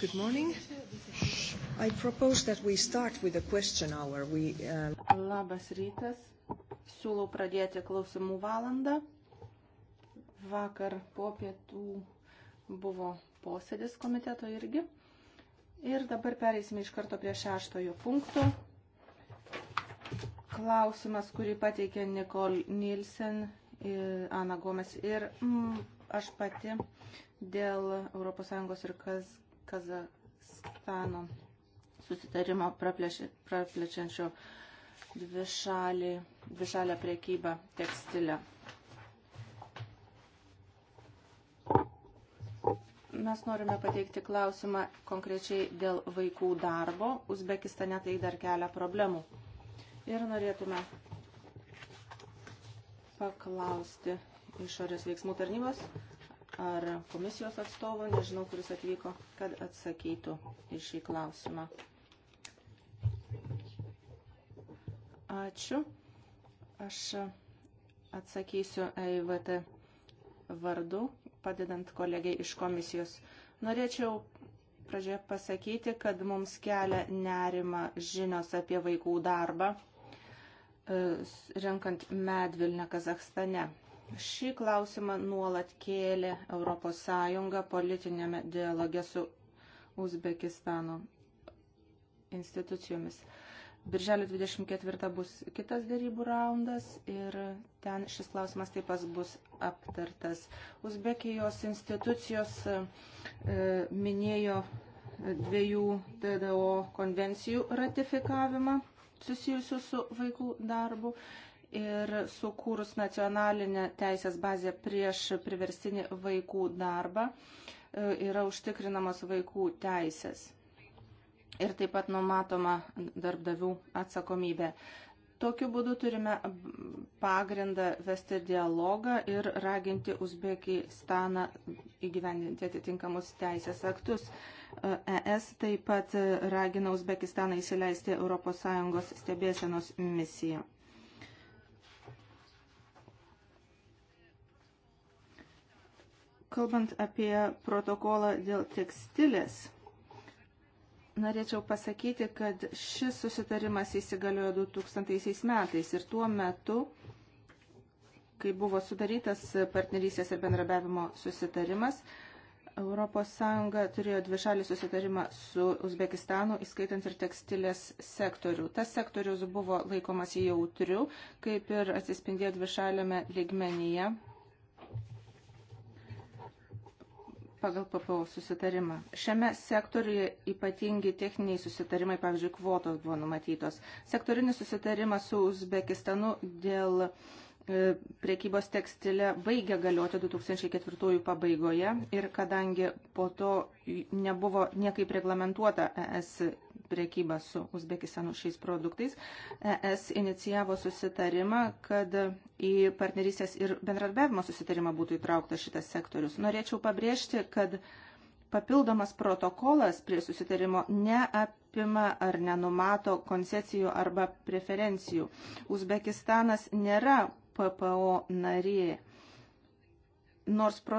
Good morning. I propose that we start with a question hour. We, Labas rytas. Siūlau pradėti klausimų valandą. Vakar po pietų buvo posėdis komiteto irgi. Ir dabar pereisime iš karto prie šeštojo punkto. Klausimas, kurį pateikė Nikol Nilsen, Ana Gomes ir aš pati dėl ES ir kas. Kazakstano susitarimo praplečiančio dvišalį, dvišalę priekybą tekstilę. Mes norime pateikti klausimą konkrečiai dėl vaikų darbo. Uzbekistane tai dar kelia problemų. Ir norėtume paklausti išorės veiksmų tarnybos, ar komisijos atstovo, nežinau, kuris atvyko, kad atsakytų į šį klausimą. Ačiū. Aš atsakysiu EIVT vardu, padedant kolegiai iš komisijos. Norėčiau pradžioje pasakyti, kad mums kelia nerima žinios apie vaikų darbą renkant medvilnę Kazakstane. Šį klausimą nuolat kėlė Sąjunga politinėme dialoge su Uzbekistano institucijomis. Birželio 24 bus kitas dėrybų raundas ir ten šis klausimas taip pat bus aptartas. Uzbekijos institucijos minėjo dviejų TDO konvencijų ratifikavimą susijusių su vaikų darbu ir sukūrus nacionalinę teisės bazę prieš priverstinį vaikų darbą yra užtikrinamos vaikų teisės. Ir taip pat numatoma darbdavių atsakomybė. Tokiu būdu turime pagrindą vesti dialogą ir raginti Uzbekistaną įgyvendinti atitinkamus teisės aktus. ES taip pat ragina Uzbekistaną įsileisti ES stebėsenos misiją. Kalbant apie protokolą dėl tekstilės, norėčiau pasakyti, kad šis susitarimas įsigaliojo 2000 metais ir tuo metu kai buvo sudarytas partnerystės ir bendrabiavimo susitarimas, ES turėjo dvišalį susitarimą su Uzbekistanu, įskaitant ir tekstilės sektorių. Tas sektorius buvo laikomas jautriu, kaip ir atsispindėjo dvišaliame ligmenyje. pagal PPO susitarimą. Šiame sektoriuje ypatingi techniniai susitarimai, pavyzdžiui, kvotos buvo numatytos. Sektorinis susitarimas su Uzbekistanu dėl priekybos tekstilė baigė galioti 2004 pabaigoje ir kadangi po to nebuvo niekaip reglamentuota ES Prekyba su Uzbekistanu šiais produktais. ES inicijavo susitarimą, kad į partnerystės ir bendradarbiavimo susitarimą būtų itraukta šitas sektorius. Norėčiau pabrėžti, kad papildomas protokolas prie susitarimo neapima ar nenumato koncesijų arba preferencijų. Uzbekistanas nėra PPO narė. Nors pro,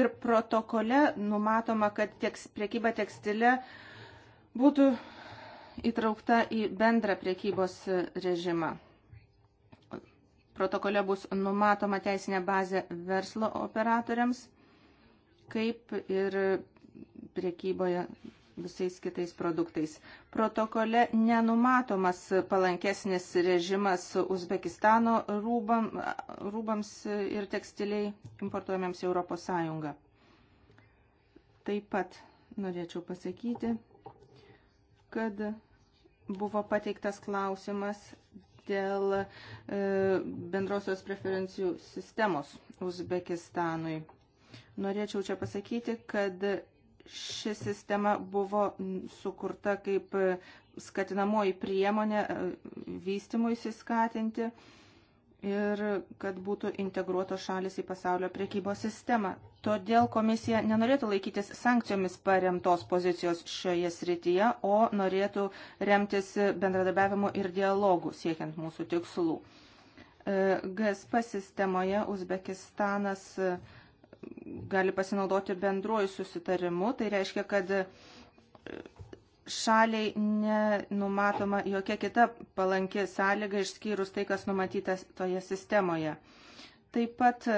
ir protokole numatoma, kad teks, priekyba tekstile būtų įtraukta į bendrą prekybos režimą. Protokole bus numatoma teisinė bazė verslo operatoriams, kaip ir priekyboje visais kitais produktais. Protokole nenumatomas palankesnis režimas Uzbekistano rūbam, rūbams ir tekstiliai importuojamiems Europos Sąjungą. Taip pat norėčiau pasakyti, kad buvo pateiktas klausimas dėl bendrosios preferencijų sistemos Uzbekistanui. Norėčiau čia pasakyti, kad ši sistema buvo sukurta kaip skatinamoji priemonė vystymui įsiskatinti ir kad būtų integruotos šalis į pasaulio prekybos sistemą. Todėl komisija nenorėtų laikytis sankcijomis paremtos pozicijos šioje srityje, o norėtų remtis bendradarbiavimu ir dialogu siekiant mūsų tikslų. GSP sistemoje Uzbekistanas gali pasinaudoti bendruoju susitarimu, tai reiškia, kad šaliai nenumatoma jokia kita palanki sąlyga išskyrus tai, kas numatytas toje sistemoje. Taip pat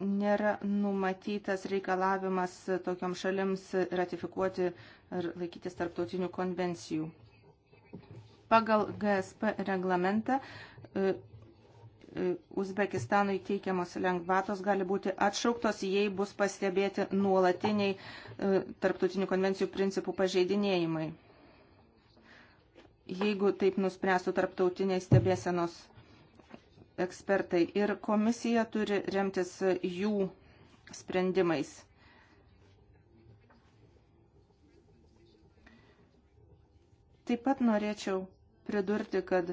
nėra numatytas reikalavimas tokiom šalims ratifikuoti ir laikytis tarptautinių konvencijų. Pagal GSP reglamentą Uzbekistanui teikiamos lengvatos gali būti atšauktos, jei bus pastebėti nuolatiniai tarptautinių konvencijų principų pažeidinėjimai. Jeigu taip nuspręstų tarptautiniai stebėsenos ekspertai ir komisija turi remtis jų sprendimais. Taip pat norėčiau pridurti, kad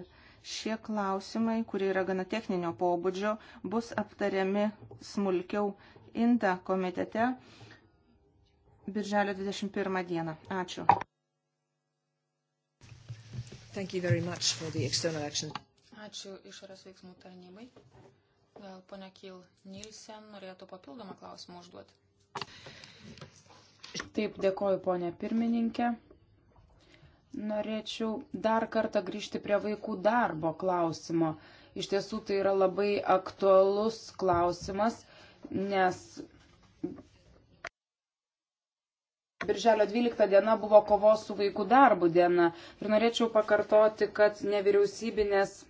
šie klausimai, kurie yra gana techninio pobūdžio, bus aptariami smulkiau INTA komitete birželio 21 dieną. Ačiū. Thank you very much for the external action. Ačiū išorės veiksmų tarnybai. Gal ponia Kyl Nilsen norėtų papildomą klausimą užduoti. Taip, dėkoju ponė pirmininkė. Norėčiau dar kartą grįžti prie vaikų darbo klausimo. Iš tiesų tai yra labai aktualus klausimas, nes Birželio 12 diena buvo kovos su vaikų darbu diena. Ir norėčiau pakartoti, kad nevyriausybinės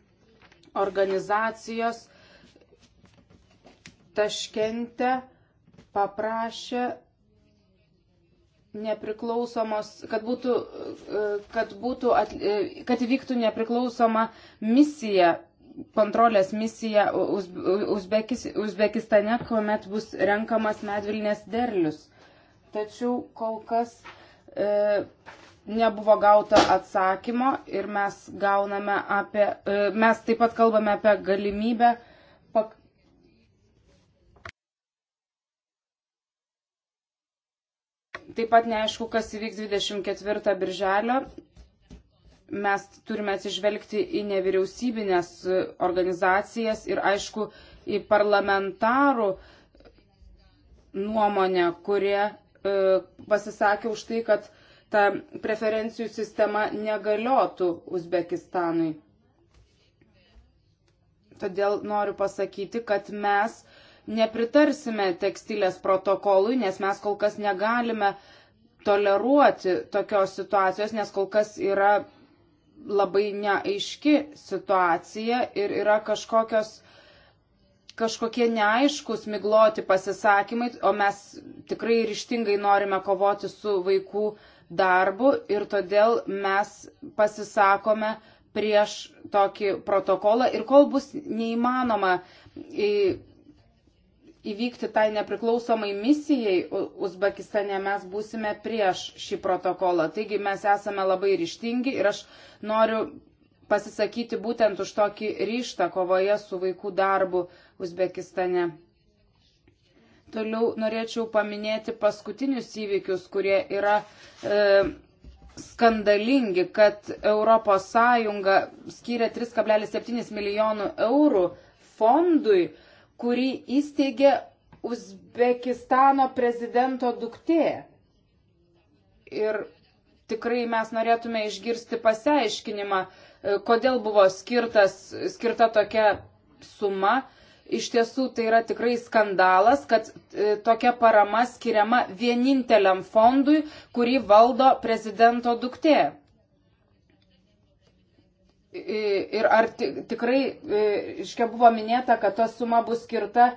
organizacijos Taškente paprašė nepriklausomos, kad būtų, kad būtų, kad vyktų nepriklausoma misija, kontrolės misija Uzbekis, Uzbekistane, kuomet bus renkamas medvilnės derlius. Tačiau kol kas nebuvo gauta atsakymo ir mes gauname apie, mes taip pat kalbame apie galimybę pak... Taip pat neaišku, kas įvyks 24 birželio. Mes turime atsižvelgti į nevyriausybinės organizacijas ir aišku į parlamentarų nuomonę, kurie pasisakė už tai, kad ta preferencijų sistema negaliotų Uzbekistanui. Todėl noriu pasakyti, kad mes nepritarsime tekstilės protokolui, nes mes kol kas negalime toleruoti tokios situacijos, nes kol kas yra labai neaiški situacija ir yra kažkokios kažkokie neaiškus, migloti pasisakymai, o mes tikrai ryštingai norime kovoti su vaikų darbu ir todėl mes pasisakome prieš tokį protokolą ir kol bus neįmanoma įvykti tai nepriklausomai misijai Uzbekistane, mes būsime prieš šį protokolą. Taigi mes esame labai ryštingi ir aš noriu pasisakyti būtent už tokį ryštą kovoje su vaikų darbu Uzbekistane. Toliau norėčiau paminėti paskutinius įvykius, kurie yra skandalingi, kad ES skiria 3,7 milijonų eurų fondui, kurį įsteigė Uzbekistano prezidento duktė. Ir tikrai mes norėtume išgirsti pasiaiškinimą, kodėl buvo skirtas, skirta tokia suma Iš tiesų tai yra tikrai skandalas, kad tokia parama skiriama vieninteliam fondui, kurį valdo prezidento duktė. Ir ar tikrai, iškia buvo minėta, kad ta suma bus skirta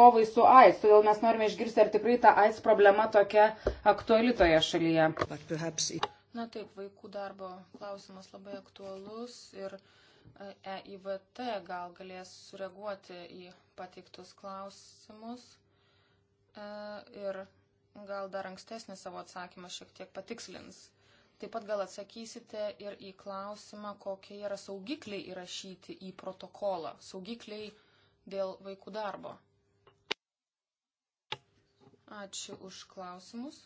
kovai su AIDS, todėl mes norime išgirsti, ar tikrai ta AIDS problema tokia aktuali toje šalyje. Na taip, vaikų darbo klausimas labai aktualus ir EIVT gal galės sureaguoti į pateiktus klausimus ir gal dar ankstesnį savo atsakymą šiek tiek patikslins. Taip pat gal atsakysite ir į klausimą, kokie yra saugikliai įrašyti į protokolą, saugikliai dėl vaikų darbo. Ačiū už klausimus.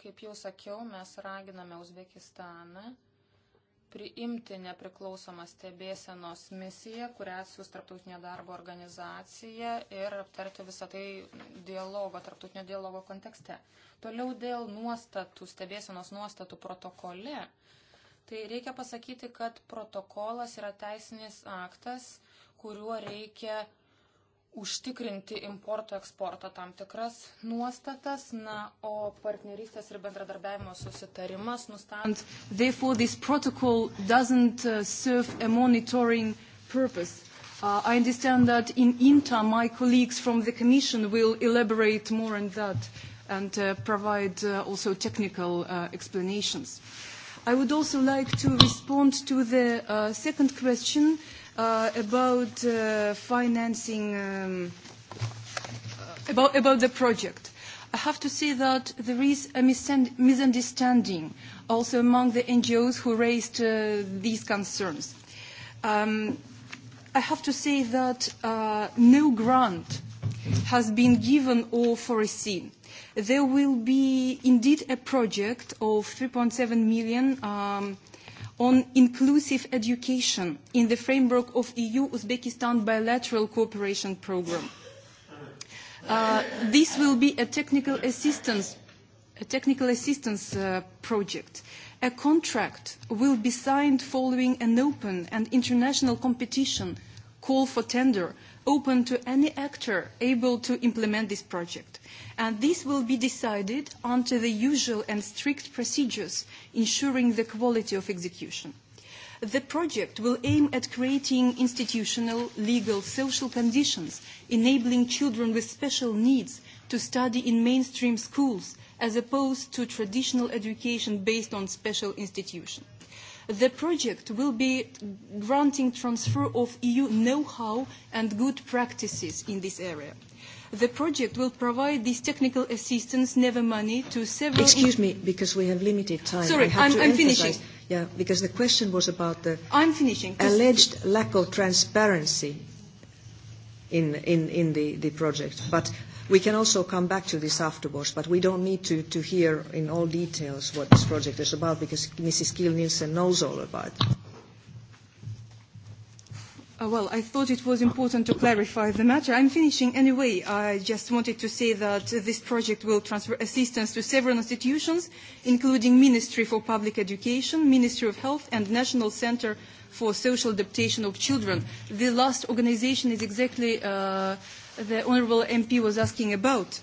Kaip jau sakiau, mes raginame Uzbekistaną priimti nepriklausomą stebėsenos misiją, kurią atsiūs Tarptautinė darbo organizacija ir aptarti visą tai dialogo, tarptautinio dialogo kontekste. Toliau dėl nuostatų, stebėsenos nuostatų protokole. Tai reikia pasakyti, kad protokolas yra teisinis aktas, kuriuo reikia užtikrinti importo eksporto tam tikras nuostatas, na, o partnerystės ir bendradarbiavimo susitarimas nustant. Therefore, this protocol doesn't serve a monitoring purpose. I understand that in INTA, my colleagues from the Commission will elaborate more on that and provide also technical explanations. I would also like to respond to the second question about financing, about the project. I have to say that there is a misunderstanding also among the NGOs who raised these concerns. I have to say that no grant has been given or foreseen. There will be indeed a project of 3.7 million on inclusive education in the framework of EU-Uzbekistan bilateral cooperation programme. This will be a technical assistance a technical assistance project. A contract will be signed following an open and international competition call for tender open to any actor able to implement this project and this will be decided under the usual and strict procedures ensuring the quality of execution. The project will aim at creating institutional, legal, social conditions enabling children with special needs to study in mainstream schools as opposed to traditional education based on special institutions. The project will be granting transfer of EU know-how and good practices in this area. The project will provide this technical assistance, never money, to several... Excuse me, because we have limited time. Sorry, I'm finishing. Yeah, because the question was about the... ...alleged lack of transparency in in the project. But we can also come back to this afterwards, but we don't need to to hear in all details what this project is about, because Mrs. Kiel-Nielsen knows all about it. Well, I thought it was important to clarify the matter. I'm finishing anyway. I just wanted to say that this project will transfer assistance to several institutions, including Ministry for Public Education, Ministry of Health, and National Center for Social Adaptation of Children. The last organization is exactly the honourable MP was asking about.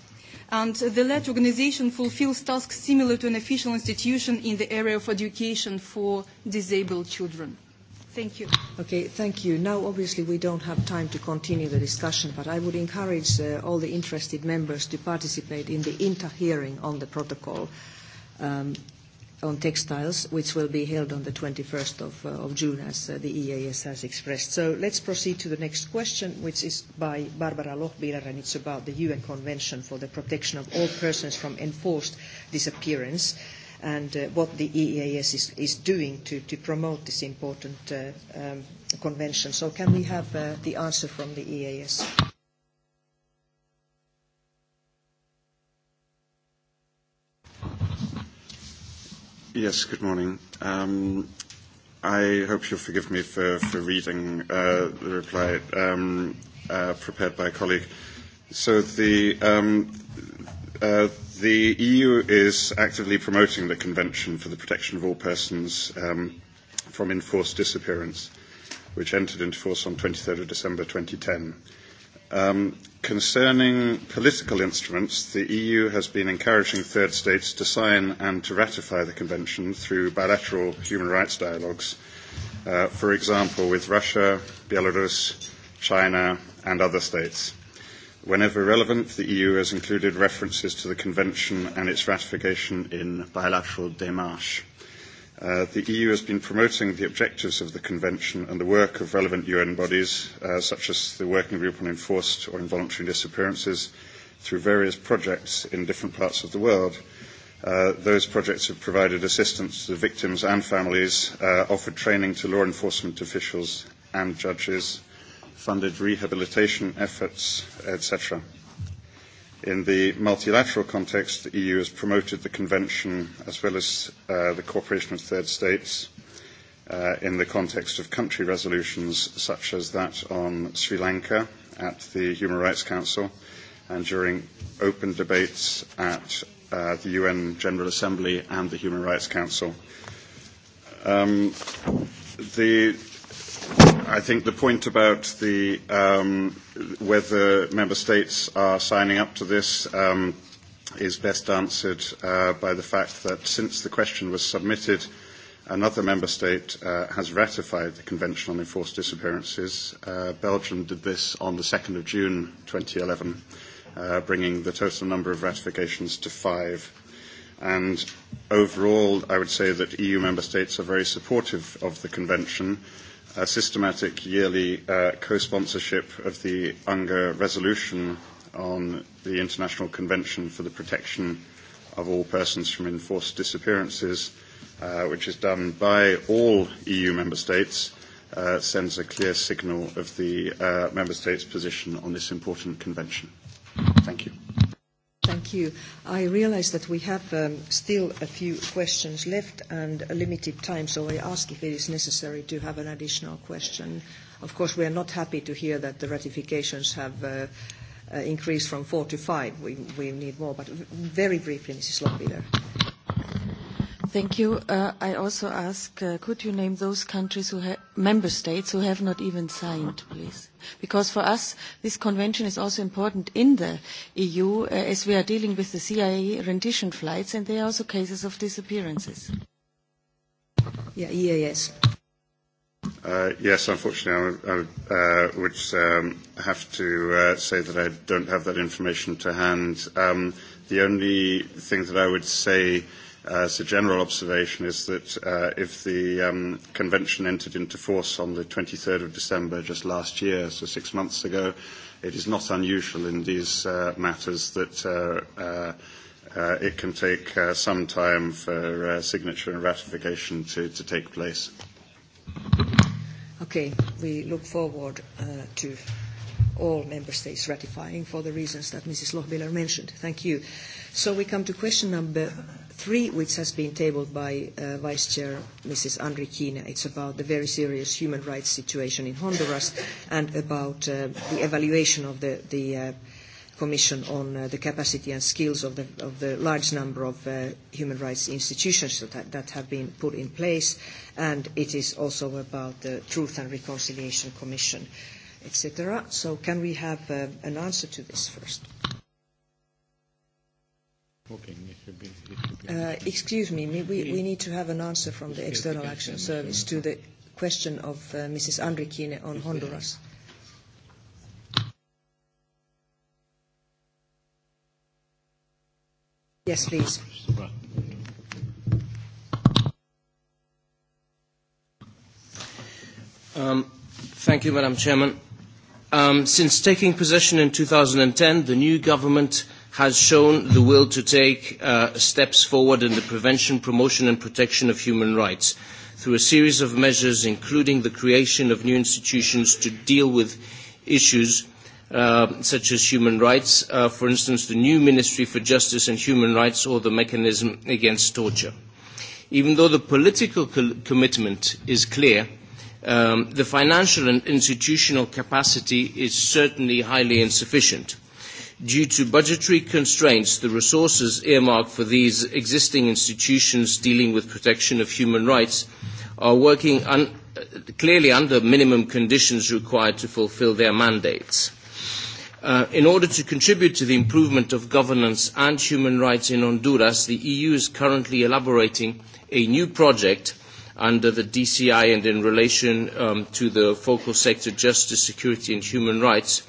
And the LED organisation fulfills tasks similar to an official institution in the area of education for disabled children. Thank you. Okay, thank you. Now, obviously, we don't have time to continue the discussion, but I would encourage all the interested members to participate in the inter hearing on the protocol on textiles, which will be held on the 21st of June, as the EAS has expressed. So let's proceed to the next question, which is by Barbara Lochbihler, and it's about the UN Convention for the Protection of All Persons from Enforced Disappearance and what the EEAS is doing to promote this important convention. So can we have the answer from the EAS? Yes, good morning. I hope you'll forgive me for reading the reply prepared by a colleague. So the The EU is actively promoting the Convention for the Protection of All Persons from Enforced Disappearance, which entered into force on 23 December 2010. Concerning political instruments, the EU has been encouraging third states to sign and to ratify the Convention through bilateral human rights dialogues, for example, with Russia, Belarus, China, and other states. Whenever relevant, the EU has included references to the Convention and its ratification in bilateral démarches. The EU has been promoting the objectives of the Convention and the work of relevant UN bodies, such as the Working Group on Enforced or Involuntary Disappearances, through various projects in different parts of the world. Those projects have provided assistance to victims and families, offered training to law enforcement officials and judges, funded rehabilitation efforts, etc. In the multilateral context, the EU has promoted the Convention as well as the cooperation of third states in the context of country resolutions such as that on Sri Lanka at the Human Rights Council and during open debates at the UN General Assembly and the Human Rights Council. The I think the point about the whether member states are signing up to this is best answered by the fact that since the question was submitted, another member state has ratified the Convention on Enforced Disappearances. Belgium did this on the 2nd of June 2011, bringing the total number of ratifications to five. And overall, I would say that EU member states are very supportive of the Convention a systematic yearly co-sponsorship of the UNGA resolution on the International Convention for the Protection of All Persons from Enforced Disappearances, which is done by all EU member states, sends a clear signal of the member states' position on this important convention. Thank you. Thank you. I realize that we have still a few questions left and a limited time, so I ask if it is necessary to have an additional question. Of course, we are not happy to hear that the ratifications have increased from four to five. We need more, but very briefly, Mrs. there. Thank you. I also ask, could you name those countries who member states who have not even signed, please. Because for us, this convention is also important in the EU, as we are dealing with the CIA rendition flights, and there are also cases of disappearances. Yeah, Yes, unfortunately, I would have to say that I don't have that information to hand. The only thing that I would say As a general observation is that if the convention entered into force on the 23rd of December just last year, so six months ago, it is not unusual in these matters that it can take some time for signature and ratification to take place. Okay, we look forward to all member states ratifying for the reasons that Mrs. Lochbiller mentioned. Thank you. So we come to question number three, which has been tabled by Vice Chair Mrs. Kina. It's about the very serious human rights situation in Honduras and about the evaluation of the Commission on the capacity and skills of the large number of human rights institutions that have been put in place. And it is also about the Truth and Reconciliation Commission, etc. So can we have an answer to this first? Excuse me, we we need to have an answer from the External Action Service to the question of Mrs. Andrikine on Honduras. Yes, please. Thank you, Madam Chairman. Since taking possession in 2010, the new government has shown the will to take steps forward in the prevention, promotion and protection of human rights through a series of measures, including the creation of new institutions to deal with issues such as human rights, for instance, the new Ministry for Justice and Human Rights or the mechanism against torture. Even though the political commitment is clear, the financial and institutional capacity is certainly highly insufficient. Due to budgetary constraints, the resources earmarked for these existing institutions dealing with protection of human rights are working clearly under minimum conditions required to fulfil their mandates. In order to contribute to the improvement of governance and human rights in Honduras, the EU is currently elaborating a new project under the DCI and in relation to the focal sector justice, security and human rights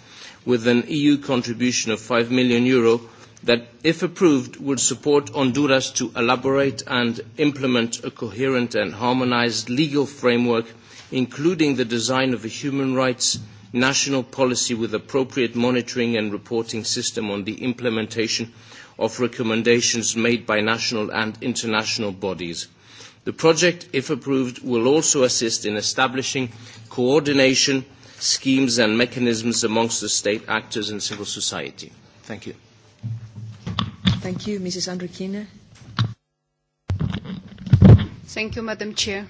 with an EU contribution of 5 million euro that, if approved, would support Honduras to elaborate and implement a coherent and harmonised legal framework, including the design of a human rights national policy with appropriate monitoring and reporting system on the implementation of recommendations made by national and international bodies. The project, if approved, will also assist in establishing coordination schemes and mechanisms amongst the state actors and civil society. Thank you. Thank you. Mrs. Andrikina. Thank you, Madam Chair.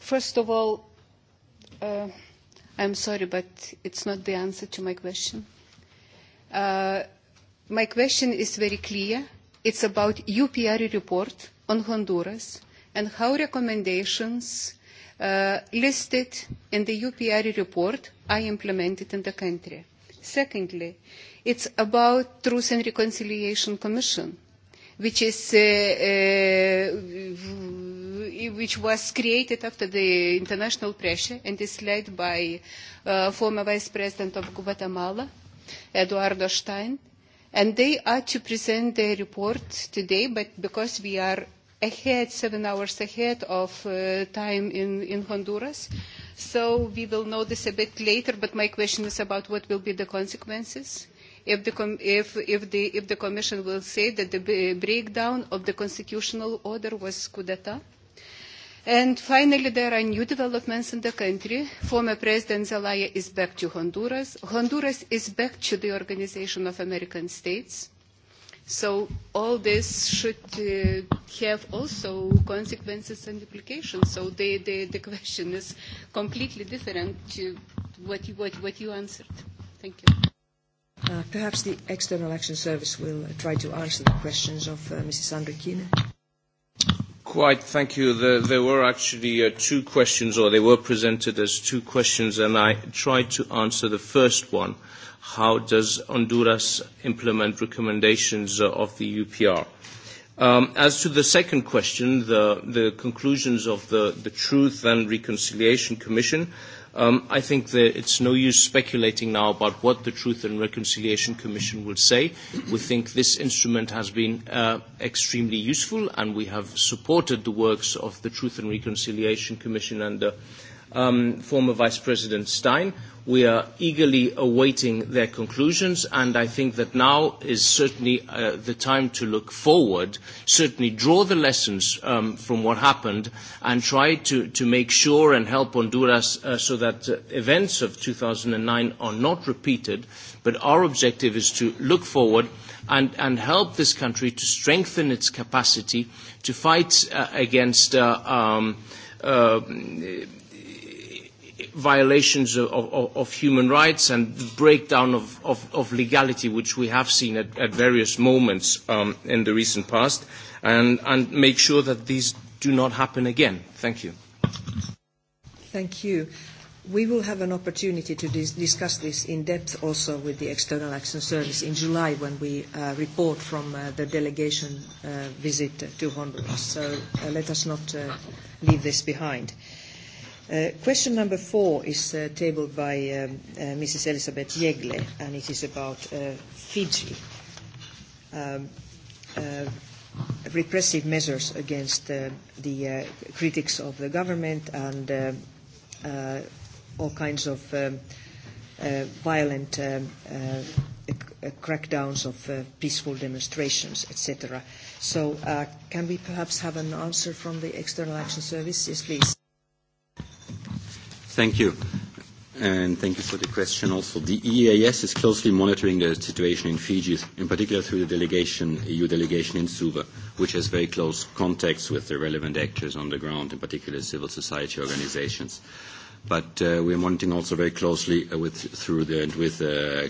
First of all, I'm sorry, but it's not the answer to my question. My question is very clear. It's about UPR report on Honduras and how recommendations listed in the UPR report I implemented in the country. Secondly, it's about Truth and Reconciliation Commission, which is which was created after the international pressure and is led by former Vice President of Guatemala, Eduardo Stein, and they are to present their report today, but because we are ahead, seven hours ahead of time in Honduras. So we will know this a bit later, but my question is about what will be the consequences if the Commission will say that the breakdown of the constitutional order was coup d'etat. And finally, there are new developments in the country. Former President Zelaya is back to Honduras. Honduras is back to the Organization of American States. So all this should have also consequences and implications. So the the question is completely different to what you what you answered. Thank you. Perhaps the External Action Service will try to answer the questions of Mrs. Andrikine. Quite, thank you. There were actually two questions, or they were presented as two questions, and I tried to answer the first one how does Honduras implement recommendations of the UPR. As to the second question, the conclusions of the Truth and Reconciliation Commission, I think that it's no use speculating now about what the Truth and Reconciliation Commission will say. We think this instrument has been extremely useful, and we have supported the works of the Truth and Reconciliation Commission and former Vice President Stein. We are eagerly awaiting their conclusions, and I think that now is certainly the time to look forward, certainly draw the lessons from what happened, and try to make sure and help Honduras so that events of 2009 are not repeated. But our objective is to look forward and help this country to strengthen its capacity to fight against violations of human rights and the breakdown of legality, which we have seen at various moments in the recent past, and make sure that these do not happen again. Thank you. Thank you. We will have an opportunity to discuss this in depth also with the External Action Service in July when we report from the delegation visit to Honduras. So let us not leave this behind. Question number four is tabled by Mrs. Elizabeth Jegle, and it is about Fiji, repressive measures against the critics of the government and all kinds of violent crackdowns of peaceful demonstrations, etc. So can we perhaps have an answer from the External Action Service? Yes, please. Thank you. And thank you for the question also. The EEAS is closely monitoring the situation in Fiji, in particular through the delegation, EU delegation in Suva, which has very close contacts with the relevant actors on the ground, in particular civil society organizations. But we are monitoring also very closely with through the with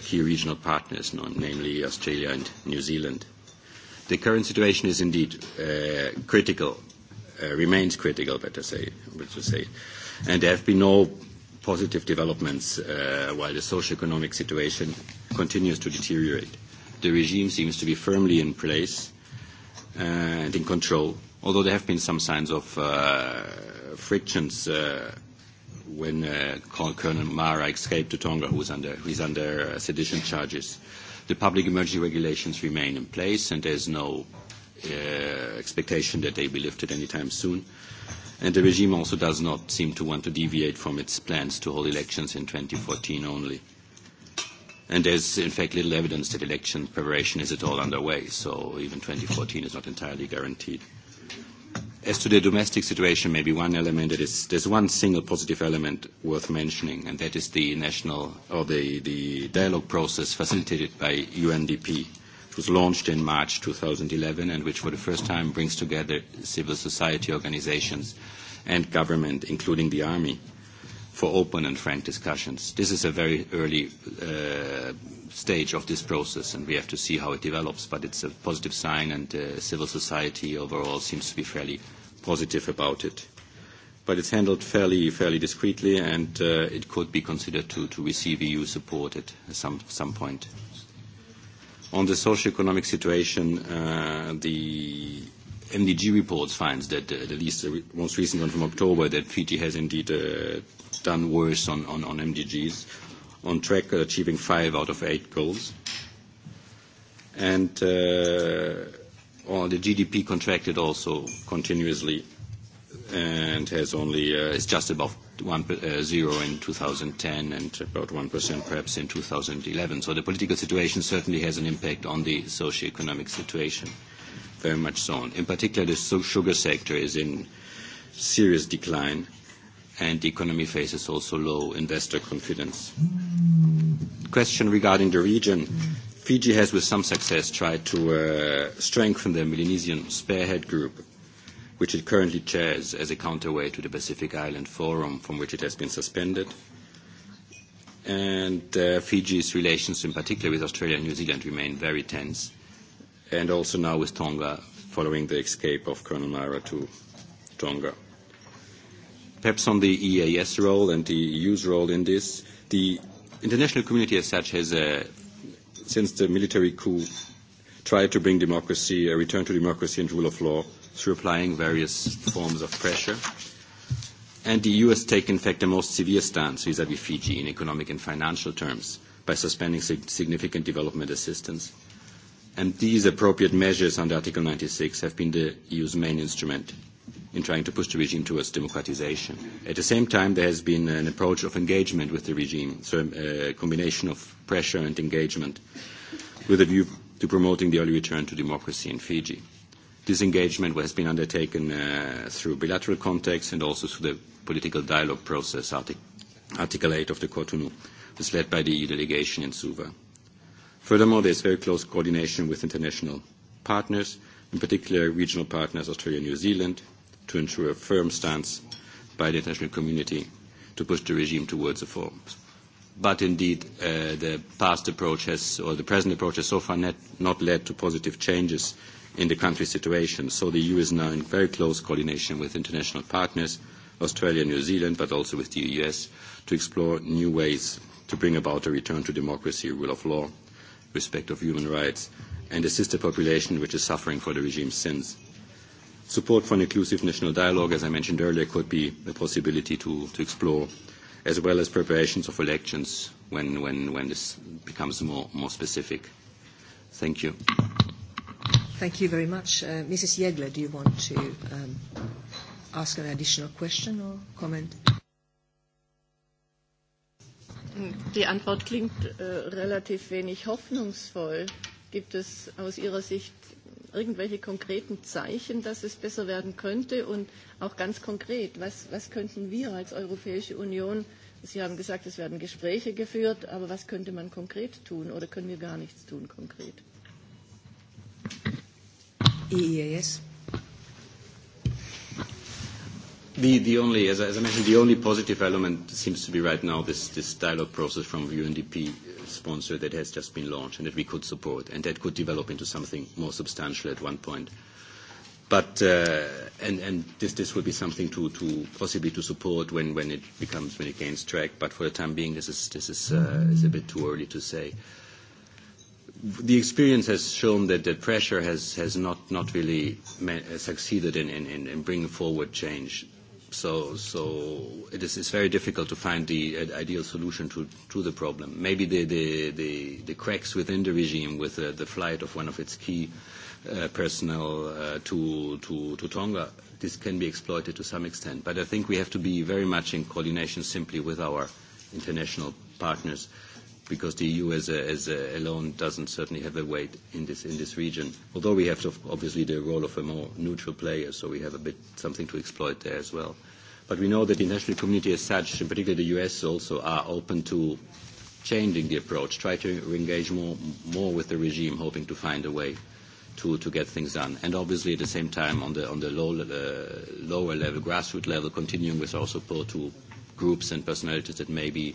key regional partners, namely Australia and New Zealand. The current situation is indeed critical, remains critical, better say, to say And there have been no positive developments while the socio-economic situation continues to deteriorate. The regime seems to be firmly in place and in control, although there have been some signs of frictions when Colonel Mara escaped to Tonga, who is under sedition charges. The public emergency regulations remain in place, and there is no expectation that they be lifted anytime soon. And the regime also does not seem to want to deviate from its plans to hold elections in 2014 only. And there's, in fact, little evidence that election preparation is at all underway, so even 2014 is not entirely guaranteed. As to the domestic situation, maybe one element that is, there's one single positive element worth mentioning, and that is the national or the dialogue process facilitated by UNDP was launched in March 2011 and which for the first time brings together civil society organizations and government, including the army, for open and frank discussions. This is a very early stage of this process, and we have to see how it develops, but it's a positive sign, and civil society overall seems to be fairly positive about it. But it's handled fairly fairly discreetly, and it could be considered to receive EU support at some point. On the socio-economic situation, the MDG report finds that, at least the most recent one from October, that Fiji has indeed done worse on MDGs, on track achieving five out of eight goals. And the GDP contracted also continuously and has only is just above 0 in 2010 and about 1% perhaps in 2011. So the political situation certainly has an impact on the socio-economic situation, very much so. In particular, the sugar sector is in serious decline, and the economy faces also low investor confidence. Question regarding the region. Fiji has, with some success, tried to strengthen the Melanesian Spearhead Group which it currently chairs as a counterweight to the Pacific Island Forum, from which it has been suspended, and Fiji's relations, in particular with Australia and New Zealand, remain very tense, and also now with Tonga, following the escape of Colonel Mara to Tonga. Perhaps on the EAS role and the EU's role in this, the international community as such has, since the military coup, tried to bring democracy, a return to democracy and rule of law, through applying various forms of pressure. And the EU has taken, in fact, the most severe stance vis-à-vis Fiji in economic and financial terms by suspending significant development assistance. And these appropriate measures under Article 96 have been the EU's main instrument in trying to push the regime towards democratisation. At the same time, there has been an approach of engagement with the regime, so a combination of pressure and engagement with a view to promoting the early return to democracy in Fiji. This engagement has been undertaken through bilateral contacts and also through the political dialogue process, Article 8 of the Cotonou, was led by the EU delegation in Suva. Furthermore, there is very close coordination with international partners, in particular regional partners Australia and New Zealand, to ensure a firm stance by the international community to push the regime towards reforms. But indeed, the past approach has, or the present approach has so far not led to positive changes in the country situation. So the EU is now in very close coordination with international partners, Australia, and New Zealand, but also with the US, to explore new ways to bring about a return to democracy, rule of law, respect of human rights, and assist the population which is suffering for the regime's sins. Support for an inclusive national dialogue, as I mentioned earlier, could be a possibility to explore, as well as preparations of elections when this becomes more specific. Thank you. Thank you very much. Mrs. Yegler, do you want to ask an additional question or comment? Die Antwort klingt relativ wenig hoffnungsvoll. Gibt es aus Ihrer Sicht irgendwelche konkreten Zeichen, dass es besser werden könnte? Und auch ganz konkret, was könnten wir als Europäische Union, Sie haben gesagt, es werden Gespräche geführt, aber was könnte man konkret tun oder können wir gar nichts tun konkret? EEAS? The only, as I mentioned, the only positive element seems to be right now this this dialogue process from UNDP sponsor that has just been launched and that we could support and that could develop into something more substantial at one point. But and and this this would be something to to possibly to support when when it becomes when it gains track. But for the time being, this is this is is a bit too early to say the experience has shown that that pressure has has not not really succeeded in in in bringing forward change. So so it is it's very difficult to find the ideal solution to to the problem. Maybe the the the the cracks within the regime, with the flight of one of its key personnel to to to Tonga, this can be exploited to some extent. But I think we have to be very much in coordination simply with our international partners because the EU as as alone doesn't certainly have a weight in this in this region. Although we have obviously the role of a more neutral player, so we have a bit something to exploit there as well. But we know that the international community as such, in particular the US also, are open to changing the approach, try to engage more more with the regime, hoping to find a way to to get things done. And obviously at the same time on the on the low lower level, grassroots level, continuing with our support to groups and personalities that maybe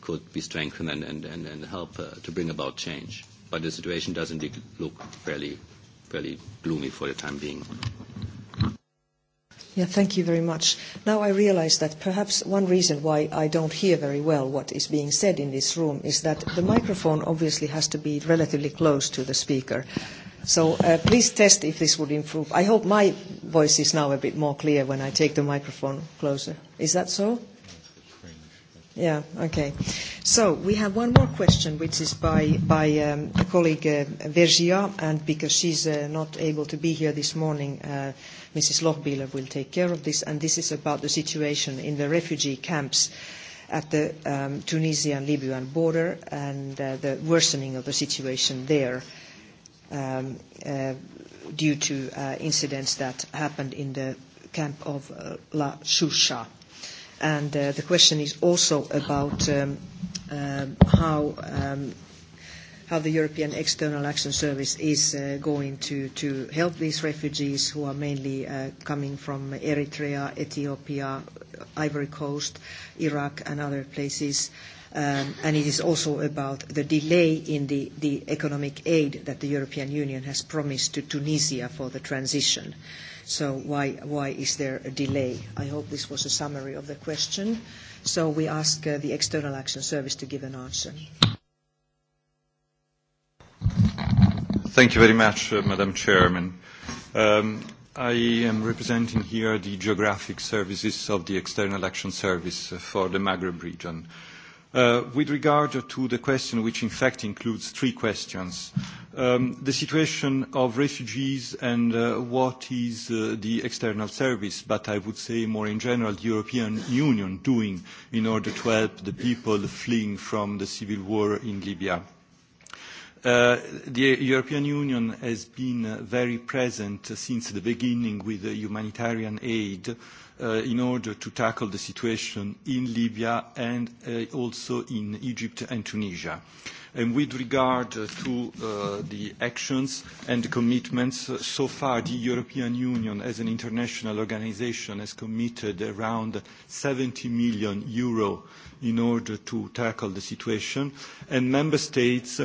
could be strengthened and and and help to bring about change. But the situation does indeed look fairly fairly gloomy for the time being. Yeah, thank you very much. Now I realize that perhaps one reason why I don't hear very well what is being said in this room is that the microphone obviously has to be relatively close to the speaker. So please test if this would improve. I hope my voice is now a bit more clear when I take the microphone closer. Is that so? Yeah, okay. So we have one more question, which is by by a colleague Vergia, and because she's not able to be here this morning, Mrs. Lochbihler will take care of this, and this is about the situation in the refugee camps at the Tunisian-Libyan border and the worsening of the situation there due to incidents that happened in the camp of La Shusha And the question is also about how how the European External Action Service is going to help these refugees who are mainly coming from Eritrea, Ethiopia, Ivory Coast, Iraq and other places. And it is also about the delay in the economic aid that the European Union has promised to Tunisia for the transition. So why why is there a delay? I hope this was a summary of the question. So we ask the External Action Service to give an answer. Thank you very much, Madam Chairman. I am representing here the geographic services of the External Action Service for the Maghreb region. With regard to the question, which in fact includes three questions, the situation of refugees and what is the external service, but I would say more in general, the European Union doing in order to help the people fleeing from the civil war in Libya. The European Union has been very present since the beginning with humanitarian aid in order to tackle the situation in Libya and also in Egypt and Tunisia. with regard to the actions and the commitments, so far the European Union as an international organisation, has committed around 70 million euro in order to tackle the situation, and member states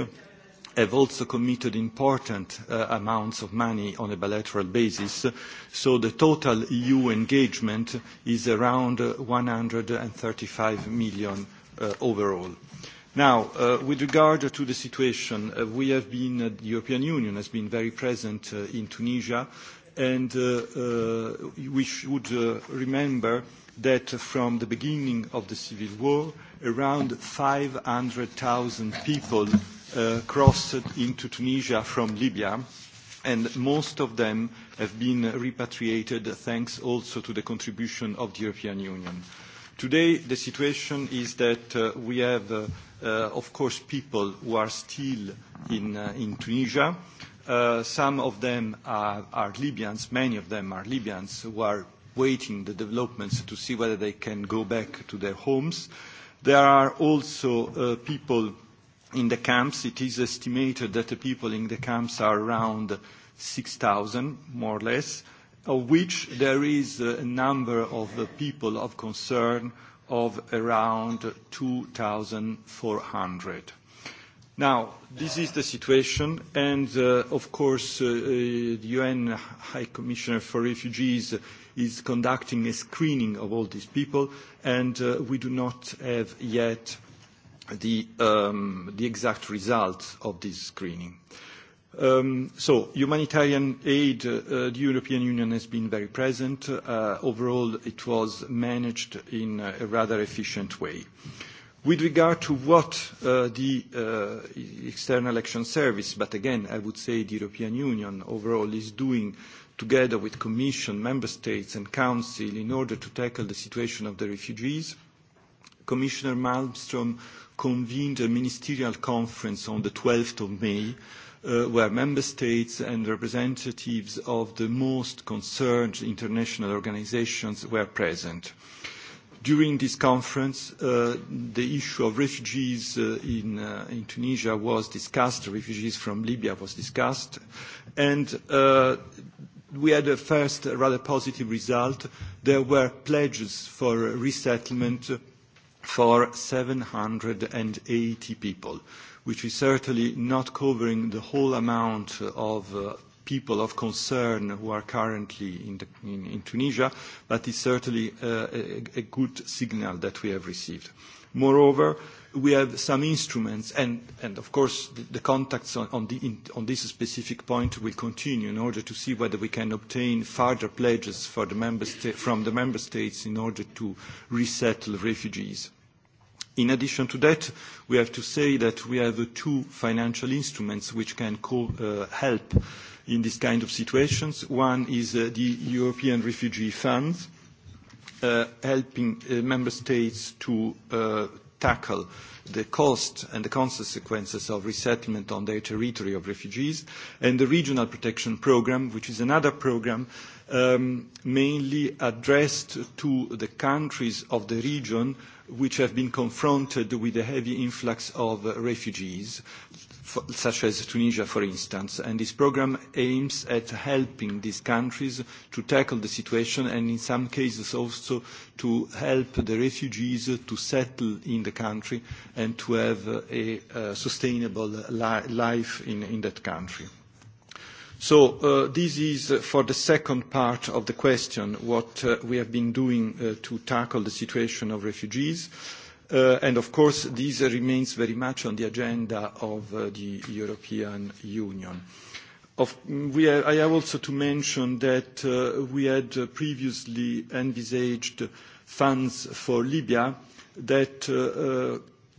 have also committed important amounts of money on a bilateral basis. So the total EU engagement is around 135 million overall. Now, with regard to the situation, we have been, the European Union has been very present in Tunisia, and we should remember that from the beginning of the civil war, around 500,000 people crossed into Tunisia from Libya, and most of them have been repatriated thanks also to the contribution of the European Union. Today, the situation is that we have, of course, people who are still in Tunisia. Some of them are Libyans, many of them are Libyans, who are waiting the developments to see whether they can go back to their homes. There are also people in the camps. It is estimated that the people in the camps are around 6,000, more or less, of which there is a number of people of concern of around 2,400. Now, this is the situation, and of course the UN High Commissioner for Refugees is conducting a screening of all these people, and we do not have yet the exact results of this screening. So humanitarian aid, the European Union has been very present. Overall, it was managed in a rather efficient way. With regard to what the External Action Service, but again, I would say the European Union overall is doing together with Commission, Member States and Council in order to tackle the situation of the refugees, Commissioner Malmström convened a ministerial conference on the 12th of May where member states and representatives of the most concerned international organizations were present. During this conference, the issue of refugees in Tunisia was discussed, refugees from Libya was discussed, and we had a first rather positive result. There were pledges for resettlement for 780 people, which is certainly not covering the whole amount of people of concern who are currently in Tunisia, but it's certainly a good signal that we have received. Moreover, we have some instruments, and of course the contacts on this specific point will continue in order to see whether we can obtain further pledges from the member states in order to resettle refugees. In addition to that, we have to say that we have two financial instruments which can help in this kind of situations. One is the European Refugee Fund, helping member states to tackle the cost and the consequences of resettlement on their territory of refugees, and the Regional Protection Programme, which is another programme mainly addressed to the countries of the region which have been confronted with a heavy influx of refugees, such as Tunisia, for instance. And this program aims at helping these countries to tackle the situation and, in some cases, also to help the refugees to settle in the country and to have a sustainable life in that country. So this is for the second part of the question, what we have been doing to tackle the situation of refugees. And of course, this remains very much on the agenda of the European Union. I have also to mention that we had previously envisaged funds for Libya that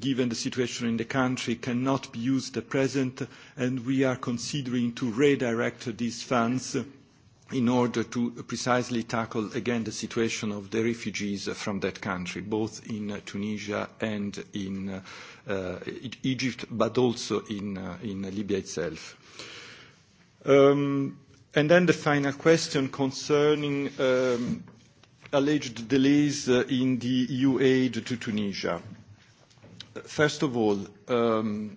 given the situation in the country, cannot be used at present, and we are considering to redirect these funds in order to precisely tackle again the situation of the refugees from that country, both in Tunisia and in Egypt, but also in Libya itself. And then the final question concerning alleged delays in the EU aid to Tunisia. First of all, there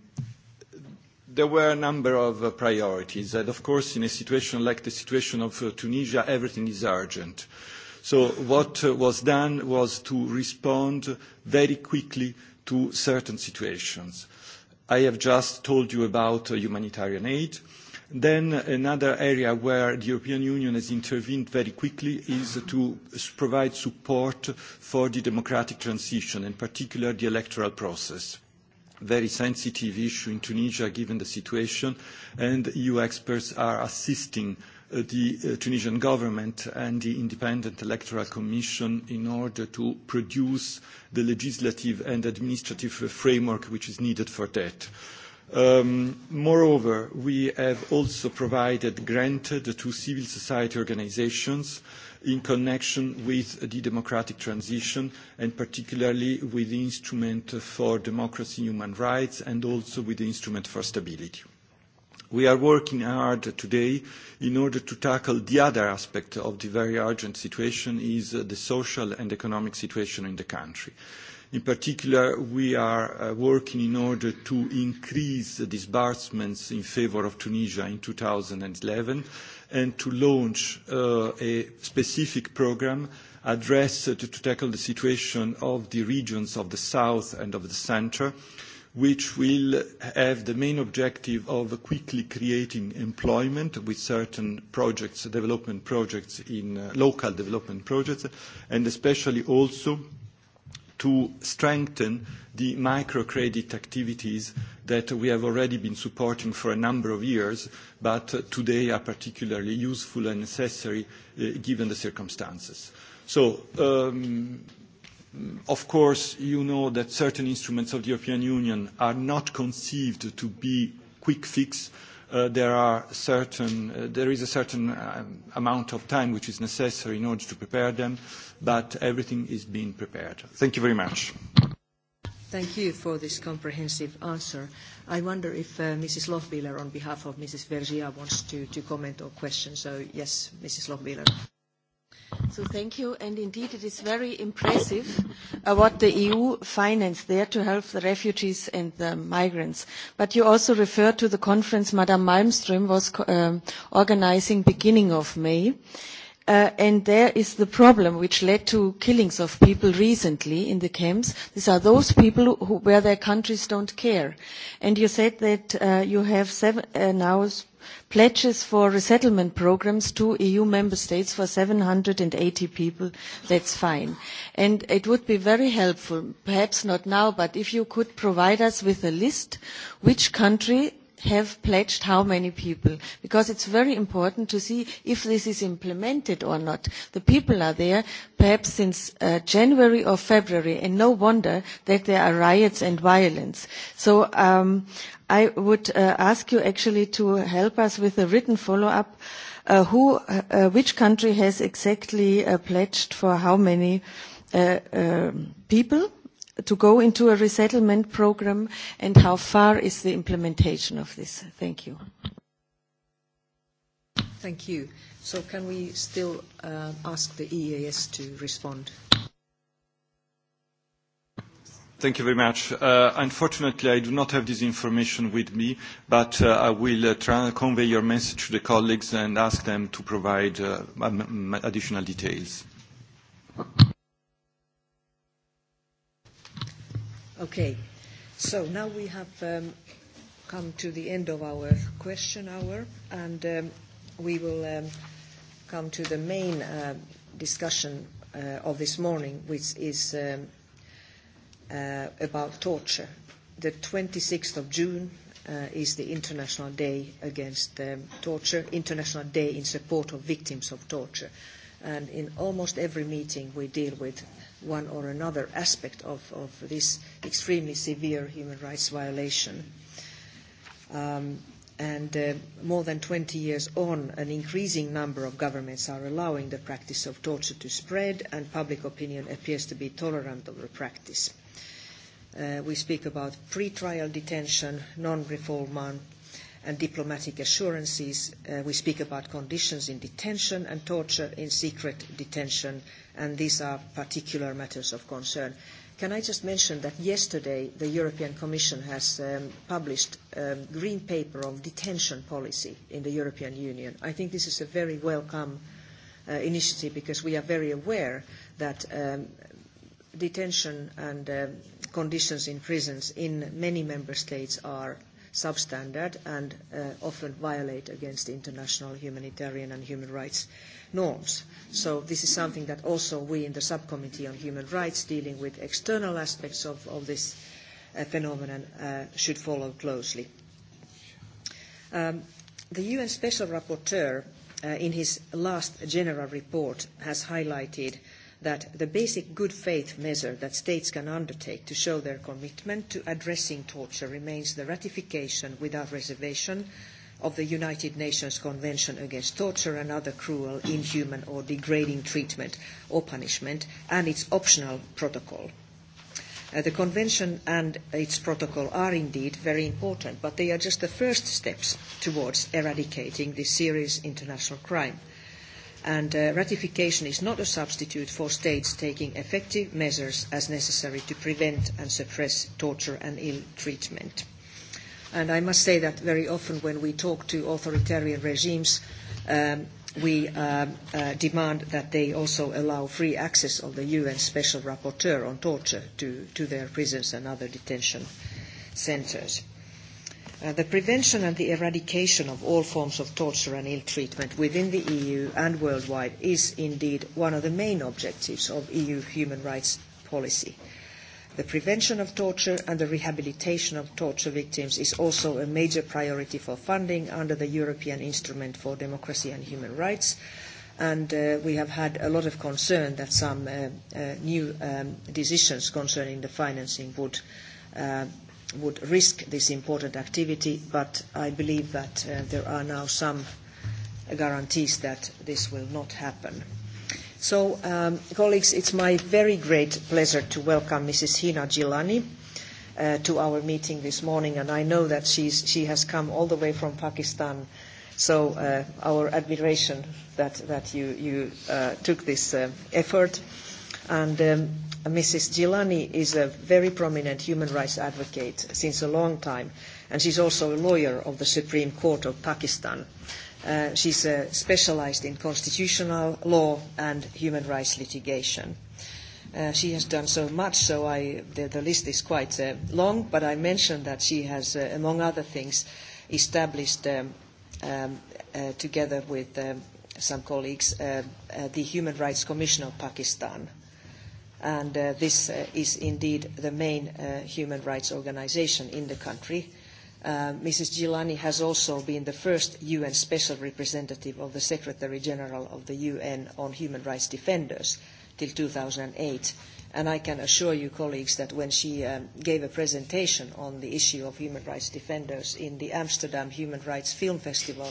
were a number of priorities. And, of course, in a situation like the situation of Tunisia, everything is urgent. So what was done was to respond very quickly to certain situations. I have just told you about humanitarian aid Then another area where the European Union has intervened very quickly is to provide support for the democratic transition, in particular the electoral process. Very sensitive issue in Tunisia given the situation, and EU experts are assisting the Tunisian government and the Independent Electoral Commission in order to produce the legislative and administrative framework which is needed for that. Moreover, we have also provided, granted to civil society organisations in connection with the democratic transition and particularly with the instrument for democracy and human rights and also with the instrument for stability. We are working hard today in order to tackle the other aspect of the very urgent situation is the social and economic situation in the country. In particular, we are working in order to increase the disbursements in favor of Tunisia in 2011 and to launch a specific program addressed to tackle the situation of the regions of the south and of the centre, which will have the main objective of quickly creating employment with certain projects, development projects in local development projects, and especially also to strengthen the microcredit activities that we have already been supporting for a number of years, but today are particularly useful and necessary given the circumstances. So, of course, you know that certain instruments of the European Union are not conceived to be quick fix there are certain there is a certain amount of time which is necessary in order to prepare them but everything is being prepared thank you very much thank you for this comprehensive answer i wonder if mrs lochbihler on behalf of mrs vergia wants to comment or question so yes mrs lochbihler So thank you. And indeed, it is very impressive what the EU financed there to help the refugees and the migrants. But you also referred to the conference Madame Malmström was organizing beginning of May. And there is the problem which led to killings of people recently in the camps. These are those people where their countries don't care. And you said that you have now pledges for resettlement programmes to EU member states for 780 people, is fine. And it would be very helpful, perhaps not now, but if you could provide us with a list which country have pledged how many people, because it's very important to see if this is implemented or not. The people are there perhaps since January or February, and no wonder that there are riots and violence. So I would ask you actually to help us with a written follow-up, who, which country has exactly pledged for how many people to go into a resettlement program and how far is the implementation of this? Thank you. Thank you. So can we still ask the EAS to respond? Thank you very much. Unfortunately, I do not have this information with me, but I will try to convey your message to the colleagues and ask them to provide additional details. Okay. So now we have come to the end of our question hour, and we will come to the main discussion of this morning, which is about torture. The 26th of June is the International Day Against Torture, International Day in support of victims of torture. And in almost every meeting we deal with one or another aspect of of this extremely severe human rights violation. And more than 20 years on, an increasing number of governments are allowing the practice of torture to spread, and public opinion appears to be tolerant of the practice. We speak about pre-trial detention, non-refoulement and diplomatic assurances. We speak about conditions in detention and torture in secret detention, and these are particular matters of concern. Can I just mention that yesterday the European Commission has published a green paper on detention policy in the European Union. I think this is a very welcome initiative because we are very aware that detention and conditions in prisons in many member states are substandard and often violate against international humanitarian and human rights norms. So this is something that also we in the Subcommittee on Human Rights dealing with external aspects of this phenomenon should follow closely. The UN Special Rapporteur in his last general report has highlighted that the basic good faith measure that states can undertake to show their commitment to addressing torture remains the ratification without reservation of the United Nations Convention Against Torture and Other Cruel, Inhuman or Degrading Treatment or Punishment and its optional protocol. The Convention and its protocol are indeed very important, but they are just the first steps towards eradicating this serious international crime and ratification is not a substitute for states taking effective measures as necessary to prevent and suppress torture and ill treatment. And I must say that very often when we talk to authoritarian regimes, we demand that they also allow free access of the UN Special Rapporteur on torture to their prisons and other detention centres the prevention and the eradication of all forms of torture and ill treatment within the EU and worldwide is indeed one of the main objectives of EU human rights policy. The prevention of torture and the rehabilitation of torture victims is also a major priority for funding under the European Instrument for Democracy and Human Rights, and we have had a lot of concern that some new decisions concerning the financing would would risk this important activity, but I believe that there are now some guarantees that this will not happen. So, colleagues, it's my very great pleasure to welcome Mrs. Hina Gilani to our meeting this morning, and I know that she has come all the way from Pakistan, so our admiration that you took this effort. And Mrs. Gilani is a very prominent human rights advocate since a long time, and she's also a lawyer of the Supreme Court of Pakistan. She's specialized in constitutional law and human rights litigation. She has done so much, so the list is quite long, but I mentioned that she has, among other things, established, together with some colleagues, the Human Rights Commission of Pakistan and this is indeed the main human rights organisation in the country. Mrs. Gilani has also been the first UN Special Representative of the Secretary General of the UN on Human Rights Defenders till 2008, and I can assure you, colleagues, that when she gave a presentation on the issue of human rights defenders in the Amsterdam Human Rights Film Festival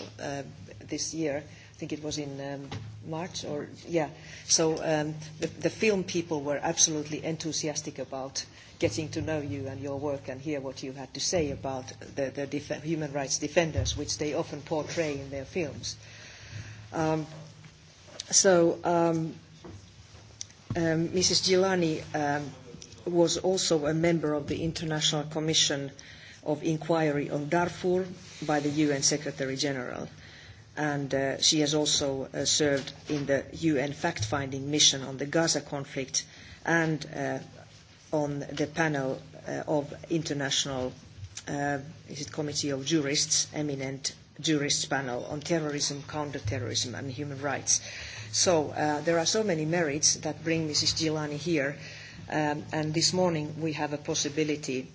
this year, I think it was in March or yeah. So the film people were absolutely enthusiastic about getting to know you and your work and hear what you had to say about the the human rights defenders, which they often portray in their films. So Mrs. Gilani was also a member of the International Commission of Inquiry on Darfur by the UN Secretary General and she has also served in the UN fact-finding mission on the Gaza conflict and on the panel of international committee of jurists, eminent jurists panel on terrorism, counter-terrorism and human rights. So there are so many merits that bring Mrs. Gilani here, and this morning we have a possibility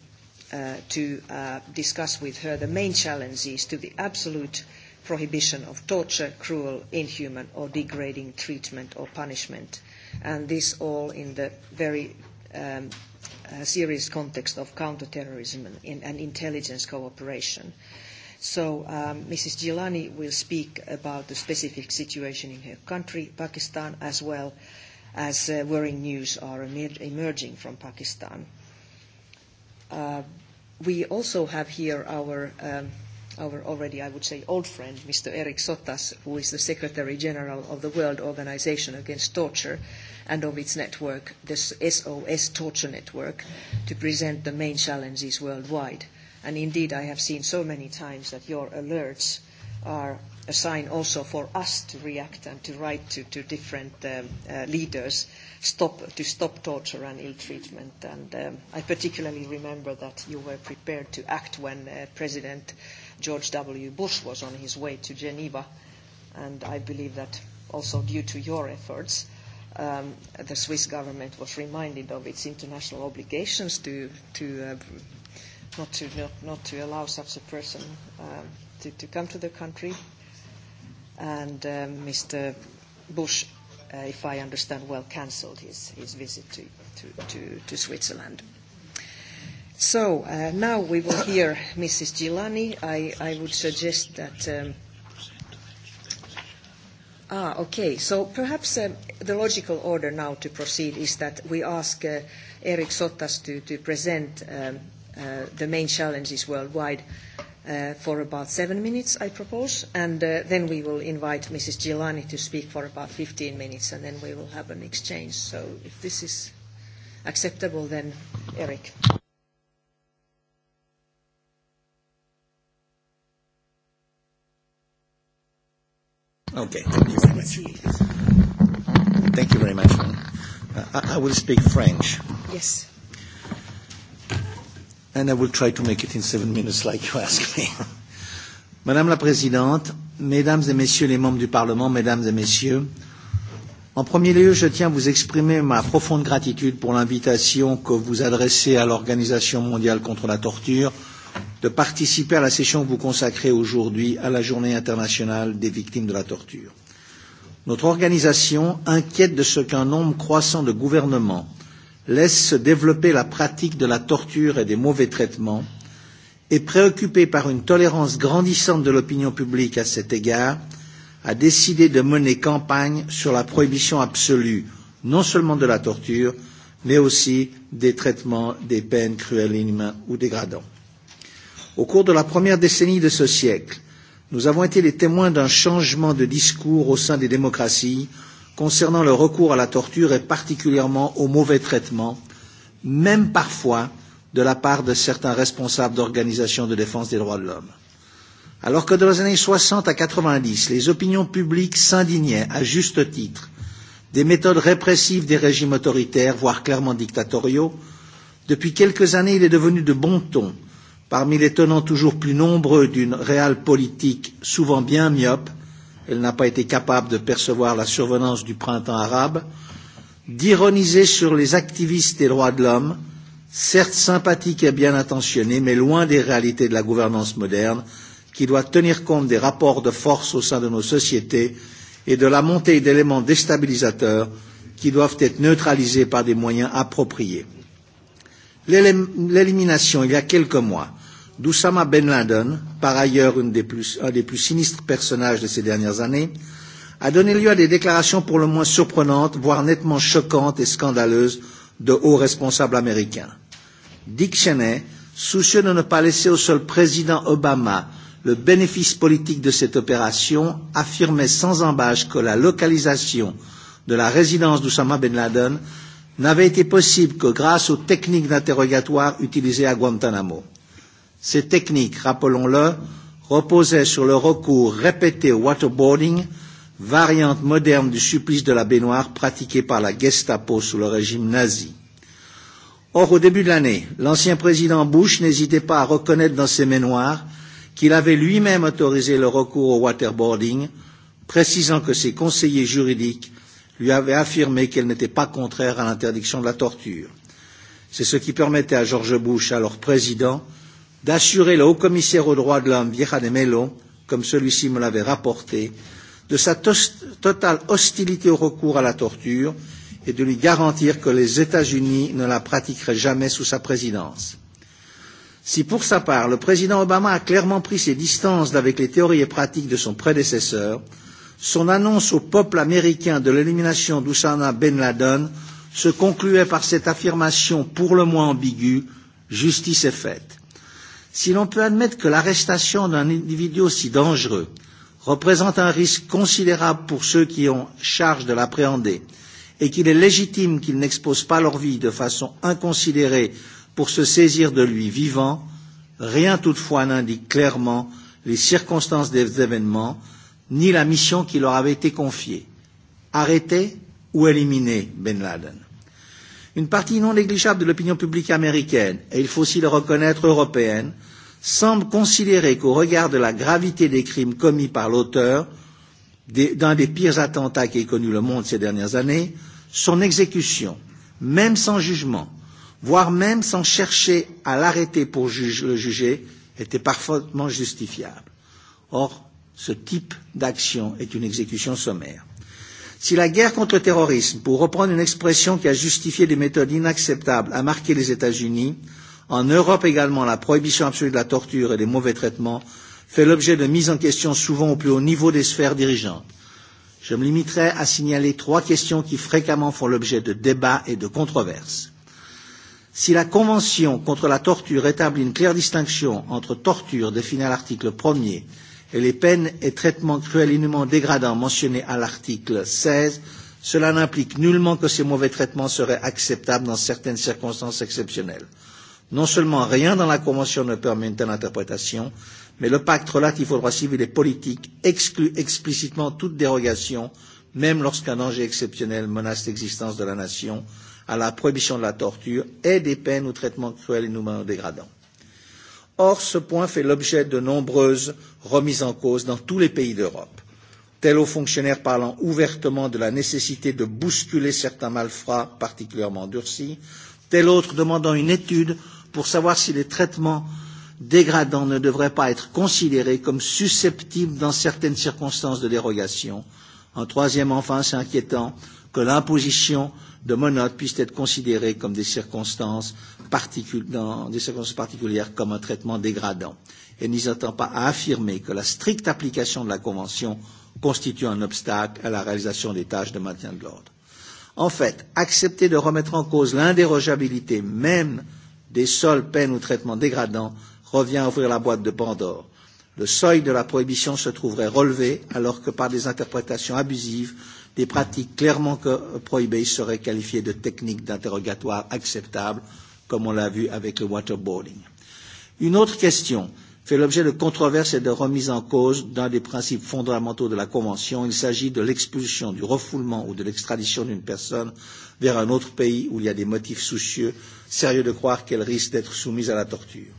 to discuss with her the main challenges to the absolute prohibition of torture, cruel, inhuman or degrading treatment or punishment. And this all in the very serious context of counterterrorism and intelligence cooperation. So Mrs. Gilani will speak about the specific situation in her country, Pakistan, as well as worrying news are emerging from Pakistan. We also have here our our already, I would say, old friend, Mr. Eric Sotas, who is the Secretary General of the World Organization Against Torture and of its network, the SOS Torture Network, to present the main challenges worldwide. And indeed, I have seen so many times that your alerts are a sign also for us to react and to write to, to different leaders stop, to stop torture and ill treatment. And I particularly remember that you were prepared to act when President George W. Bush was on his way to Geneva, and I believe that also due to your efforts, the Swiss government was reminded of its international obligations to to not to not to allow such a person to to come to the country. And Mr. Bush, if I understand well, cancelled his his visit to to to Switzerland. So now we will hear Mrs. Gilani. I would suggest that. Ah, okay. So perhaps the logical order now to proceed is that we ask Eric Sottas to present the main challenges worldwide for about seven minutes, I propose, and then we will invite Mrs. Gilani to speak for about 15 minutes, and then we will have an exchange. So if this is acceptable, then Eric. Okay, thank you very much. Thank you very much. I will speak French. Yes. I will try to make it in seven minutes like you asked me. Madame la Présidente, Mesdames et Messieurs les membres du Parlement, Mesdames et Messieurs, en premier lieu, je tiens à vous exprimer ma profonde gratitude pour l'invitation que vous adressez à l'Organisation mondiale contre la torture de participer à la session que vous consacrez aujourd'hui à la Journée internationale des victimes de la torture. Notre organisation inquiète de ce qu'un nombre croissant de gouvernements laisse se développer la pratique de la torture et des mauvais traitements, et préoccupée par une tolérance grandissante de l'opinion publique à cet égard, a décidé de mener campagne sur la prohibition absolue non seulement de la torture, mais aussi des traitements, des peines cruelles, inhumaines ou dégradantes. Au cours de la première décennie de ce siècle, nous avons été les témoins d'un changement de discours au sein des démocraties concernant le recours à la torture et particulièrement au mauvais traitement, même parfois de la part de certains responsables d'organisations de défense des droits de l'homme. Alors que dans les années 60 à 90, les opinions publiques s'indignaient, à juste titre, des méthodes répressives des régimes autoritaires, voire clairement dictatoriaux, depuis quelques années, il est devenu de bon ton Parmi les tenants toujours plus nombreux d'une réelle politique souvent bien myope, elle n'a pas été capable de percevoir la survenance du printemps arabe, d'ironiser sur les activistes des droits de l'homme, certes sympathiques et bien intentionnés, mais loin des réalités de la gouvernance moderne, qui doit tenir compte des rapports de force au sein de nos sociétés et de la montée d'éléments déstabilisateurs qui doivent être neutralisés par des moyens appropriés. L'élimination, il y a quelques mois, d'Oussama Ben Laden, par ailleurs un des plus sinistres personnages de ces dernières années, a donné lieu à des déclarations pour le moins surprenantes, voire nettement choquantes et scandaleuses, de hauts responsables américains. Dick Cheney, soucieux de ne pas laisser au seul président Obama le bénéfice politique de cette opération, affirmait sans embâche que la localisation de la résidence d'Oussama Ben Laden n'avait été possible que grâce aux techniques d'interrogatoire utilisées à Guantanamo. Ces techniques, rappelons-le, reposaient sur le recours répété au waterboarding, variante moderne du supplice de la baignoire pratiqué par la Gestapo sous le régime nazi. Or, au début de l'année, l'ancien président Bush n'hésitait pas à reconnaître dans ses mémoires qu'il avait lui-même autorisé le recours au waterboarding, précisant que ses conseillers juridiques lui avaient affirmé qu'elle n'était pas contraire à l'interdiction de la torture. C'est ce qui permettait à George Bush, alors président, d'assurer le haut commissaire aux droits de l'homme, Vieja de Melo, comme celui-ci me l'avait rapporté, de sa totale hostilité au recours à la torture et de lui garantir que les États-Unis ne la pratiqueraient jamais sous sa présidence. Si pour sa part, le président Obama a clairement pris ses distances avec les théories et pratiques de son prédécesseur, son annonce au peuple américain de l'élimination d'Oussana Ben Laden se concluait par cette affirmation pour le moins ambiguë Justice est faite. Si l'on peut admettre que l'arrestation d'un individu aussi dangereux représente un risque considérable pour ceux qui ont charge de l'appréhender et qu'il est légitime qu'ils n'exposent pas leur vie de façon inconsidérée pour se saisir de lui vivant, rien toutefois n'indique clairement les circonstances des événements ni la mission qui leur avait été confiée arrêter ou éliminer Ben Laden. Une partie non négligeable de l'opinion publique américaine, et il faut aussi le reconnaître européenne, semble considérer qu'au regard de la gravité des crimes commis par l'auteur, d'un des pires attentats qu'ait connu le monde ces dernières années, son exécution, même sans jugement, voire même sans chercher à l'arrêter pour le juger, était parfaitement justifiable. Or, ce type d'action est une exécution sommaire. Si la guerre contre le terrorisme, pour reprendre une expression qui a justifié des méthodes inacceptables, a marqué les États-Unis, en Europe également, la prohibition absolue de la torture et des mauvais traitements fait l'objet de mises en question souvent au plus haut niveau des sphères dirigeantes. Je me limiterai à signaler trois questions qui fréquemment font l'objet de débats et de controverses. Si la Convention contre la torture établit une claire distinction entre torture définie à l'article 1er et les peines et traitements cruels, inhumains, dégradants mentionnés à l'article 16, cela n'implique nullement que ces mauvais traitements seraient acceptables dans certaines circonstances exceptionnelles. Non seulement rien dans la Convention ne permet une telle interprétation, mais le pacte relatif aux droits civils et politiques exclut explicitement toute dérogation, même lorsqu'un danger exceptionnel menace l'existence de la nation, à la prohibition de la torture et des peines ou traitements cruels, inhumains dégradants. Or, ce point fait l'objet de nombreuses remises en cause dans tous les pays d'Europe. Tel haut fonctionnaires parlant ouvertement de la nécessité de bousculer certains malfrats particulièrement durcis, tel autre demandant une étude pour savoir si les traitements dégradants ne devraient pas être considérés comme susceptibles dans certaines circonstances de dérogation. En troisième, enfin, c'est inquiétant que l'imposition de monotes puisse être considérée comme des circonstances dans des circonstances particulières comme un traitement dégradant et n'y pas à affirmer que la stricte application de la Convention constitue un obstacle à la réalisation des tâches de maintien de l'ordre. En fait, accepter de remettre en cause l'indérogeabilité même des seules peines ou traitements dégradants revient à ouvrir la boîte de Pandore. Le seuil de la prohibition se trouverait relevé alors que par des interprétations abusives, des pratiques clairement prohibées seraient qualifiées de techniques d'interrogatoire acceptables comme on l'a vu avec le waterboarding. Une autre question fait l'objet de controverses et de remises en cause d'un des principes fondamentaux de la Convention. Il s'agit de l'expulsion, du refoulement ou de l'extradition d'une personne vers un autre pays où il y a des motifs soucieux, sérieux de croire qu'elle risque d'être soumise à la torture.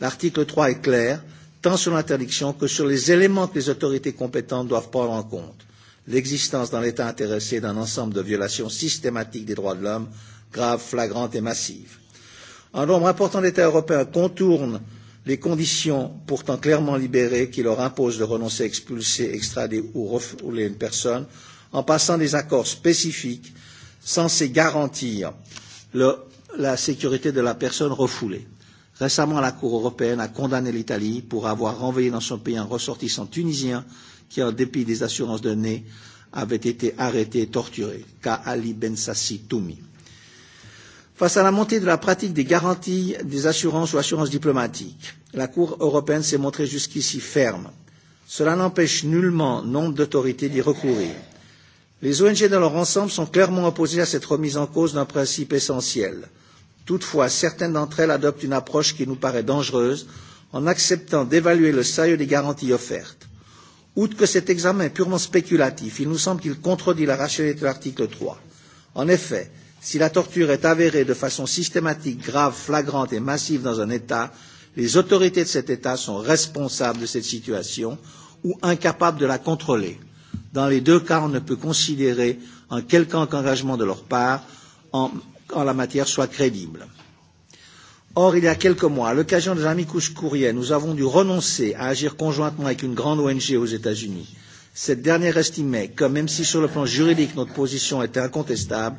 L'article 3 est clair, tant sur l'interdiction que sur les éléments que les autorités compétentes doivent prendre en compte. L'existence dans l'État intéressé d'un ensemble de violations systématiques des droits de l'homme, graves, flagrantes et massives un nombre important d'États européens contourne les conditions pourtant clairement libérées qui leur imposent de renoncer à expulser, extrader ou refouler une personne en passant des accords spécifiques censés garantir la sécurité de la personne refoulée. Récemment, la Cour européenne a condamné l'Italie pour avoir renvoyé dans son pays un ressortissant tunisien qui, en dépit des assurances données, avait été arrêté et torturé, Kaali Ben Sassi Toumi. Face à la montée de la pratique des garanties des assurances ou assurances diplomatiques, la Cour européenne s'est montrée jusqu'ici ferme. Cela n'empêche nullement nombre d'autorités d'y recourir. Les ONG dans leur ensemble sont clairement opposées à cette remise en cause d'un principe essentiel. Toutefois, certaines d'entre elles adoptent une approche qui nous paraît dangereuse en acceptant d'évaluer le sérieux des garanties offertes. Outre que cet examen est purement spéculatif, il nous semble qu'il contredit la rationalité de l'article 3. En effet, Si la torture est avérée de façon systématique, grave, flagrante et massive dans un État, les autorités de cet État sont responsables de cette situation ou incapables de la contrôler. Dans les deux cas, on ne peut considérer un quelconque engagement de leur part en la matière soit crédible. Or, il y a quelques mois, à l'occasion de l'amicus courrier, nous avons dû renoncer à agir conjointement avec une grande ONG aux États-Unis. Cette dernière estimait que, même si sur le plan juridique notre position était incontestable,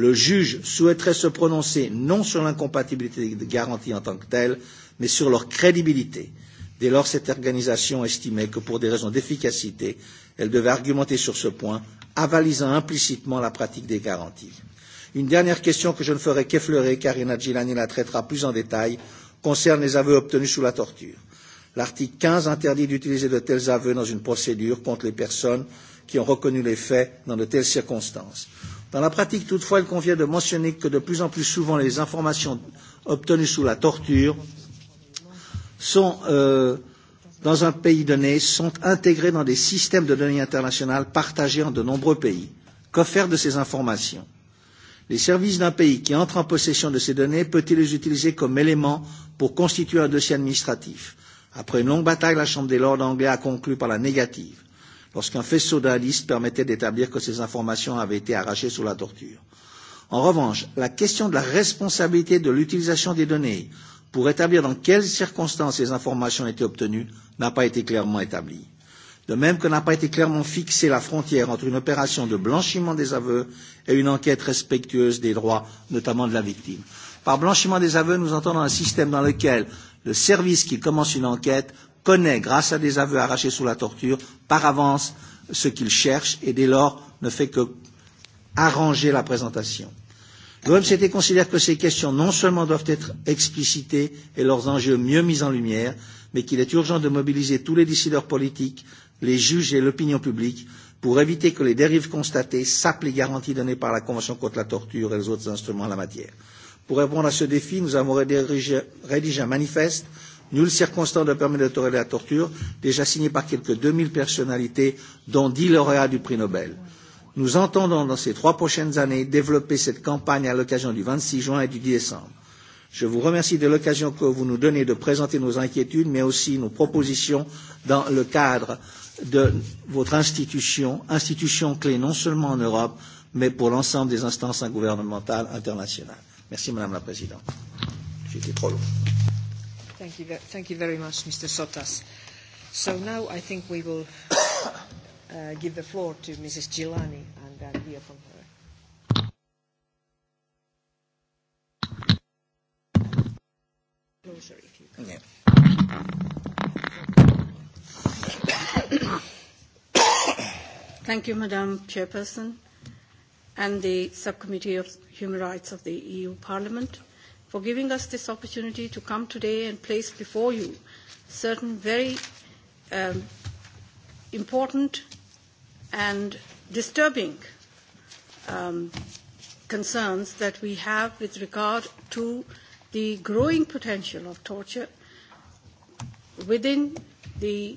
le juge souhaiterait se prononcer non sur l'incompatibilité des garanties en tant que telles, mais sur leur crédibilité. Dès lors, cette organisation estimait que, pour des raisons d'efficacité, elle devait argumenter sur ce point, avalisant implicitement la pratique des garanties. Une dernière question que je ne ferai qu'effleurer, car Inadjilani Gilani la traitera plus en détail, concerne les aveux obtenus sous la torture. L'article 15 interdit d'utiliser de tels aveux dans une procédure contre les personnes qui ont reconnu les faits dans de telles circonstances. Dans la pratique, toutefois, il convient de mentionner que de plus en plus souvent, les informations obtenues sous la torture sont, dans un pays donné, sont intégrées dans des systèmes de données internationales partagés en de nombreux pays. Que faire de ces informations Les services d'un pays qui entre en possession de ces données peut-il les utiliser comme éléments pour constituer un dossier administratif Après une longue bataille, la Chambre des Lords anglais a conclu par la négative lorsqu'un faisceau d'indices permettait d'établir que ces informations avaient été arrachées sous la torture. En revanche, la question de la responsabilité de l'utilisation des données pour établir dans quelles circonstances ces informations étaient obtenues n'a pas été clairement établie. De même que n'a pas été clairement fixée la frontière entre une opération de blanchiment des aveux et une enquête respectueuse des droits, notamment de la victime. Par blanchiment des aveux, nous entendons un système dans lequel le service qui commence une enquête connaît, grâce à des aveux arrachés sous la torture, par avance ce qu'il cherche et dès lors ne fait que arranger la présentation. L'OMCT considère que ces questions non seulement doivent être explicitées et leurs enjeux mieux mis en lumière, mais qu'il est urgent de mobiliser tous les décideurs politiques, les juges et l'opinion publique pour éviter que les dérives constatées sapent les garanties données par la Convention contre la torture et les autres instruments en la matière. Pour répondre à ce défi, nous avons rédigé un manifeste Nulle circonstance ne permet de d'autoriser la torture, déjà signée par quelques 2000 personnalités, dont 10 lauréats du prix Nobel. Nous entendons, dans ces trois prochaines années, développer cette campagne à l'occasion du 26 juin et du 10 décembre. Je vous remercie de l'occasion que vous nous donnez de présenter nos inquiétudes, mais aussi nos propositions dans le cadre de votre institution, institution clé non seulement en Europe, mais pour l'ensemble des instances gouvernementales internationales. Merci, Madame la Présidente. été trop long. Thank you, very much, Mr. Sotas. So now I think we will give the floor to Mrs. Gilani and then hear from her. if you can. Thank you, Madam Chairperson, and the Subcommittee of Human Rights of the EU Parliament for giving us this opportunity to come today and place before you certain very important and disturbing concerns that we have with regard to the growing potential of torture within the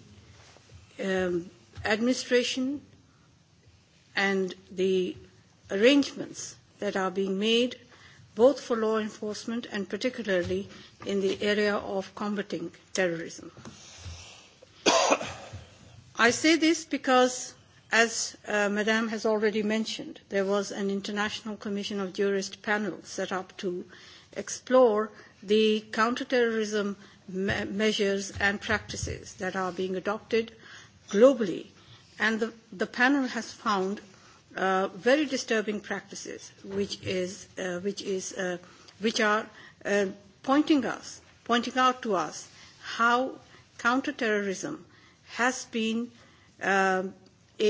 administration and the arrangements that are being made both for law enforcement and particularly in the area of combating terrorism. I say this because, as Madam has already mentioned, there was an international commission of jurist panel set up to explore the counterterrorism measures and practices that are being adopted globally, and the panel has found very disturbing practices, which is which is which are pointing us, pointing out to us how counterterrorism has been a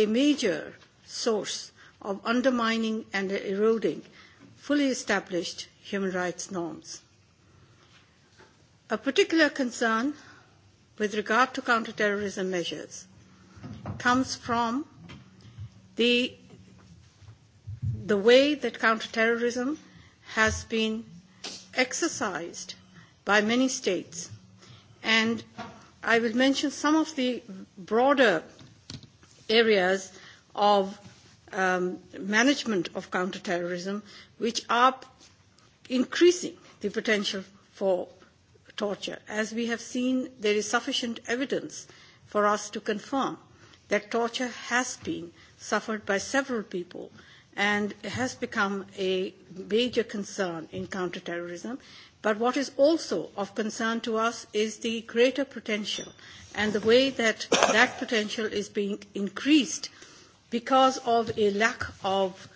major source of undermining and eroding fully established human rights norms. A particular concern with regard to counterterrorism measures comes from the the way that counterterrorism has been exercised by many states. And I will mention some of the broader areas of management of counterterrorism which are increasing the potential for torture. As we have seen, there is sufficient evidence for us to confirm that torture has been suffered by several people and has become a major concern in counter counterterrorism. But what is also of concern to us is the greater potential and the way that that potential is being increased because of a lack of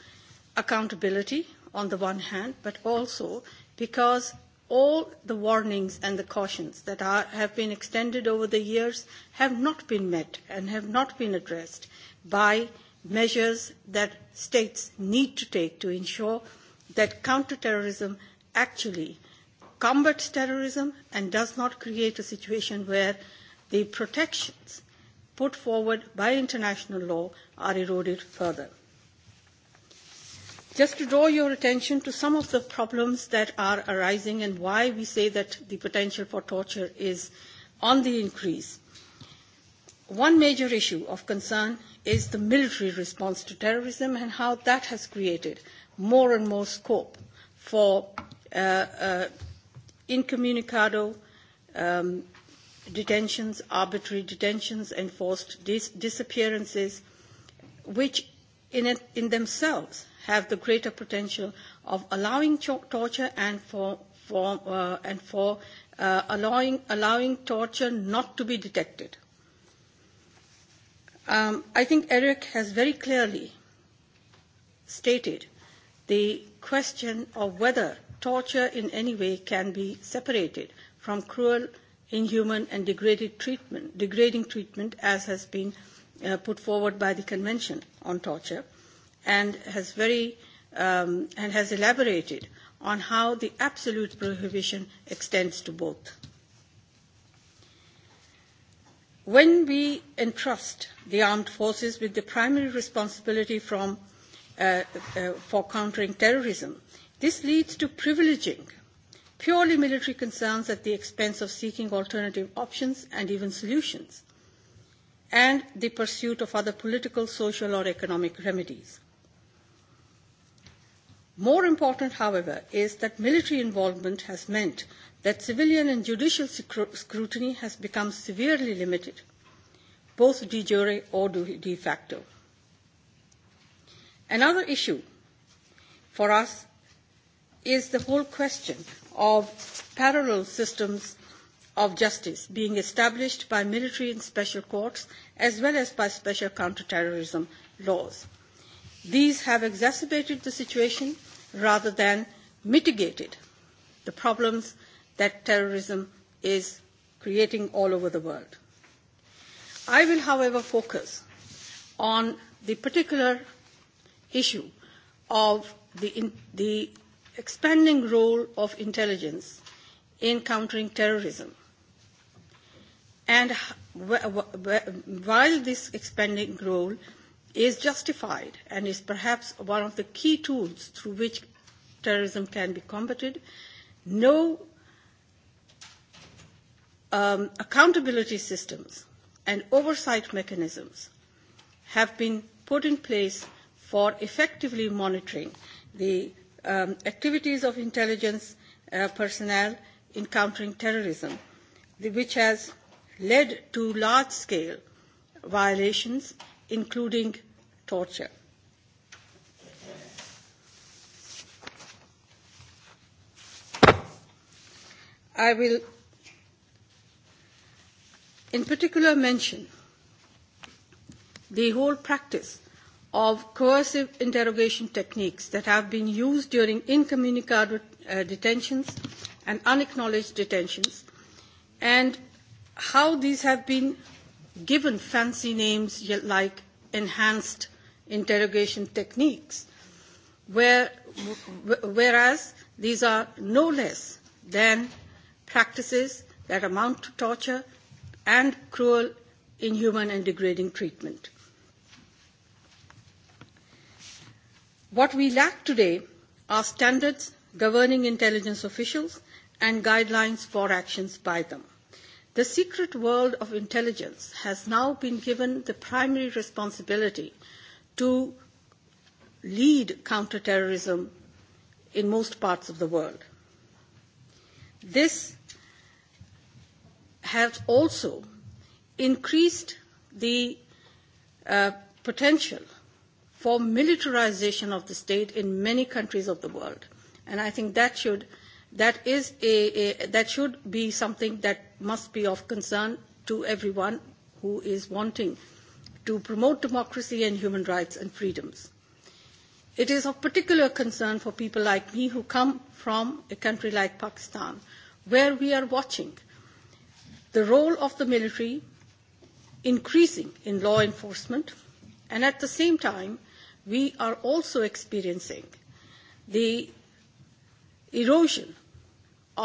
accountability on the one hand, but also because all the warnings and the cautions that have been extended over the years have not been met and have not been addressed by measures that states need to take to ensure that counter-terrorism actually combats terrorism and does not create a situation where the protections put forward by international law are eroded further. Just to draw your attention to some of the problems that are arising and why we say that the potential for torture is on the increase. One major issue of concern is the military response to terrorism and how that has created more and more scope for incommunicado detentions, arbitrary detentions, and forced disappearances, which in themselves have the greater potential of allowing torture and for allowing torture not to be detected I think Eric has very clearly stated the question of whether torture in any way can be separated from cruel, inhuman and degraded treatment, degrading treatment as has been put forward by the Convention on Torture and has very and has elaborated on how the absolute prohibition extends to both. When we entrust the armed forces with the primary responsibility for countering terrorism, this leads to privileging purely military concerns at the expense of seeking alternative options and even solutions, and the pursuit of other political, social or economic remedies. More important, however, is that military involvement has meant that civilian and judicial scrutiny has become severely limited, both de jure or de facto. Another issue for us is the whole question of parallel systems of justice being established by military and special courts as well as by special counterterrorism laws. These have exacerbated the situation rather than mitigated the problems that terrorism is creating all over the world. I will, however, focus on the particular issue of the expanding role of intelligence in countering terrorism. And while this expanding role is justified and is perhaps one of the key tools through which terrorism can be combated, no accountability systems and oversight mechanisms have been put in place for effectively monitoring the activities of intelligence personnel in countering terrorism, which has led to large-scale violations, including torture. I will in particular mention the whole practice of coercive interrogation techniques that have been used during incommunicado detentions and unacknowledged detentions and how these have been given fancy names like enhanced interrogation techniques whereas these are no less than practices that amount to torture and cruel, inhuman and degrading treatment. What we lack today are standards governing intelligence officials and guidelines for actions by them. The secret world of intelligence has now been given the primary responsibility to lead counterterrorism in most parts of the world. This Has also increased the potential for militarization of the state in many countries of the world. And I think that should that is that should be something that must be of concern to everyone who is wanting to promote democracy and human rights and freedoms. It is of particular concern for people like me who come from a country like Pakistan, where we are watching the role of the military increasing in law enforcement and at the same time we are also experiencing the erosion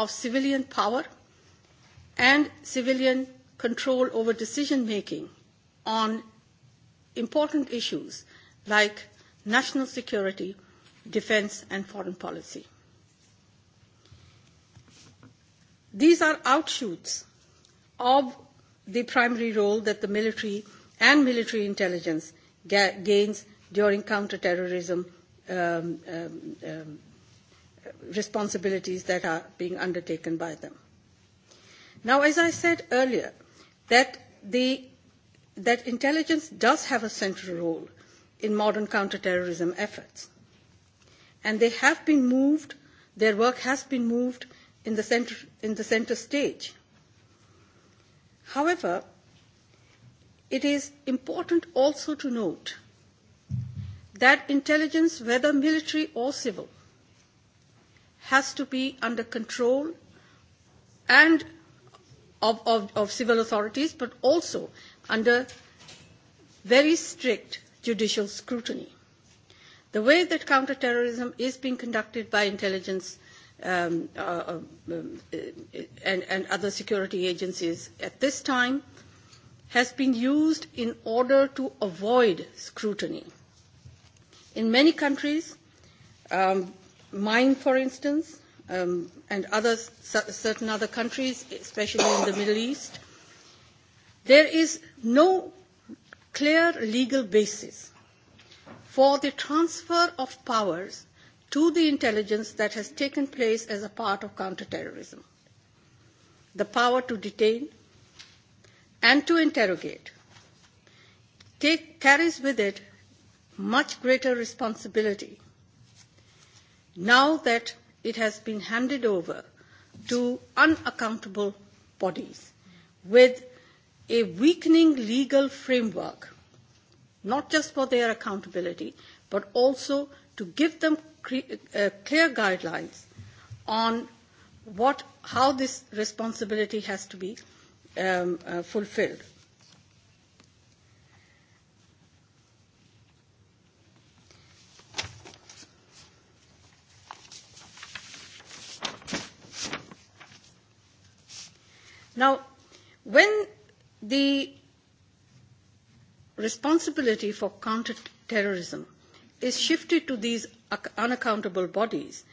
of civilian power and civilian control over decision making on important issues like national security, defence and foreign policy. These are outshoots of the primary role that the military and military intelligence gains during counterterrorism responsibilities that are being undertaken by them. Now, as I said earlier, that intelligence does have a central role in modern counterterrorism efforts, and they have been moved, their work has been moved in the centre stage However, it is important also to note that intelligence, whether military or civil, has to be under control and of civil authorities, but also under very strict judicial scrutiny. The way that counter-terrorism is being conducted by intelligence and other security agencies at this time has been used in order to avoid scrutiny. In many countries, mine for instance, and certain other countries, especially in the Middle East, there is no clear legal basis for the transfer of powers to the intelligence that has taken place as a part of counterterrorism. The power to detain and to interrogate carries with it much greater responsibility now that it has been handed over to unaccountable bodies with a weakening legal framework, not just for their accountability, but also to give them clear guidelines on what how this responsibility has to be fulfilled. Now, when the responsibility for counter-terrorism is shifted to these unaccountable bodies,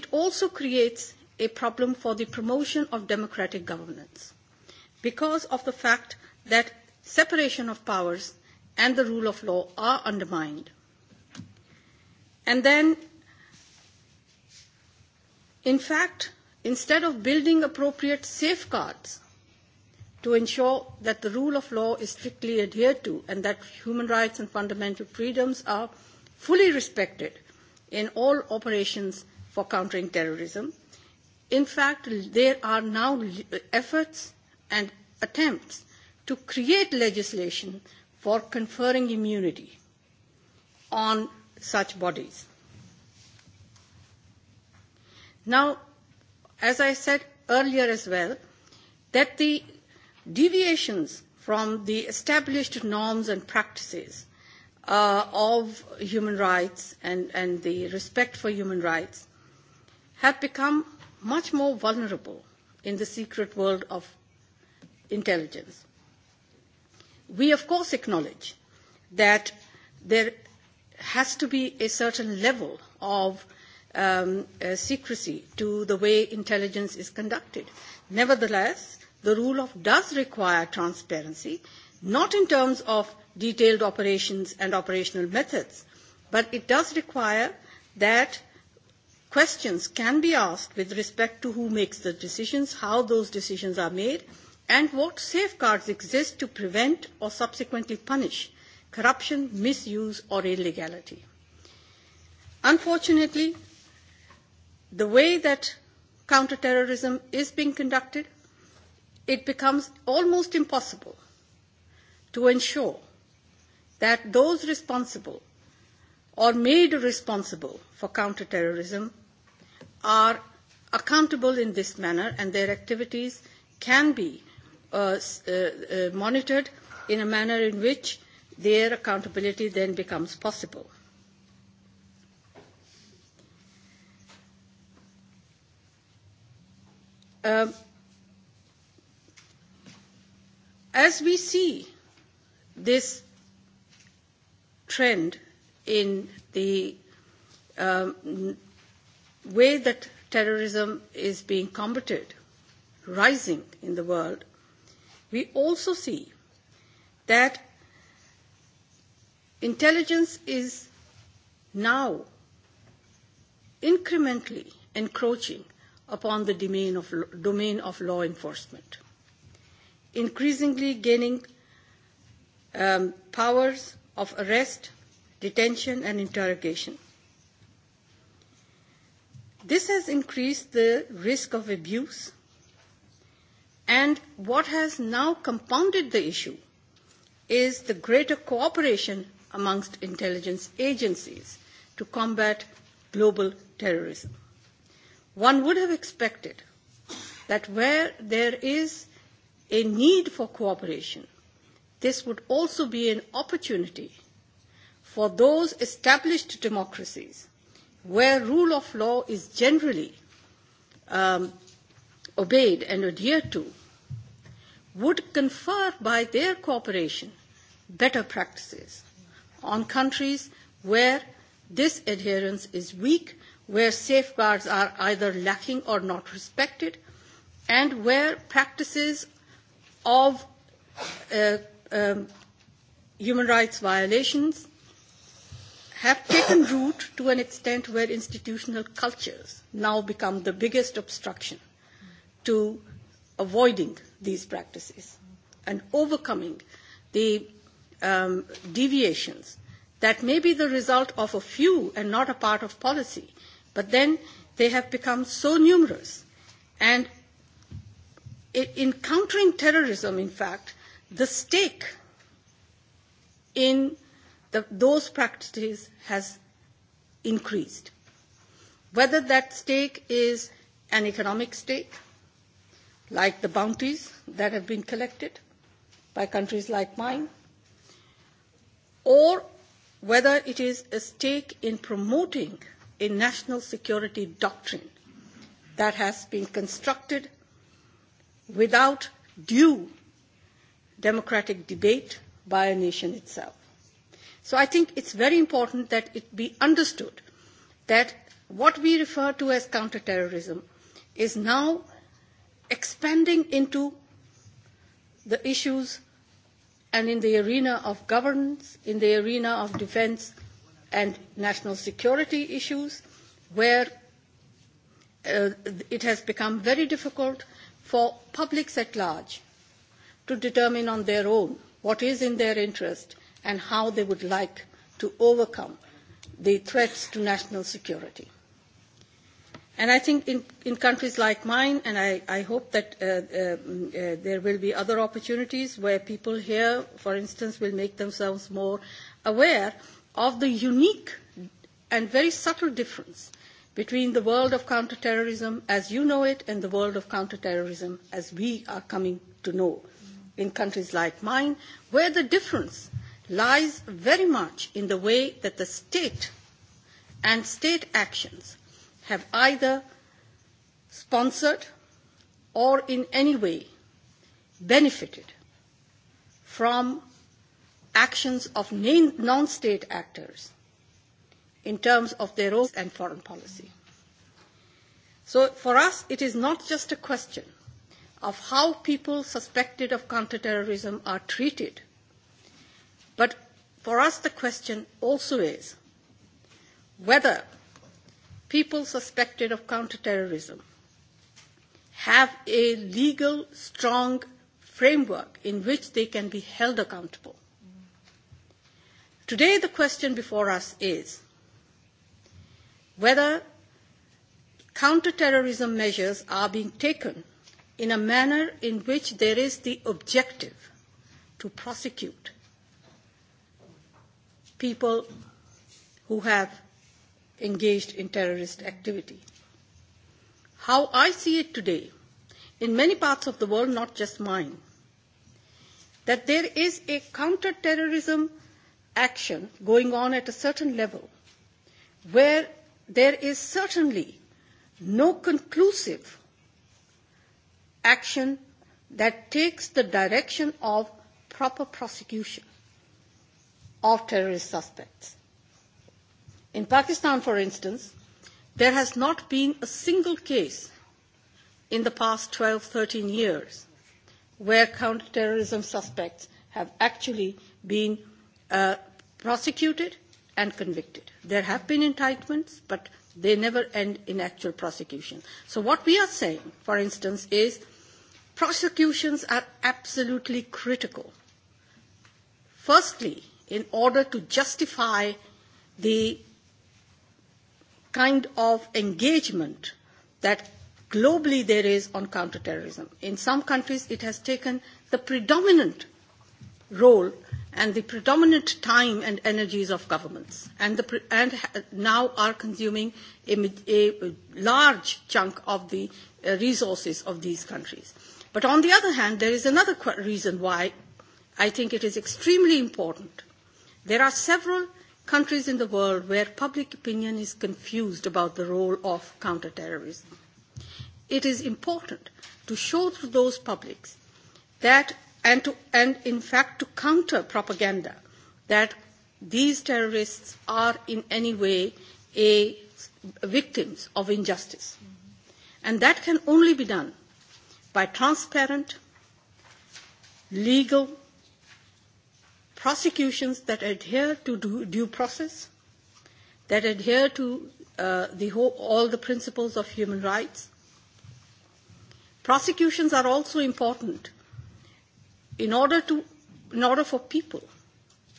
it also creates a problem for the promotion of democratic governance because of the fact that separation of powers and the rule of law are undermined. And then, in fact, instead of building appropriate safeguards to ensure that the rule of law is strictly adhered to and that human rights and fundamental freedoms are fully respected in all operations for countering terrorism. In fact, there are now efforts and attempts to create legislation for conferring immunity on such bodies. Now, as I said earlier as well, that the deviations from the established norms and practices of human rights and the respect for human rights have become much more vulnerable in the secret world of intelligence. We, of course, acknowledge that there has to be a certain level of secrecy to the way intelligence is conducted. Nevertheless, the rule of does require transparency, not in terms of detailed operations and operational methods, but it does require that questions can be asked with respect to who makes the decisions, how those decisions are made, and what safeguards exist to prevent or subsequently punish corruption, misuse, or illegality. Unfortunately, the way that counterterrorism is being conducted it becomes almost impossible to ensure that those responsible or made responsible for counter-terrorism are accountable in this manner and their activities can be monitored in a manner in which their accountability then becomes possible. As we see this trend in the way that terrorism is being combated, rising in the world, we also see that intelligence is now incrementally encroaching upon the domain of law enforcement increasingly gaining powers of arrest, detention and interrogation. This has increased the risk of abuse and what has now compounded the issue is the greater cooperation amongst intelligence agencies to combat global terrorism. One would have expected that where there is a need for cooperation. This would also be an opportunity for those established democracies where rule of law is generally obeyed and adhered to, would confer by their cooperation better practices on countries where this adherence is weak, where safeguards are either lacking or not respected, and where practices of human rights violations have taken root to an extent where institutional cultures now become the biggest obstruction to avoiding these practices and overcoming the deviations that may be the result of a few and not a part of policy, but then they have become so numerous and in countering terrorism, in fact, the stake in those practices has increased. Whether that stake is an economic stake, like the bounties that have been collected by countries like mine, or whether it is a stake in promoting a national security doctrine that has been constructed without due democratic debate by a nation itself. So I think it's very important that it be understood that what we refer to as counterterrorism is now expanding into the issues and in the arena of governance, in the arena of defence and national security issues, where it has become very difficult for publics at large to determine on their own what is in their interest and how they would like to overcome the threats to national security. And I think in countries like mine, and I hope that there will be other opportunities where people here, for instance, will make themselves more aware of the unique and very subtle difference between the world of counter-terrorism, as you know it and the world of counter-terrorism, as we are coming to know in countries like mine, where the difference lies very much in the way that the state and state actions have either sponsored or in any way benefited from actions of non-state actors in terms of their own and foreign policy. So for us, it is not just a question of how people suspected of counterterrorism are treated, but for us the question also is whether people suspected of counterterrorism have a legal, strong framework in which they can be held accountable. Today the question before us is whether counter-terrorism measures are being taken in a manner in which there is the objective to prosecute people who have engaged in terrorist activity. How I see it today, in many parts of the world, not just mine, that there is a counter-terrorism action going on at a certain level where there is certainly no conclusive action that takes the direction of proper prosecution of terrorist suspects. In Pakistan, for instance, there has not been a single case in the past 12, 13 years where counterterrorism suspects have actually been prosecuted and convicted. There have been indictments, but they never end in actual prosecution. So what we are saying, for instance, is prosecutions are absolutely critical. Firstly, in order to justify the kind of engagement that globally there is on counterterrorism. In some countries, it has taken the predominant role and the predominant time and energies of governments and now are consuming a large chunk of the resources of these countries. But on the other hand, there is another reason why I think it is extremely important. There are several countries in the world where public opinion is confused about the role of counterterrorism. It is important to show to those publics that and in fact to counter propaganda that these terrorists are in any way victims of injustice. And that can only be done by transparent, legal prosecutions that adhere to due process, that adhere to all the principles of human rights. Prosecutions are also important in order to in order for people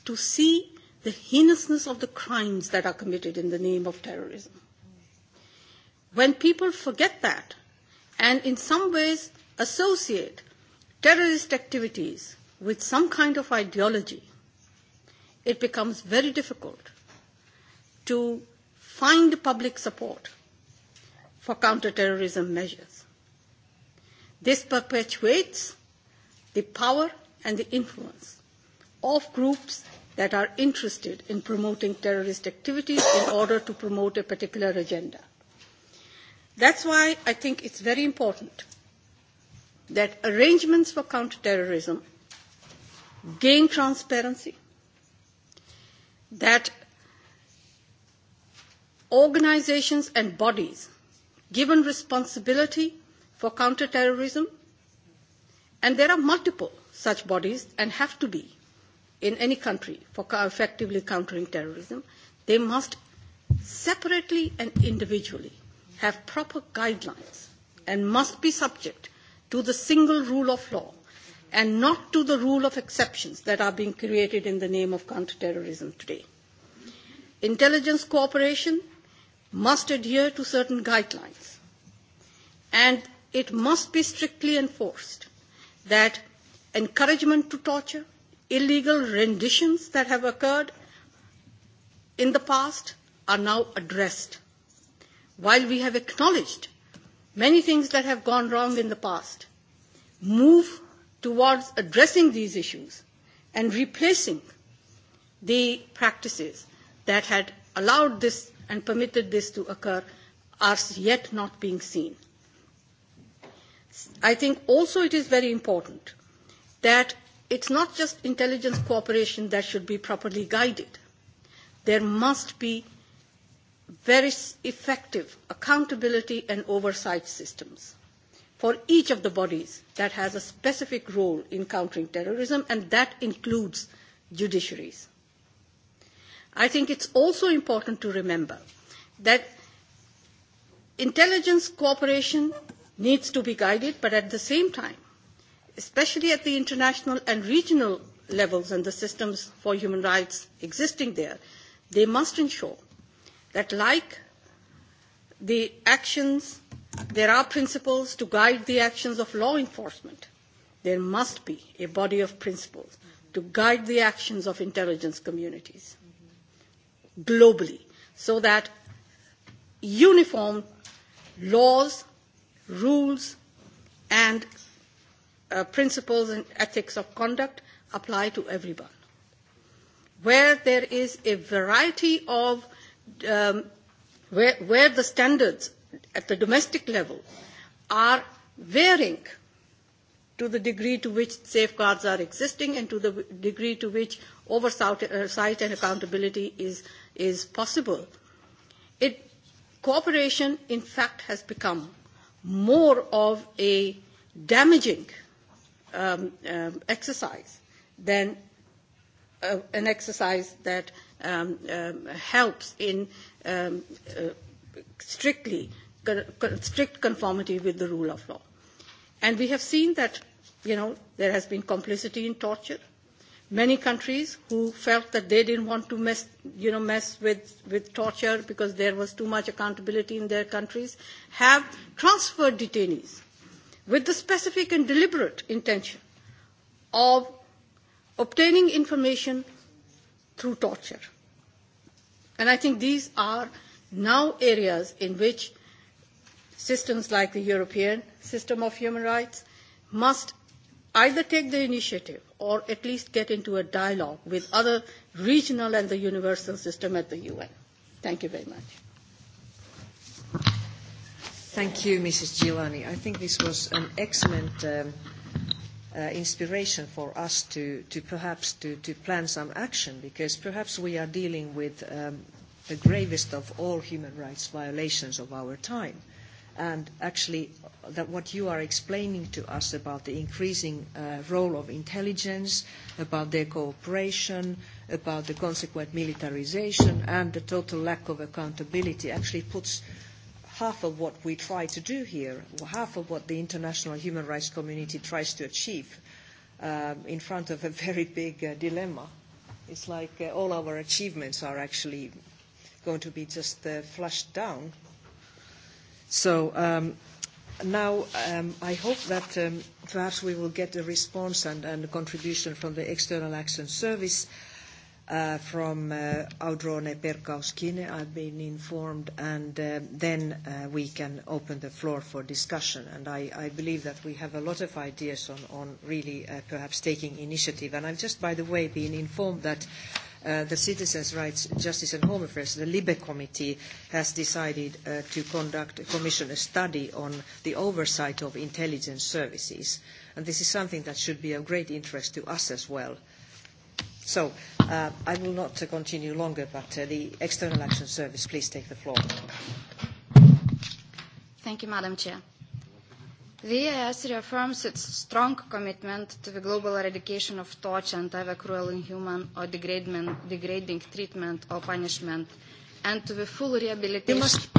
to see the heinousness of the crimes that are committed in the name of terrorism when people forget that and in some ways associate terrorist activities with some kind of ideology it becomes very difficult to find public support for counterterrorism measures this perpetuates the power and the influence of groups that are interested in promoting terrorist activities in order to promote a particular agenda. That's why I think it's very important that arrangements for counterterrorism gain transparency, that organisations and bodies given responsibility for counterterrorism And there are multiple such bodies and have to be in any country for effectively countering terrorism. They must separately and individually have proper guidelines and must be subject to the single rule of law and not to the rule of exceptions that are being created in the name of counterterrorism today. Intelligence cooperation must adhere to certain guidelines and it must be strictly enforced that encouragement to torture, illegal renditions that have occurred in the past are now addressed. While we have acknowledged many things that have gone wrong in the past, move towards addressing these issues and replacing the practices that had allowed this and permitted this to occur are yet not being seen. I think also it is very important that it's not just intelligence cooperation that should be properly guided. There must be very effective accountability and oversight systems for each of the bodies that has a specific role in countering terrorism, and that includes judiciaries. I think it's also important to remember that intelligence cooperation needs to be guided, but at the same time, especially at the international and regional levels and the systems for human rights existing there, they must ensure that like the actions, there are principles to guide the actions of law enforcement. There must be a body of principles to guide the actions of intelligence communities globally so that uniform laws rules and principles and ethics of conduct apply to everyone. Where there is a variety of, where the standards at the domestic level are varying to the degree to which safeguards are existing and to the degree to which oversight and accountability is is possible, cooperation in fact has become more of a damaging exercise than an exercise that helps in strictly strict conformity with the rule of law. And we have seen that, you know, there has been complicity in torture many countries who felt that they didn't want to mess you know mess with with torture because there was too much accountability in their countries have transferred detainees with the specific and deliberate intention of obtaining information through torture and i think these are now areas in which systems like the european system of human rights must either take the initiative or at least get into a dialogue with other regional and the universal system at the UN. Thank you very much. Thank you, Mrs. Gilani. I think this was an excellent inspiration for us to perhaps to plan some action because perhaps we are dealing with the gravest of all human rights violations of our time and actually that what you are explaining to us about the increasing role of intelligence, about their cooperation, about the consequent militarization and the total lack of accountability actually puts half of what we try to do here, half of what the international human rights community tries to achieve in front of a very big dilemma. It's like all our achievements are actually going to be just flushed down So now I hope that perhaps we will get a response and a contribution from the External Action Service, from Audrone Perkauskine, I've been informed, and then we can open the floor for discussion. And I believe that we have a lot of ideas on really perhaps taking initiative. And I've just, by the way, been informed that the Citizens' Rights, Justice and Home Affairs, the LIBE Committee, has decided to conduct a commission study on the oversight of intelligence services. And this is something that should be of great interest to us as well. So I will not continue longer, but the External Action Service, please take the floor. Thank you, Madam Chair. The EIS reaffirms its strong commitment to the global eradication of torture and other cruel, inhuman or degrading treatment or punishment, and to the full rehabilitation.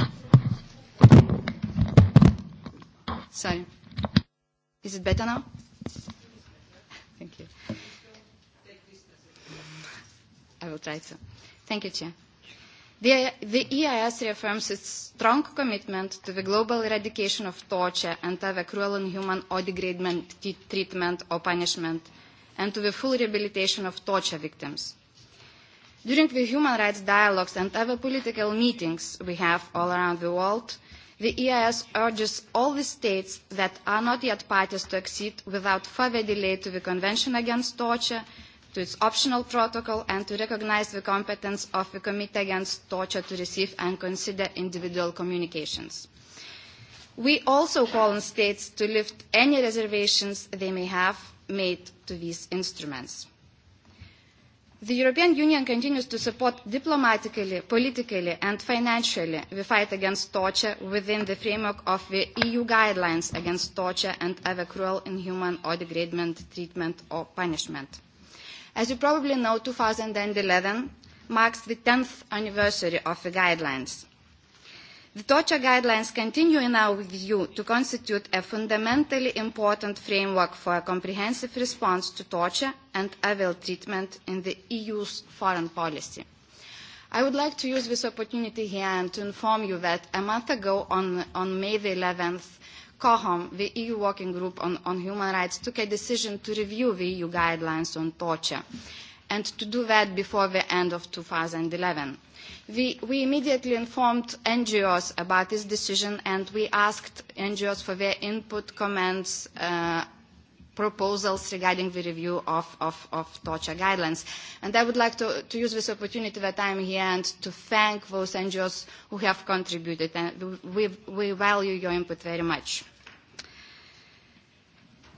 is it better now? Thank you. I will try to. Thank you, The EIS reaffirms its strong commitment to the global eradication of torture and other cruel, inhuman or degrading treatment or punishment, and to the full rehabilitation of torture victims. During the human rights dialogues and other political meetings we have all around the world, the EIS urges all the states that are not yet parties to accede without further delay to the Convention against Torture to its optional protocol and to recognise the competence of the Committee Against Torture to receive and consider individual communications. We also call on states to lift any reservations they may have made to these instruments. The European Union continues to support diplomatically, politically and financially the fight against torture within the framework of the EU guidelines against torture and other cruel, inhuman or degrading treatment or punishment. As you probably know, 2011 marks the 10th anniversary of the guidelines. The torture guidelines continue in our view to constitute a fundamentally important framework for a comprehensive response to torture and evil treatment in the EU's foreign policy. I would like to use this opportunity here and to inform you that a month ago, on May 11th, COHOM, the EU Working Group on Human Rights, took a decision to review the EU guidelines on torture and to do that before the end of 2011. We immediately informed NGOs about this decision and we asked NGOs for their input, comments proposals regarding the review of torture guidelines. And I would like to use this opportunity that I'm here and to thank those NGOs who have contributed. And we value your input very much.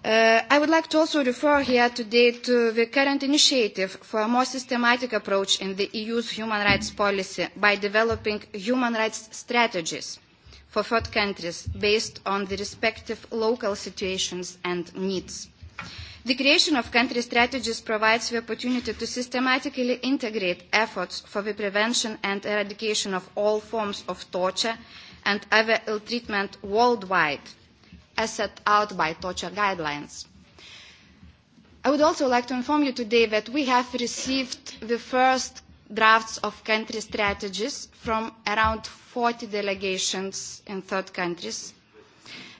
I would like to also refer here today to the current initiative for a more systematic approach in the EU's human rights policy by developing human rights strategies for third countries based on the respective local situations and needs. The creation of country strategies provides the opportunity to systematically integrate efforts for the prevention and eradication of all forms of torture and other ill treatment worldwide, as set out by torture guidelines. I would also like to inform you today that we have received the first drafts of country strategies from around 40 delegations in third countries.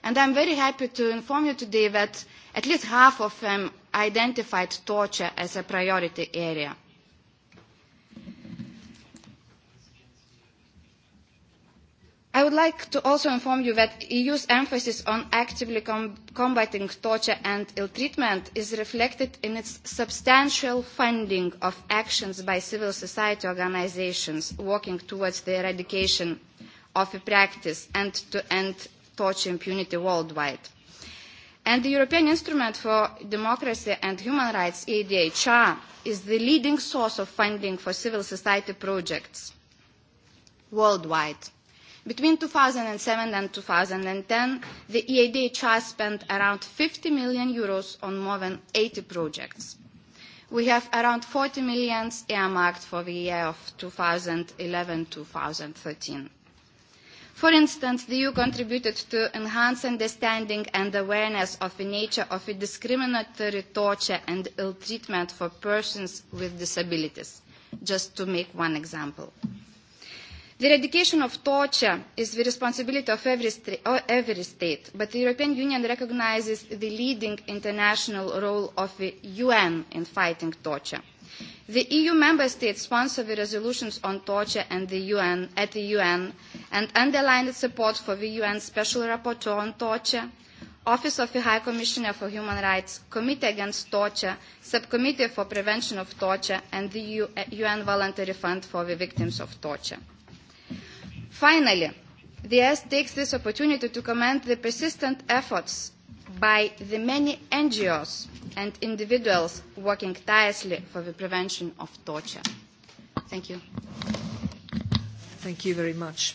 And I am very happy to inform you today that at least half of them identified torture as a priority area. I would like to also inform you that the EU's emphasis on actively combating torture and ill treatment is reflected in its substantial funding of actions by civil society organisations working towards the eradication of the practice and to end torture impunity worldwide. And the European Instrument for Democracy and Human Rights, EDHR, is the leading source of funding for civil society projects worldwide Between 2007 and 2010, the has spent around 50 million euros on more than 80 projects. We have around 40 million earmarked for the year of 2011-2013. For instance, the EU contributed to enhance understanding and awareness of the nature of discriminatory torture and ill treatment for persons with disabilities, just to make one example. The eradication of torture is the responsibility of every state, but the European Union recognises the leading international role of the UN in fighting torture. The EU member states sponsor the resolutions on torture and the UN at the UN and underline support for the UN Special Rapporteur on Torture, Office of the High Commissioner for Human Rights, Committee Against Torture, Subcommittee for Prevention of Torture and the UN Voluntary Fund for the Victims of Torture. Finally, the S takes this opportunity to commend the persistent efforts by the many NGOs and individuals working tirelessly for the prevention of torture. Thank you. Thank you very much.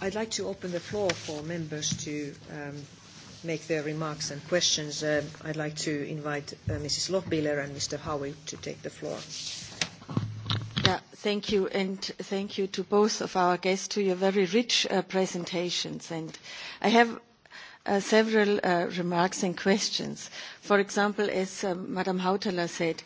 I'd like to open the floor for members to make their remarks and questions. I'd like to invite Mrs. Lochbihler and Mr. Howie to take the floor thank you, and thank you to both of our guests for your very rich presentations. And I have several remarks and questions. For example, as Madam Hautala said,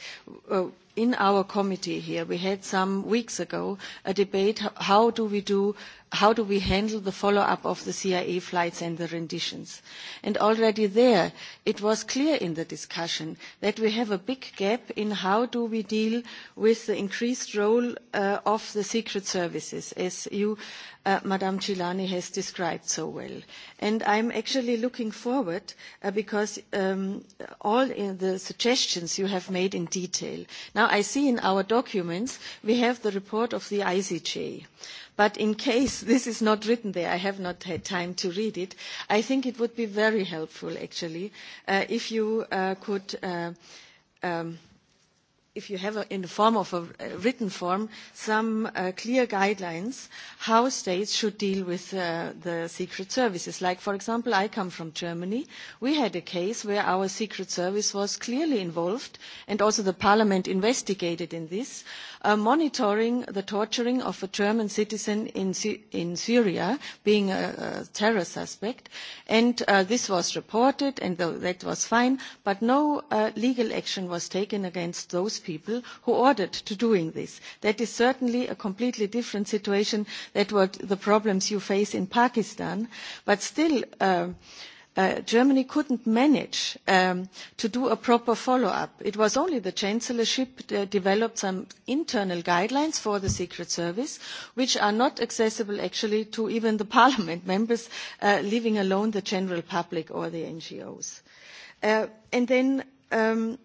in our committee here, we had some weeks ago a debate: how do we do how do we handle the follow-up of the CIA flights and the renditions. And already there, it was clear in the discussion that we have a big gap in how do we deal with the increased role of the secret services, as you, Madam Chilani, has described so well. And I'm actually looking forward, because all the suggestions you have made in detail. Now, I see in our documents we have the report of the ICJ But in case this is not written there, I have not had time to read it, I think it would be very helpful, actually, if you could if you have in the form of a written form, some clear guidelines how states should deal with the secret services. Like, for example, I come from Germany. We had a case where our secret service was clearly involved, and also the parliament investigated in this, monitoring the torturing of a German citizen in Syria, being a terror suspect. And this was reported, and that was fine, but no legal action was taken against those people who ordered to doing this. That is certainly a completely different situation than what the problems you face in Pakistan, but still Germany couldn't manage to do a proper follow-up. It was only the Chancellorship that developed some internal guidelines for the Secret Service, which are not accessible actually to even the Parliament members, leaving alone the general public or the NGOs. And then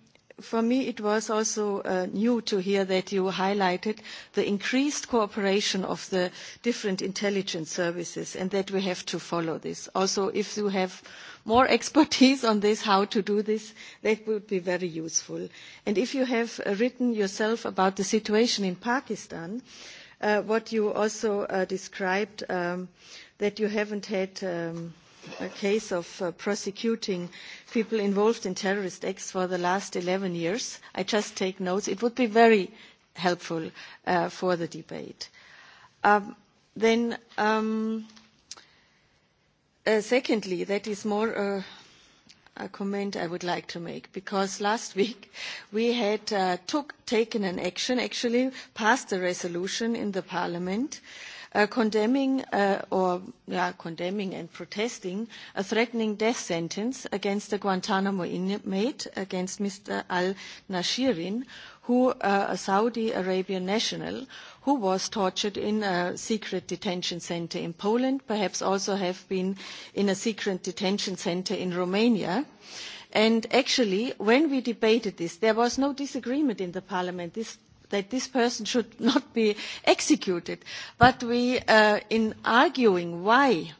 For me, it was also new to hear that you highlighted the increased cooperation of the different intelligence services and that we have to follow this. Also, if you have more expertise on this, how to do this, that would be very useful. And if you have written yourself about the situation in Pakistan, what you also described, that you haven't had A case of prosecuting people involved in terrorist acts for the last 11 years. I just take notes. It would be very helpful for the debate. Then, secondly, that is more a comment I would like to make, because last week we had taken an action, actually passed a resolution in the Parliament condemning or condemning and protesting a threatening death sentence against a Guantanamo inmate, against Mr. al-Nashirin, who a Saudi Arabian national who was tortured in a secret detention center in Poland, perhaps also have been in a secret detention center in Romania. And actually, when we debated this, there was no disagreement in the parliament that this person should not be executed. But we, in arguing why,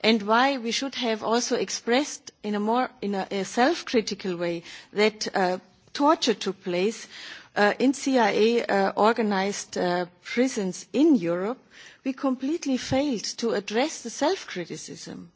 and why we should have also expressed in a more in a self-critical way that torture took place in CIA-organized prisons in Europe, we completely failed to address the self-criticism.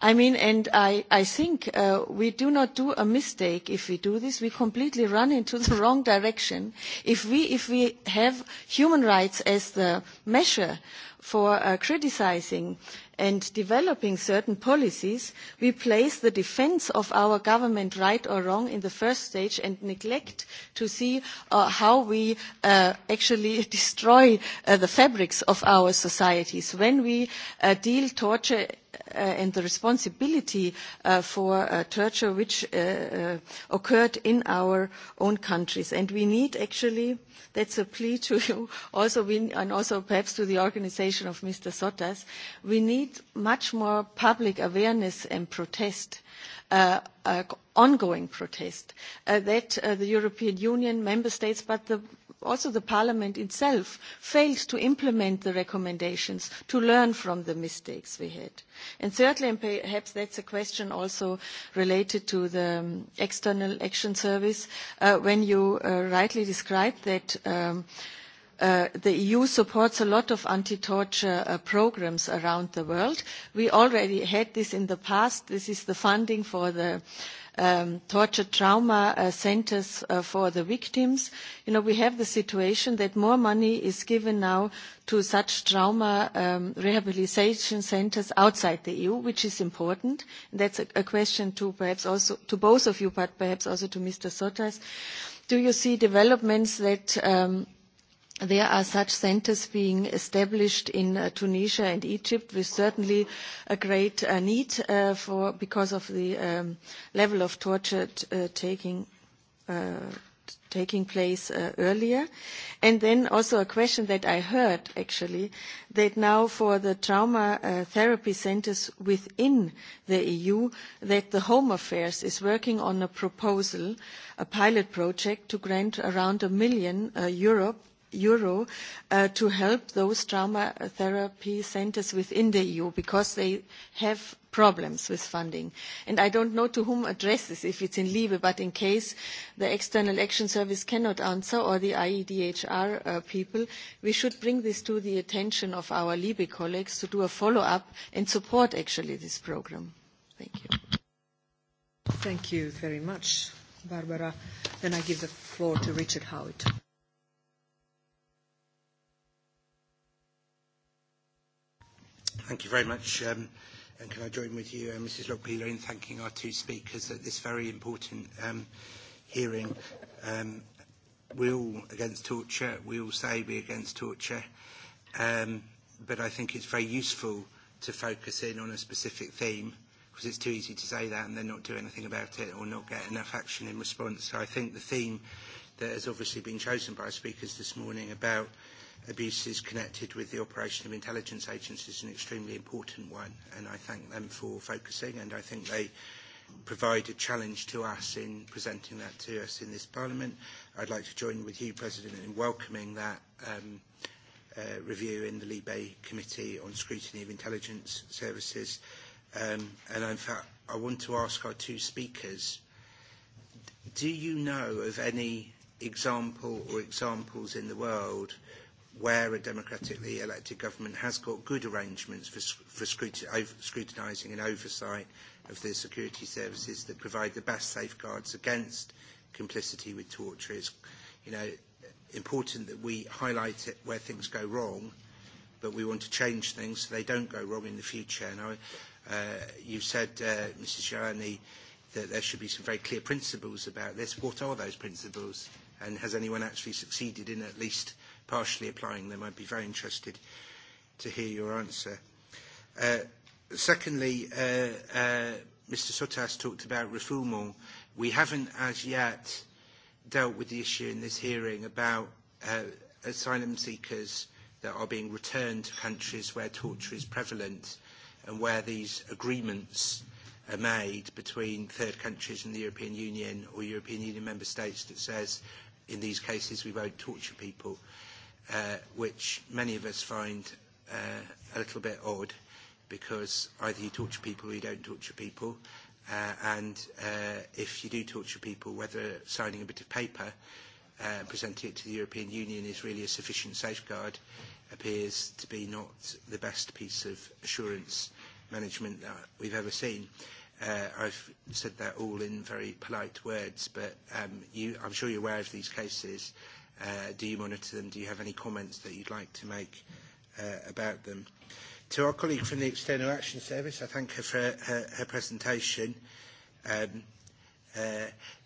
I mean, and I think we do not do a mistake if we do this. We completely run into the wrong direction. If we have human rights as the measure for criticising and developing certain policies, we place the defence of our government right or wrong in the first stage and neglect to see how we actually destroy the fabrics of our societies when we deal torture and the responsibility for torture which occurred in our own countries. And we need actually, that's a plea to you also and also perhaps to the organization of Mr. Sotas, we need much more public awareness and protest ongoing protest that the European Union, Member States, but the also the Parliament itself failed to implement the recommendations to learn from the mistakes we had. And thirdly, and perhaps that's a question also related to the External Action Service, when you rightly described that the EU supports a lot of anti-torture programmes around the world. We already had this in the past. This is the funding for the torture trauma centers for the victims. You know, we have the situation that more money is given now to such trauma rehabilitation centers outside the EU, which is important. That's a question to perhaps also to both of you, but perhaps also to Mr. Sotas. Do you see developments that There are such centres being established in Tunisia and Egypt, with certainly a great need for because of the level of torture taking taking place earlier. And then also a question that I heard actually, that now for the trauma therapy centres within the EU, that the Home Affairs is working on a proposal, a pilot project, to grant around a million euro euro to help those trauma therapy centers within the EU because they have problems with funding. And I don't know to whom address this, if it's in LIBE, but in case the External Action Service cannot answer or the IEDHR people, we should bring this to the attention of our LIBE colleagues to do a follow-up and support actually this program. Thank you. Thank you very much, Barbara. Then I give the floor to Richard Howitt. Thank you very much. and can I join with you, Mrs. Lockpeeler, in thanking our two speakers at this very important hearing. Um, we're all against torture. We all say we're against torture. but I think it's very useful to focus in on a specific theme because it's too easy to say that and then not do anything about it or not get enough action in response. So I think the theme that has obviously been chosen by our speakers this morning about abuses connected with the operation of intelligence agencies is an extremely important one, and I thank them for focusing, and I think they provide a challenge to us in presenting that to us in this Parliament. I'd like to join with you, President, in welcoming that um, review in the Libe Committee on Scrutiny of Intelligence Services. Um, and in fact, I want to ask our two speakers, do you know of any example or examples in the world where a democratically elected government has got good arrangements for scrutinising and oversight of the security services that provide the best safeguards against complicity with torture. It's you know, important that we highlight it where things go wrong, but we want to change things so they don't go wrong in the future. you said, Mrs. Gianni, that there should be some very clear principles about this. What are those principles? And has anyone actually succeeded in at least partially applying them. I'd be very interested to hear your answer. Secondly, Mr. Sotas talked about refoulement. We haven't as yet dealt with the issue in this hearing about asylum seekers that are being returned to countries where torture is prevalent and where these agreements are made between third countries and the European Union or European Union member states that says in these cases we won't torture people which many of us find a little bit odd because either you torture people or you don't torture people and if you do torture people, whether signing a bit of paper and presenting it to the European Union is really a sufficient safeguard appears to be not the best piece of assurance management that we've ever seen. I've said that all in very polite words, but I'm sure you're aware of these cases Do you monitor them? Do you have any comments that you'd like to make about them? To our colleague from the External Action Service, I thank her for her presentation.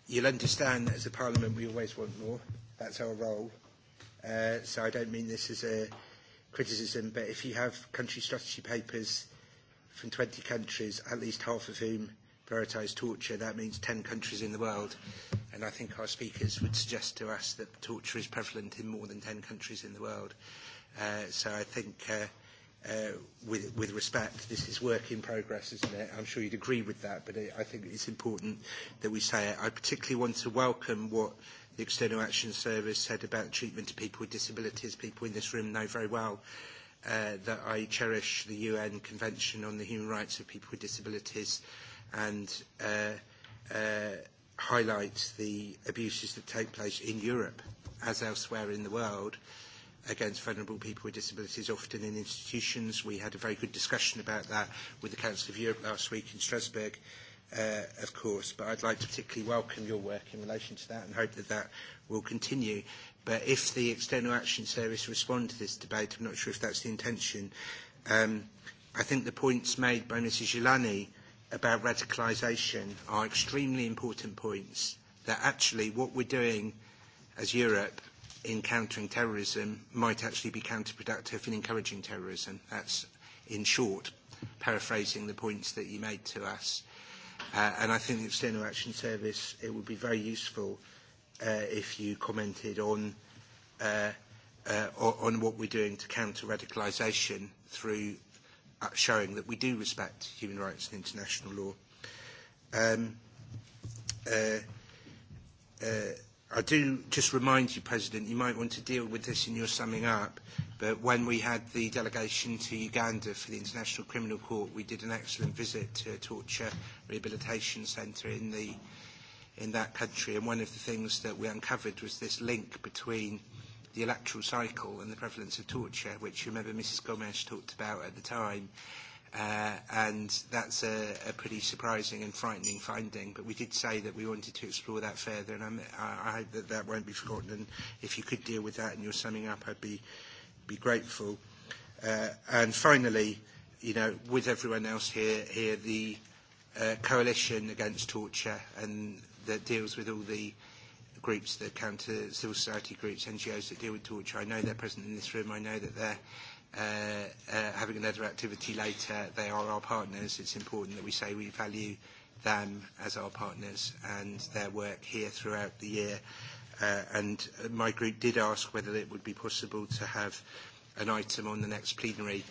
You'll understand that as a Parliament we always want more. That's our role. So I don't mean this as a criticism, but if you have country strategy papers from 20 countries, at least half of whom prioritise torture, that means 10 countries in the world. And I think our speakers would suggest to us that torture is prevalent in more than 10 countries in the world. So I think, with respect, this is work in progress, isn't it? I'm sure you'd agree with that, but I think it's important that we say it. I particularly want to welcome what the External Action Service said about treatment of people with disabilities. People in this room know very well that I cherish the UN Convention on the Human Rights of People with Disabilities and highlight the abuses that take place in Europe, as elsewhere in the world, against vulnerable people with disabilities, often in institutions. We had a very good discussion about that with the Council of Europe last week in Strasbourg, of course, but I'd like to particularly welcome your work in relation to that and hope that that will continue. But if the External Action Service respond to this debate, I'm not sure if that's the intention. I think the points made by Mrs. Gilani about radicalisation are extremely important points that actually what we're doing as Europe in countering terrorism might actually be counterproductive in encouraging terrorism. That's, in short, paraphrasing the points that you made to us. And I think the External Action Service, it would be very useful if you commented on on what we're doing to counter radicalisation through showing that we do respect human rights and international law. Um, uh, uh, I do just remind you, President, you might want to deal with this in your summing up, but when we had the delegation to Uganda for the International Criminal Court, we did an excellent visit to a torture rehabilitation centre in, the, in that country, and one of the things that we uncovered was this link between the electoral cycle and the prevalence of torture, which remember Mrs. Gomes talked about at the time. And that's a pretty surprising and frightening finding, but we did say that we wanted to explore that further, and I hope that that won't be forgotten. And if you could deal with that in your summing up, I'd be be grateful. And finally, you know, with everyone else here, here the coalition against torture and that deals with all the groups, that counter civil society groups, NGOs that deal with torture. I know they're present in this room. I know that they're having another activity later. They are our partners. It's important that we say we value them as our partners and their work here throughout the year. and my group did ask whether it would be possible to have an item on the next plenary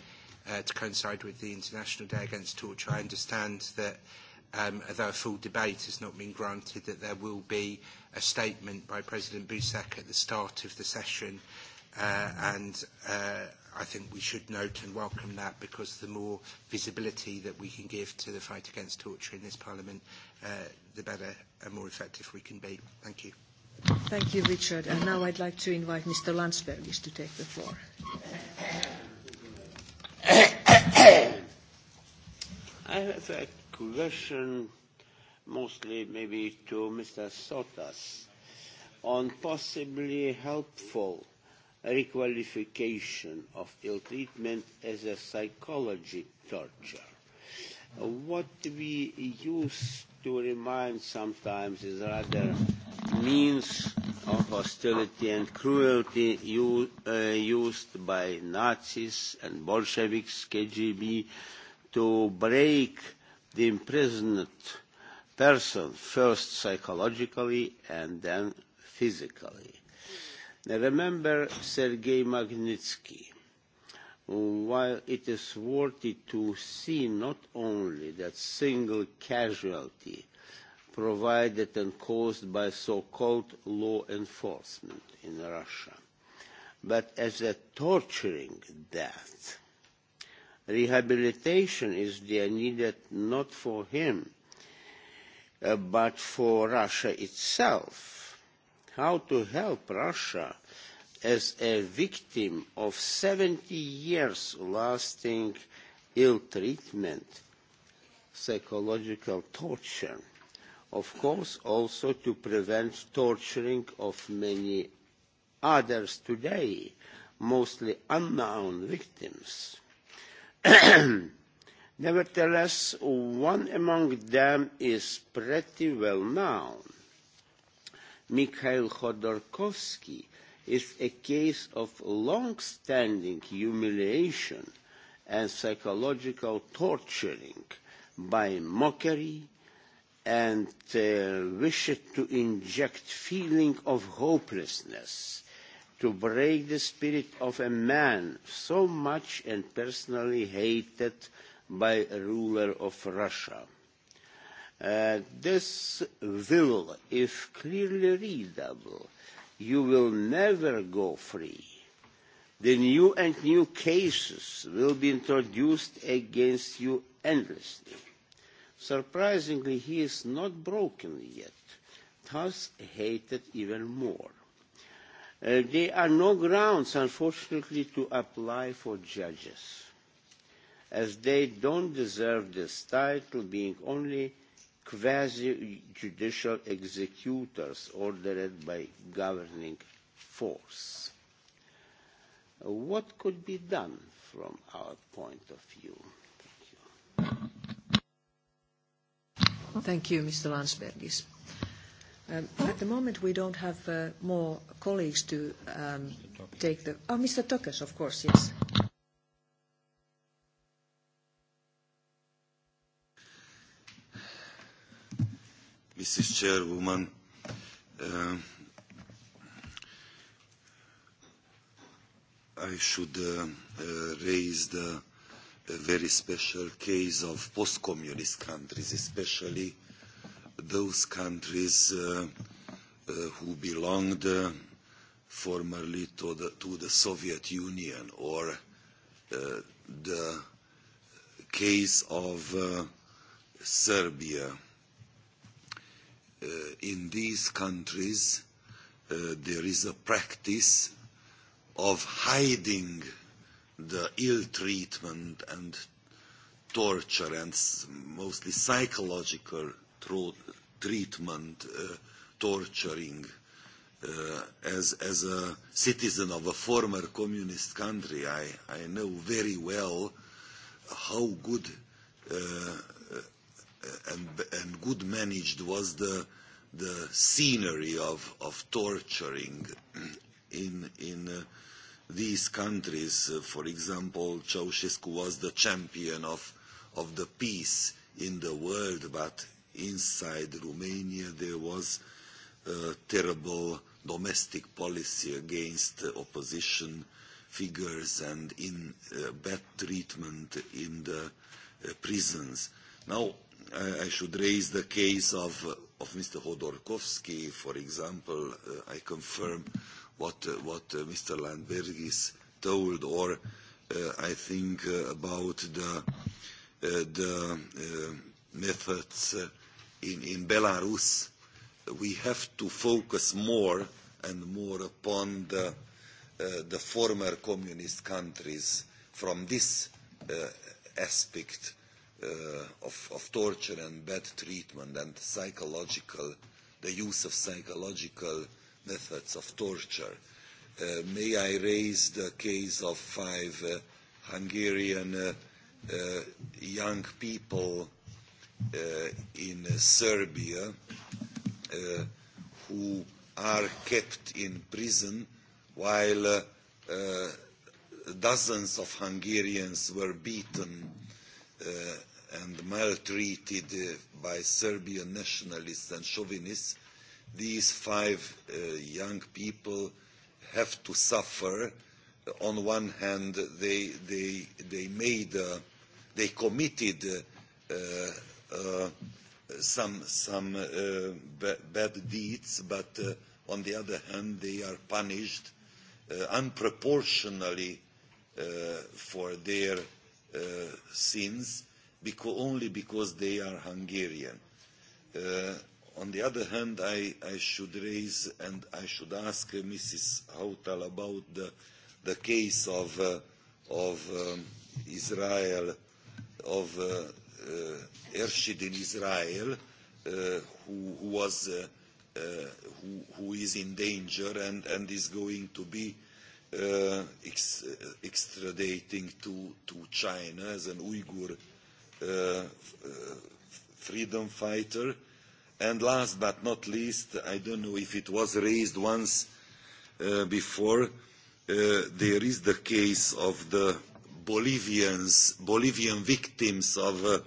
to coincide with the International Day Against Torture. I understand that although a full debate has not been granted, that there will be a statement by President Busek at the start of the session, and I think we should note and welcome that because the more visibility that we can give to the fight against torture in this Parliament, the better and more effective we can be. Thank you. Thank you, Richard. And now I'd like to invite Mr. Landsbergis to take the floor. I have a question mostly maybe to Mr. Sotas, on possibly helpful requalification of ill-treatment as a psychology torture. What we use to remind sometimes is rather means of hostility and cruelty used by Nazis and Bolsheviks, KGB, to break the imprisoned person, first psychologically and then physically. Now remember Sergei Magnitsky. While it is worthy to see not only that single casualty provided and caused by so-called law enforcement in Russia, but as a torturing death. Rehabilitation is there needed not for him, but for Russia itself, how to help Russia as a victim of 70 years lasting ill treatment, psychological torture, of course also to prevent torturing of many others today, mostly unknown victims. Nevertheless, one among them is pretty well known. Mikhail Khodorkovsky is a case of long-standing humiliation and psychological torturing by mockery and wish to inject feeling of hopelessness to break the spirit of a man so much and personally hated by a ruler of Russia. This will, if clearly readable, you will never go free. The new and new cases will be introduced against you endlessly. Surprisingly, he is not broken yet, thus hated even more. There are no grounds, unfortunately, to apply for judges as they don't deserve this title, being only quasi-judicial executors ordered by governing force. What could be done from our point of view? Thank you, Mr. Landsbergis. At the moment, we don't have more colleagues to take the... Oh, Mr. Tokas, of course, yes. Mrs. Chairwoman. I should raise the very special case of post-communist countries, especially those countries who belonged formerly to the Soviet Union or the case of Serbia in these countries there is a practice of hiding the ill treatment and torture and mostly psychological treatment, torturing. As as a citizen of a former communist country, I know very well how good and good managed was the the scenery of of torturing in in these countries. For example, Ceausescu was the champion of of the peace in the world, but inside Romania there was terrible domestic policy against opposition figures and in bad treatment in the prisons. Now I should raise the case of Mr. Hodorkovsky, for example. I confirm what Mr. Landbergis told, or I think about the methods in Belarus. We have to focus more and more upon the former communist countries from this aspect of torture and bad treatment and psychological the use of psychological methods of torture. May I raise the case of five Hungarian young people in Serbia who are kept in prison while dozens of Hungarians were beaten and maltreated by Serbian nationalists and chauvinists, these five young people have to suffer. On one hand, they they they made they committed some some bad deeds, but on the other hand, they are punished unproportionally for their sins only because they are Hungarian. On the other hand, I should raise and I should ask Mrs. Hautal about the case of Israel, of Ershid in Israel, who is in danger and is going to be extraditing to China as an Uyghur freedom fighter. And last but not least, I don't know if it was raised once before, there is the case of the Bolivians, Bolivian victims of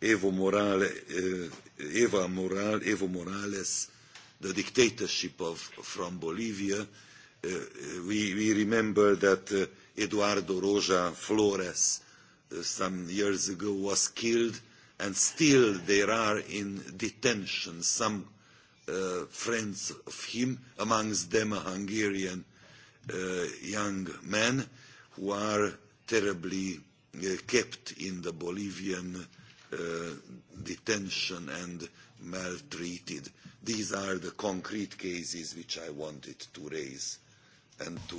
Evo Morales, Eva Evo Morales, the dictatorship of from Bolivia. We remember that Eduardo Roja Flores some years ago was killed and still there are in detention some friends of him, amongst them a Hungarian young man who are terribly kept in the Bolivian detention and maltreated. These are the concrete cases which I wanted to raise and to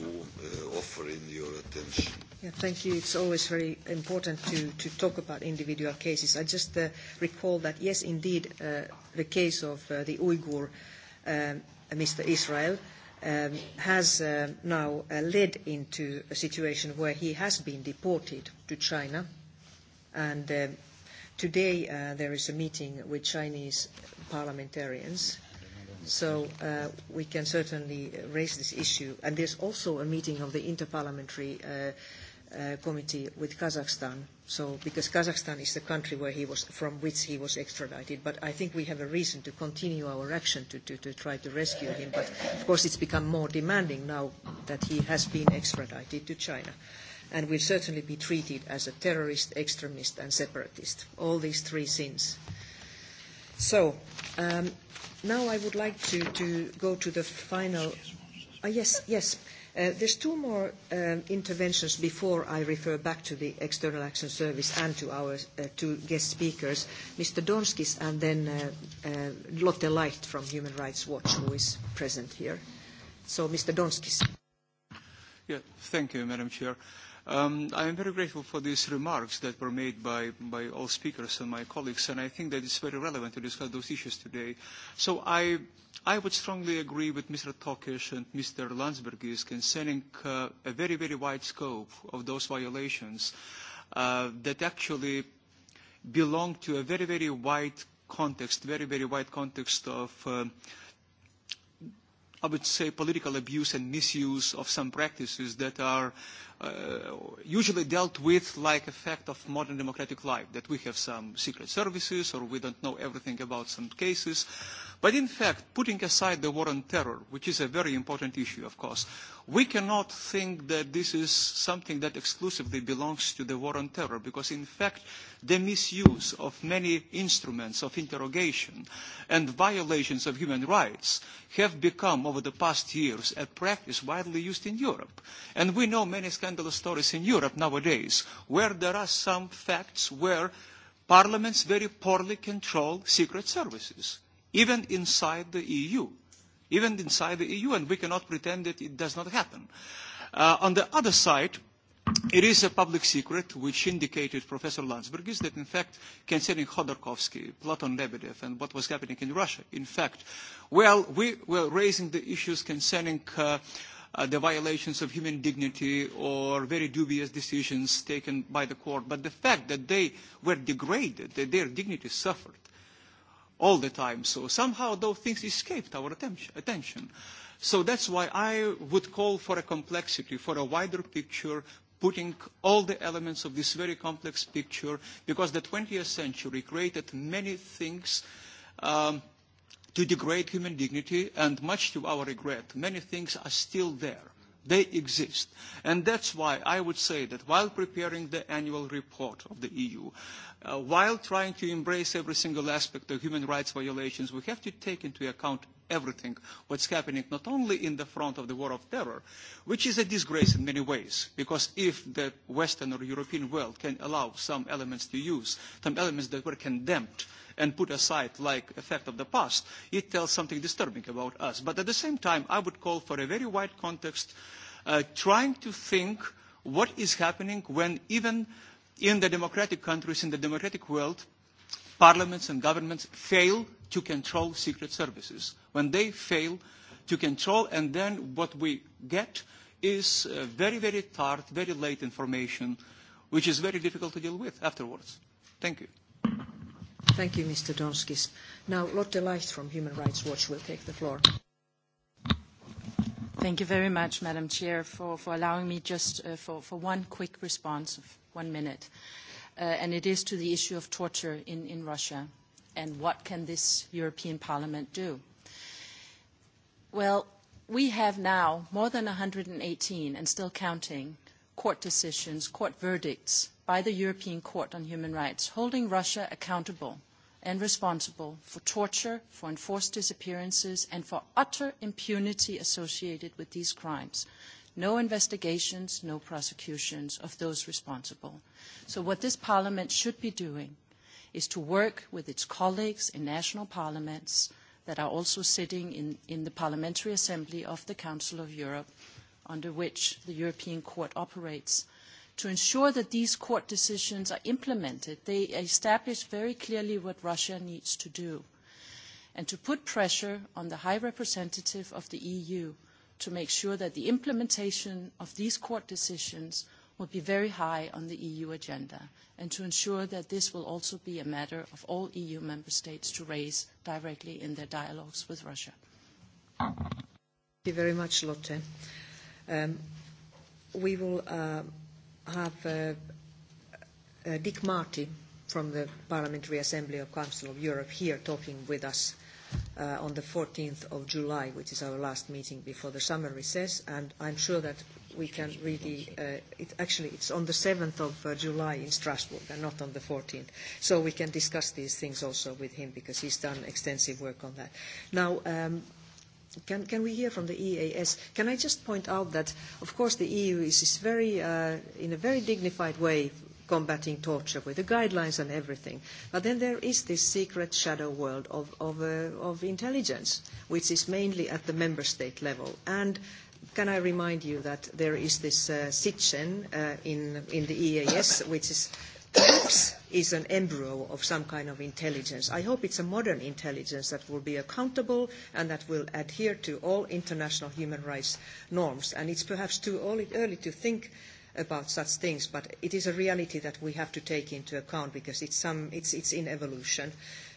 offer in your attention. Thank you. It's always very important to talk about individual cases. I just recall that, yes, indeed, the case of the Uyghur, Mr. Israel, has now led into a situation where he has been deported to China. And today there is a meeting with Chinese parliamentarians So we can certainly raise this issue. And there's also a meeting of the Interparliamentary Committee with Kazakhstan, so because Kazakhstan is the country where he was from which he was extradited. But I think we have a reason to continue our action to try to rescue him. But of course it's become more demanding now that he has been extradited to China and will certainly be treated as a terrorist, extremist and separatist. All these three sins So now I would like to go to the final. Yes, yes. There's two more interventions before I refer back to the External Action Service and to our two guest speakers, Mr. Donskis and then Lotte Leicht from Human Rights Watch, who is present here. So, Mr. Donskis. Thank you, Madam Chair. I am very grateful for these remarks that were made by all speakers and my colleagues, and I think that it's very relevant to discuss those issues today. So I would strongly agree with Mr. Tokish and Mr. Landsbergis concerning a very, very wide scope of those violations that actually belong to a very, very wide context, very, very wide context of, I would say, political abuse and misuse of some practices that are usually dealt with like a fact of modern democratic life, that we have some secret services or we don't know everything about some cases. But in fact, putting aside the war on terror, which is a very important issue, of course, we cannot think that this is something that exclusively belongs to the war on terror, because in fact, the misuse of many instruments of interrogation and violations of human rights have become, over the past years, a practice widely used in Europe. And we know many scandalous stories in Europe nowadays, where there are some facts where parliaments very poorly control secret services even inside the EU, even inside the EU, and we cannot pretend that it does not happen. On the other side, it is a public secret which indicated Professor Landsbergis that in fact concerning Khodorkovsky, Platon Lebedev and what was happening in Russia, in fact, well, we were raising the issues concerning the violations of human dignity or very dubious decisions taken by the court, but the fact that they were degraded, that their dignity suffered, all the time. So somehow those things escaped our attention. So that's why I would call for a complexity, for a wider picture, putting all the elements of this very complex picture, because the 20th century created many things to degrade human dignity, and much to our regret, many things are still there. They exist. And that's why I would say that while preparing the annual report of the EU, while trying to embrace every single aspect of human rights violations, we have to take into account everything what's happening not only in the front of the war of terror, which is a disgrace in many ways, because if the Western or European world can allow some elements to use, some elements that were condemned and put aside like effect of the past, it tells something disturbing about us. But at the same time, I would call for a very wide context, trying to think what is happening when even in the democratic countries, in the democratic world, parliaments and governments fail to control secret services. When they fail to control, and then what we get is very, very tart, very late information, which is very difficult to deal with afterwards. Thank you. Thank you, Mr. Donskis. Now, Lotte Leicht from Human Rights Watch will take the floor. Thank you very much, Madam Chair, for allowing me just for one quick response of one minute and it is to the issue of torture in Russia and what can this European Parliament do. Well, we have now more than 118 and still counting court decisions, court verdicts by the European Court on Human Rights holding Russia accountable and responsible for torture, for enforced disappearances, and for utter impunity associated with these crimes. No investigations, no prosecutions of those responsible. So what this Parliament should be doing is to work with its colleagues in national parliaments that are also sitting in the Parliamentary Assembly of the Council of Europe, under which the European Court operates, to ensure that these court decisions are implemented. They establish very clearly what Russia needs to do and to put pressure on the High Representative of the EU to make sure that the implementation of these court decisions will be very high on the EU agenda and to ensure that this will also be a matter of all EU member states to raise directly in their dialogues with Russia. Thank you very much, Lotte. We will have Dick Marty from the Parliamentary Assembly of Council of Europe here talking with us on the 14th of July, which is our last meeting before the summer recess, and I'm sure that we can really, it, actually it's on the 7th of July in Strasbourg and not on the 14th. So we can discuss these things also with him because he's done extensive work on that. Now, um, can, can we hear from the EAS? Can I just point out that, of course, the EU is, is very, in a very dignified way combating torture with the guidelines and everything. But then there is this secret shadow world of intelligence, which is mainly at the member state level. And can I remind you that there is this SITCHEN in the EAS, which is perhaps is an embryo of some kind of intelligence. I hope it's a modern intelligence that will be accountable and that will adhere to all international human rights norms. And it's perhaps too early to think about such things, but it is a reality that we have to take into account because it's some it's in evolution.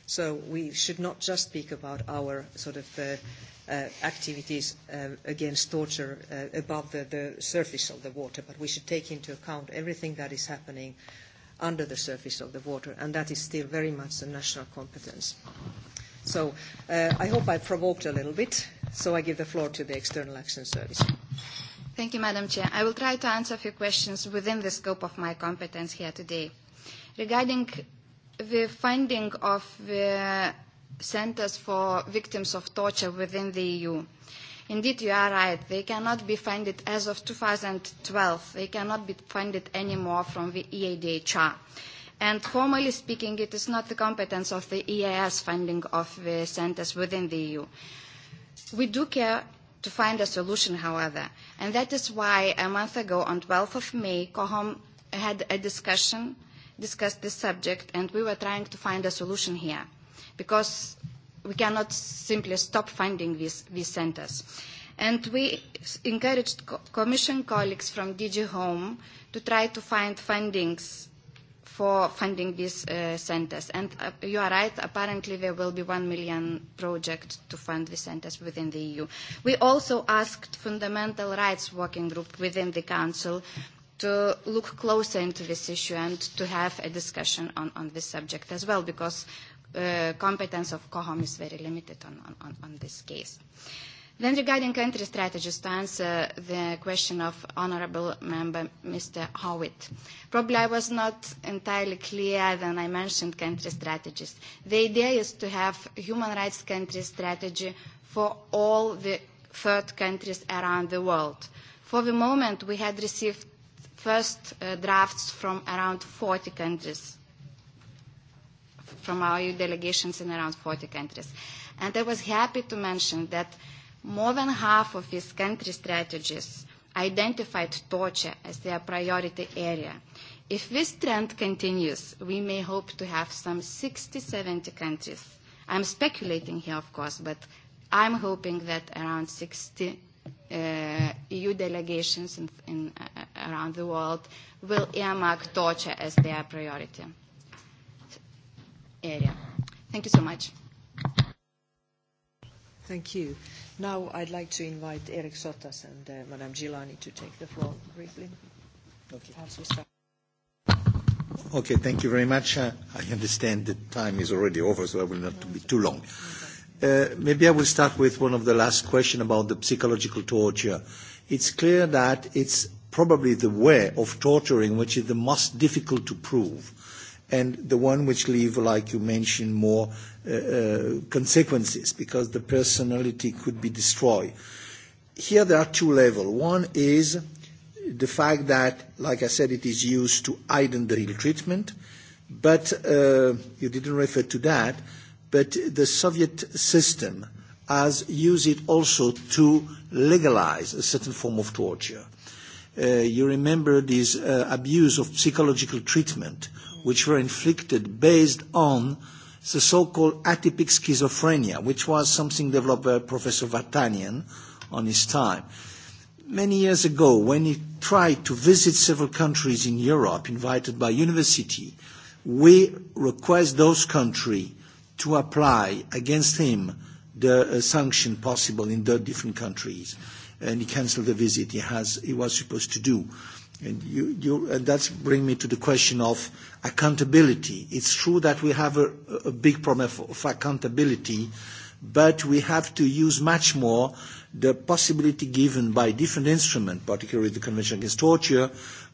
So we should not just speak about our sort of activities against torture above the surface of the water, but we should take into account everything that is happening under the surface of the water, and that is still very much a national competence. So I hope I provoked a little bit, so I give the floor to the External Action Service. Thank you, Madam Chair. I will try to answer a few questions within the scope of my competence here today. Regarding the finding of the Centres for victims of torture within the EU. Indeed, you are right. They cannot be funded as of 2012. They cannot be funded anymore from the EADHR. And formally speaking, it is not the competence of the EAS funding of the centres within the EU. We do care to find a solution, however, and that is why a month ago, on 12th of May, COHOM had a discussion, discussed this subject, and we were trying to find a solution here because we cannot simply stop funding these centers. And we encouraged Commission colleagues from DG Home to try to find fundings for funding these centers. And you are right, apparently there will be one million projects to fund the centers within the EU. We also asked Fundamental Rights Working Group within the Council to look closer into this issue and to have a discussion on this subject as well, because competence of COHOM is very limited on this case. Then regarding country strategies, to answer the question of Honourable Member Mr. Howitt, probably I was not entirely clear when I mentioned country strategies. The idea is to have human rights country strategy for all the third countries around the world. For the moment, we had received first drafts from around 40 countries from our EU delegations in around 40 countries. And I was happy to mention that more than half of these country strategies identified torture as their priority area. If this trend continues, we may hope to have some 60, 70 countries. I'm speculating here, of course, but I'm hoping that around 60 EU delegations around the world will earmark torture as their priority area. Thank you so much. Thank you. Now I'd like to invite Eric Sotas and Madame Gilani to take the floor briefly. Okay, thank you very much. I understand that time is already over, so I will not be too long. Maybe I will start with one of the last questions about the psychological torture. It's clear that it's probably the way of torturing which is the most difficult to prove and the one which leave, like you mentioned, more consequences because the personality could be destroyed. Here there are two levels. One is the fact that, like I said, it is used to heighten the real treatment, but you didn't refer to that, but the Soviet system has used it also to legalize a certain form of torture. You remember this abuse of psychological treatment which were inflicted based on the so-called atypic schizophrenia, which was something developed by Professor Vatanian on his time. Many years ago, when he tried to visit several countries in Europe, invited by university, we request those countries to apply against him the sanction possible in the different countries, and he cancelled the visit he was supposed to do. And that's bring me to the question of accountability. It's true that we have a big problem of accountability, but we have to use much more the possibility given by different instruments, particularly the Convention Against Torture,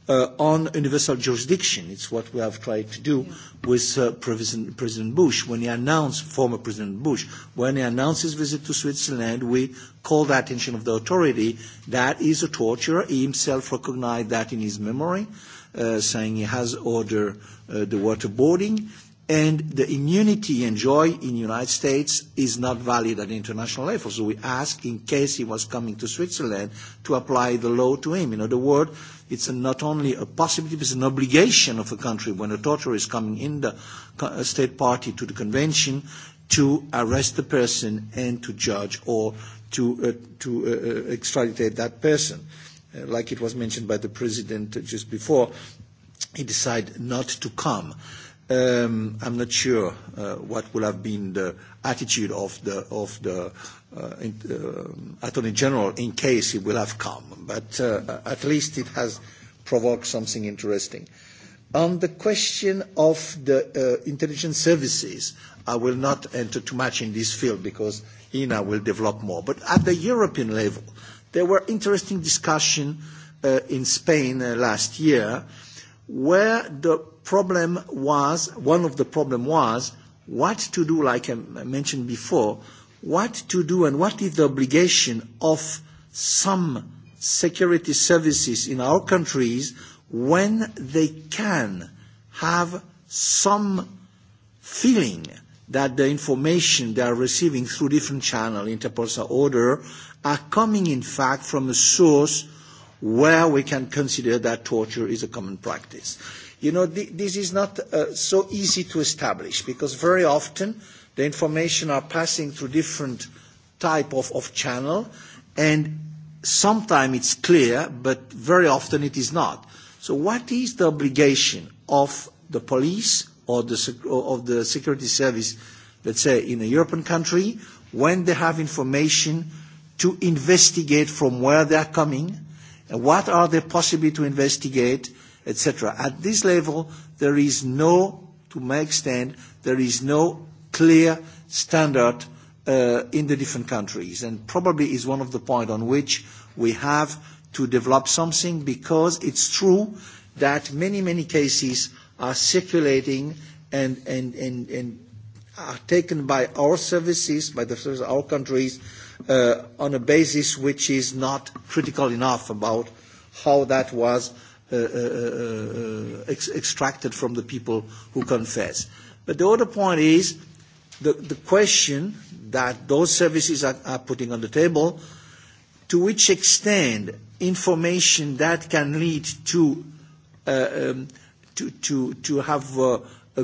on universal jurisdiction. It's what we have tried to do with President Bush. When he announced, former President Bush, when he announced his visit to Switzerland, we called the attention of the authority that is a torturer. He himself recognized that in his memory, saying he has ordered the waterboarding and the immunity enjoyed in the United States is not valid at international level. So we ask, in case he was coming to Switzerland, to apply the law to him. In other words, it's not only a possibility, it's an obligation of a country when a torturer is coming in the state party to the convention to arrest the person and to judge or to extradite that person. Like it was mentioned by the President just before, he decided not to come. I'm not sure what would have been the attitude of the of the Attorney General in case it will have come, but at least it has provoked something interesting. On the question of the intelligence services, I will not enter too much in this field because INA will develop more. But at the European level, there were interesting discussions in Spain last year where the problem was, one of the problem was what to do, like I mentioned before, what to do and what is the obligation of some security services in our countries when they can have some feeling that the information they are receiving through different channels, Interpol's order, are coming in fact from a source where we can consider that torture is a common practice. You know, this is not so easy to establish because very often the information are passing through different type of channel and sometimes it's clear but very often it is not. So what is the obligation of the police or of the security service, let's say in a European country, when they have information to investigate from where they are coming What are they possibly to investigate, etc. At this level, there is no, to my extent, there is no clear standard in the different countries, and probably is one of the points on which we have to develop something, because it's true that many, many cases are circulating and are taken by our services, by the of our countries on a basis which is not critical enough about how that was extracted from the people who confess. But the other point is the question that those services are putting on the table, to which extent information that can lead to to have a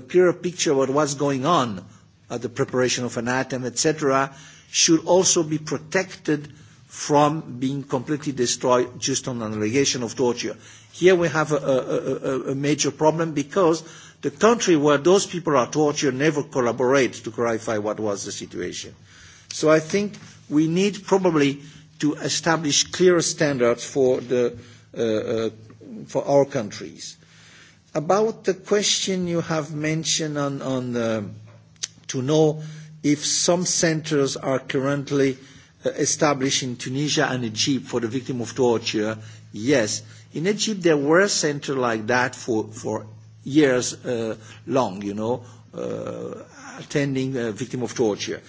clearer picture what what's going on at the preparation of an atom, etc., should also be protected from being completely destroyed just on an allegation of torture. Here we have a major problem because the country where those people are tortured never collaborates to clarify what was the situation. So I think we need probably to establish clearer standards for our countries. About the question you have mentioned on to know if some centres are currently established in Tunisia and Egypt for the victim of torture, yes. In Egypt there were centres like that for for years long, you know, attending victim of torture.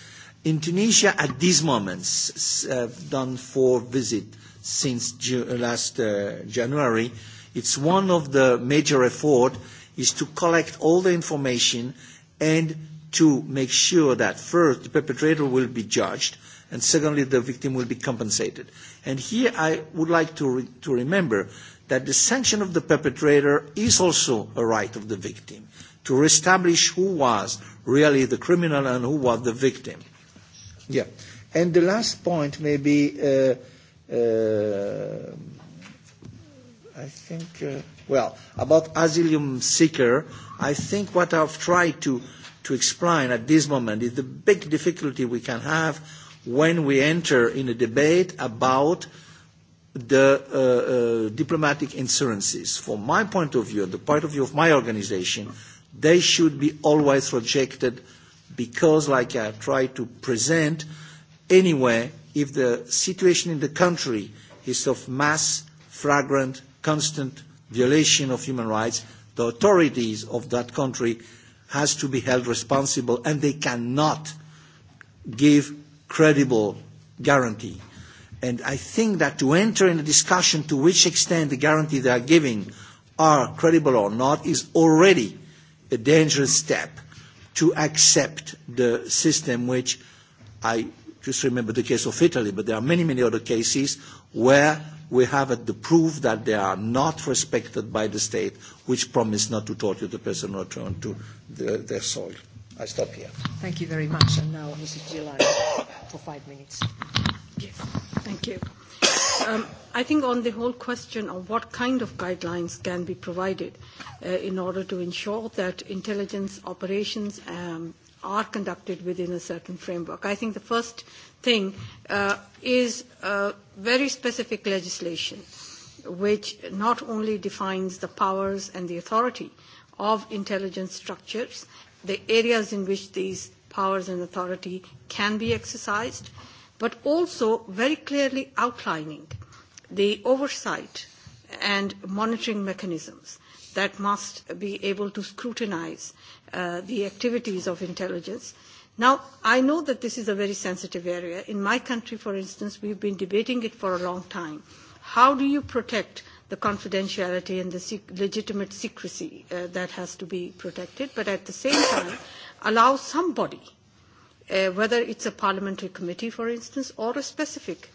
In Tunisia at these moments I've done four visit since last January. It's one of the major efforts is to collect all the information and to make sure that first the perpetrator will be judged and secondly the victim will be compensated. And here I would like to to remember that the sanction of the perpetrator is also a right of the victim to reestablish who was really the criminal and who was the victim. Yeah. And the last point may be, I think, well, about asylum seeker, I think what I've tried to to explain at this moment is the big difficulty we can have when we enter in a debate about the diplomatic insurances. From my point of view, the point of view of my organization, they should be always rejected because, like I try to present, anyway, if the situation in the country is of mass, flagrant, constant violation of human rights, the authorities of that country has to be held responsible and they cannot give credible guarantee. And I think that to enter in a discussion to which extent the guarantee they are giving are credible or not is already a dangerous step to accept the system which I just remember the case of Italy, but there are many, many other cases where we have the proof that they are not respected by the state, which promised not to torture the person or turn to their soil. I stop here. Thank you very much. And now Mrs. Gillard for five minutes. thank you. I think on the whole question of what kind of guidelines can be provided in order to ensure that intelligence operations are conducted within a certain framework. I think the first thing is very specific legislation which not only defines the powers and the authority of intelligence structures, the areas in which these powers and authority can be exercised, but also very clearly outlining the oversight and monitoring mechanisms that must be able to scrutinize the activities of intelligence. Now, I know that this is a very sensitive area. In my country, for instance, we've been debating it for a long time. How do you protect the confidentiality and the legitimate secrecy that has to be protected, but at the same time allow somebody, whether it's a parliamentary committee, for instance, or a specific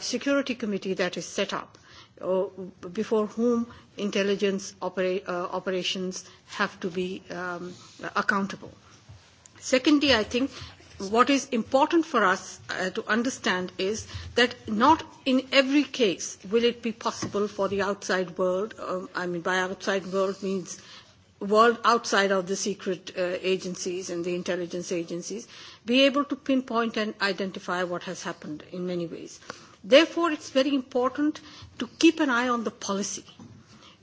security committee that is set up, before whom intelligence operations have to be accountable. Secondly, I think what is important for us to understand is that not in every case will it be possible for the outside world, I mean by outside world means world outside of the secret agencies and the intelligence agencies, be able to pinpoint and identify what has happened in many ways. Therefore, it's very important to keep an eye on the policy.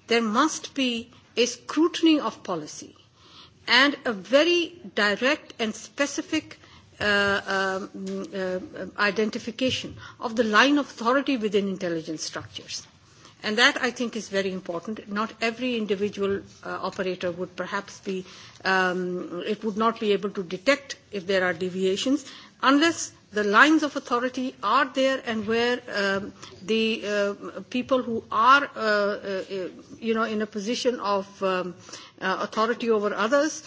There must be a scrutiny of policy and a very direct and specific identification of the line of authority within intelligence structures. And that, I think, is very important. Not every individual operator would perhaps be, it would not be able to detect if there are deviations unless the lines of authority are there and where the people who are you know in a position of authority over others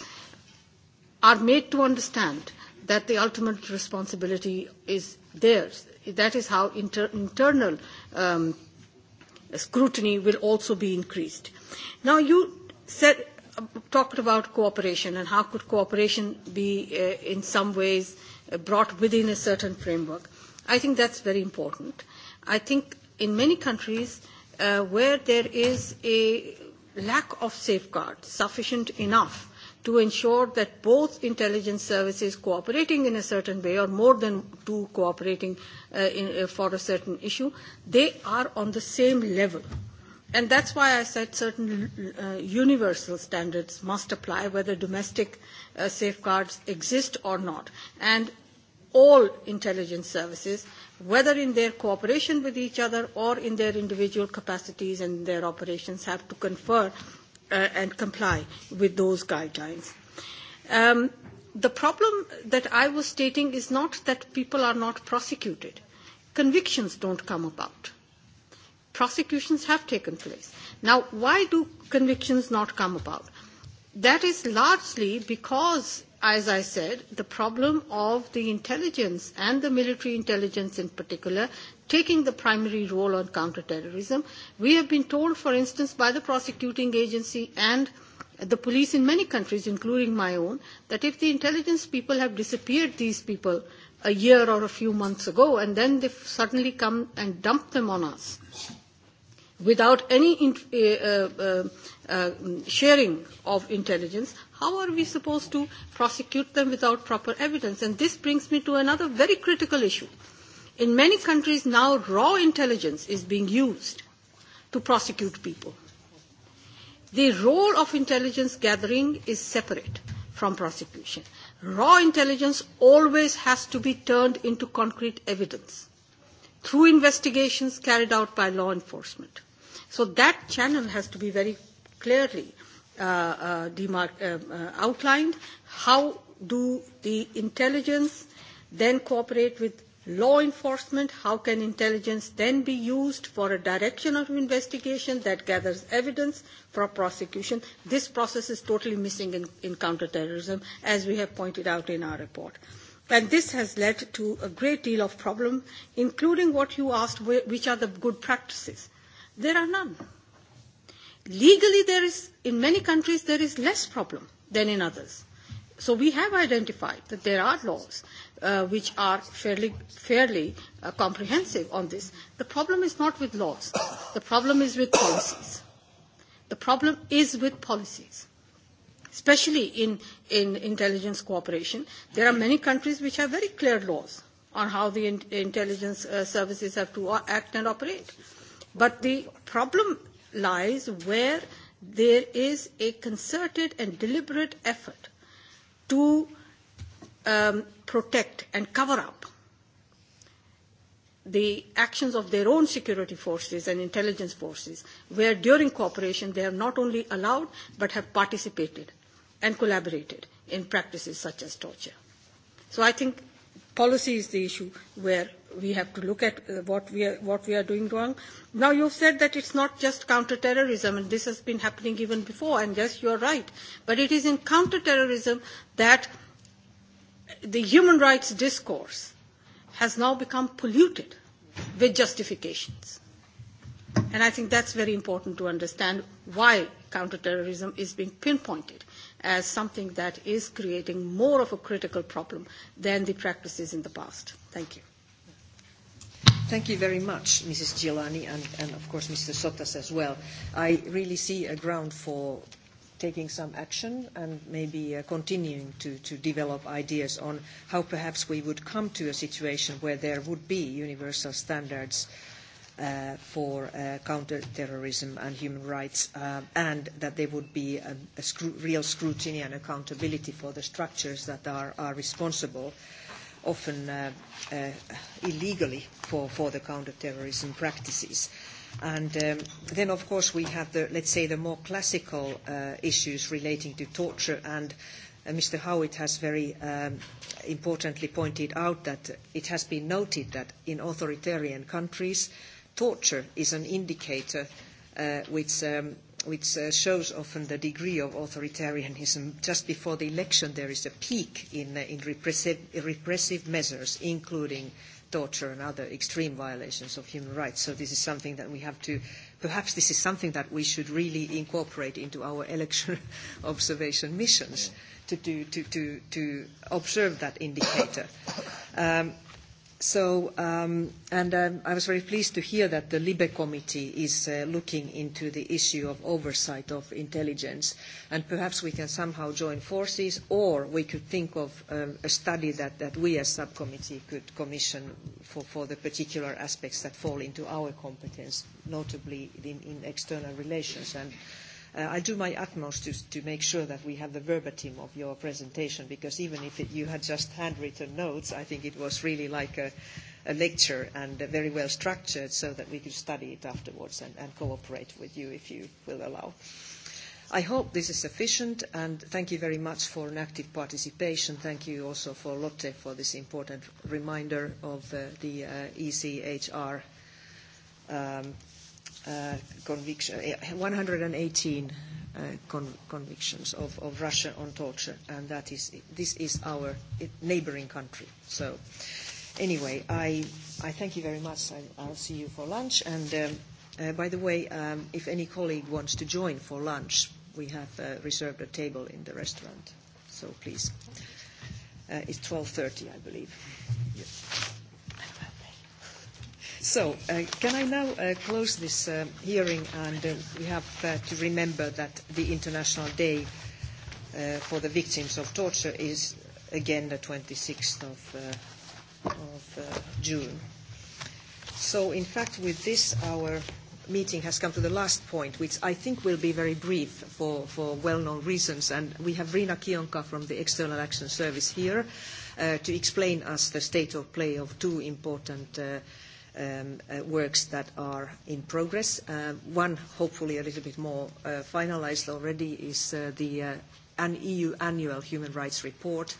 are made to understand that the ultimate responsibility is theirs that is how internal scrutiny will also be increased now you said talked about cooperation and how could cooperation be in some ways brought within a certain framework. I think that's very important. I think in many countries where there is a lack of safeguards sufficient enough to ensure that both intelligence services cooperating in a certain way or more than two cooperating for a certain issue, they are on the same level And that's why I said certain universal standards must apply whether domestic safeguards exist or not. And all intelligence services, whether in their cooperation with each other or in their individual capacities and their operations, have to confer and comply with those guidelines. The problem that I was stating is not that people are not prosecuted. Convictions don't come about prosecutions have taken place. Now, why do convictions not come about? That is largely because, as I said, the problem of the intelligence and the military intelligence in particular taking the primary role on counterterrorism. We have been told, for instance, by the prosecuting agency and the police in many countries, including my own, that if the intelligence people have disappeared these people a year or a few months ago, and then they suddenly come and dump them on us, without any sharing of intelligence, how are we supposed to prosecute them without proper evidence? And this brings me to another very critical issue. In many countries now, raw intelligence is being used to prosecute people. The role of intelligence gathering is separate from prosecution. Raw intelligence always has to be turned into concrete evidence through investigations carried out by law enforcement. So that channel has to be very clearly outlined. How do the intelligence then cooperate with law enforcement? How can intelligence then be used for a direction of investigation that gathers evidence for prosecution? This process is totally missing in counterterrorism, as we have pointed out in our report. And this has led to a great deal of problem, including what you asked, which are the good practices. There are none. Legally, there is, in many countries, there is less problem than in others. So we have identified that there are laws which are fairly, fairly comprehensive on this. The problem is not with laws. The problem is with policies. The problem is with policies, especially in, in intelligence cooperation. There are many countries which have very clear laws on how the intelligence services have to act and operate. But the problem lies where there is a concerted and deliberate effort to protect and cover up the actions of their own security forces and intelligence forces, where during cooperation they are not only allowed but have participated and collaborated in practices such as torture. So I think policy is the issue where we have to look at what we are what we are doing wrong. Now you've said that it's not just counterterrorism and this has been happening even before and yes you are right. But it is in counterterrorism that the human rights discourse has now become polluted with justifications. And I think that's very important to understand why counterterrorism is being pinpointed as something that is creating more of a critical problem than the practices in the past. Thank you. Thank you very much, Mrs. Giolani, and of course Mr. Sotas as well. I really see a ground for taking some action and maybe continuing to develop ideas on how perhaps we would come to a situation where there would be universal standards for counter-terrorism and human rights, and that there would be a real scrutiny and accountability for the structures that are responsible often illegally for the counterterrorism practices. And then, of course, we have the, let's say, the more classical issues relating to torture. And Mr. Howitt has very importantly pointed out that it has been noted that in authoritarian countries, torture is an indicator which which shows often the degree of authoritarianism. Just before the election, there is a peak in repressive measures, including torture and other extreme violations of human rights. So this is something that we have to, perhaps this is something that we should really incorporate into our election observation missions to observe that indicator. So, and I was very pleased to hear that the LIBE committee is looking into the issue of oversight of intelligence, and perhaps we can somehow join forces, or we could think of a study that we as subcommittee could commission for the particular aspects that fall into our competence, notably in external relations and I do my utmost to make sure that we have the verbatim of your presentation, because even if you had just handwritten notes, I think it was really like a lecture and very well structured so that we could study it afterwards and cooperate with you if you will allow. I hope this is sufficient, and thank you very much for an active participation. Thank you also for Lotte for this important reminder of the ECHR 118 convictions of Russia on torture, and that is this is our neighboring country. So, anyway, I I thank you very much. I'll see you for lunch. And by the way, if any colleague wants to join for lunch, we have reserved a table in the restaurant. So please, it's 12:30, I believe. So can I now close this hearing and we have to remember that the International Day for the Victims of Torture is again the 26th of June. So in fact with this our meeting has come to the last point, which I think will be very brief for well-known reasons. And we have Rina Kionka from the External Action Service here to explain us the state of play of two important works that are in progress. One, hopefully a little bit more finalized already, is the EU annual human rights report.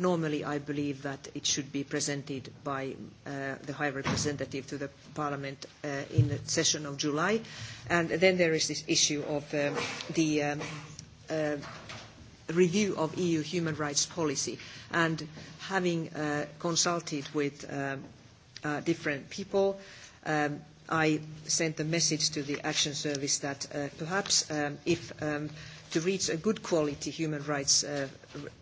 Normally, I believe that it should be presented by the High Representative to the Parliament in the session of July. And then there is this issue of the review of EU human rights policy. And having consulted with different people. I sent a message to the Action Service that perhaps if to reach a good quality human rights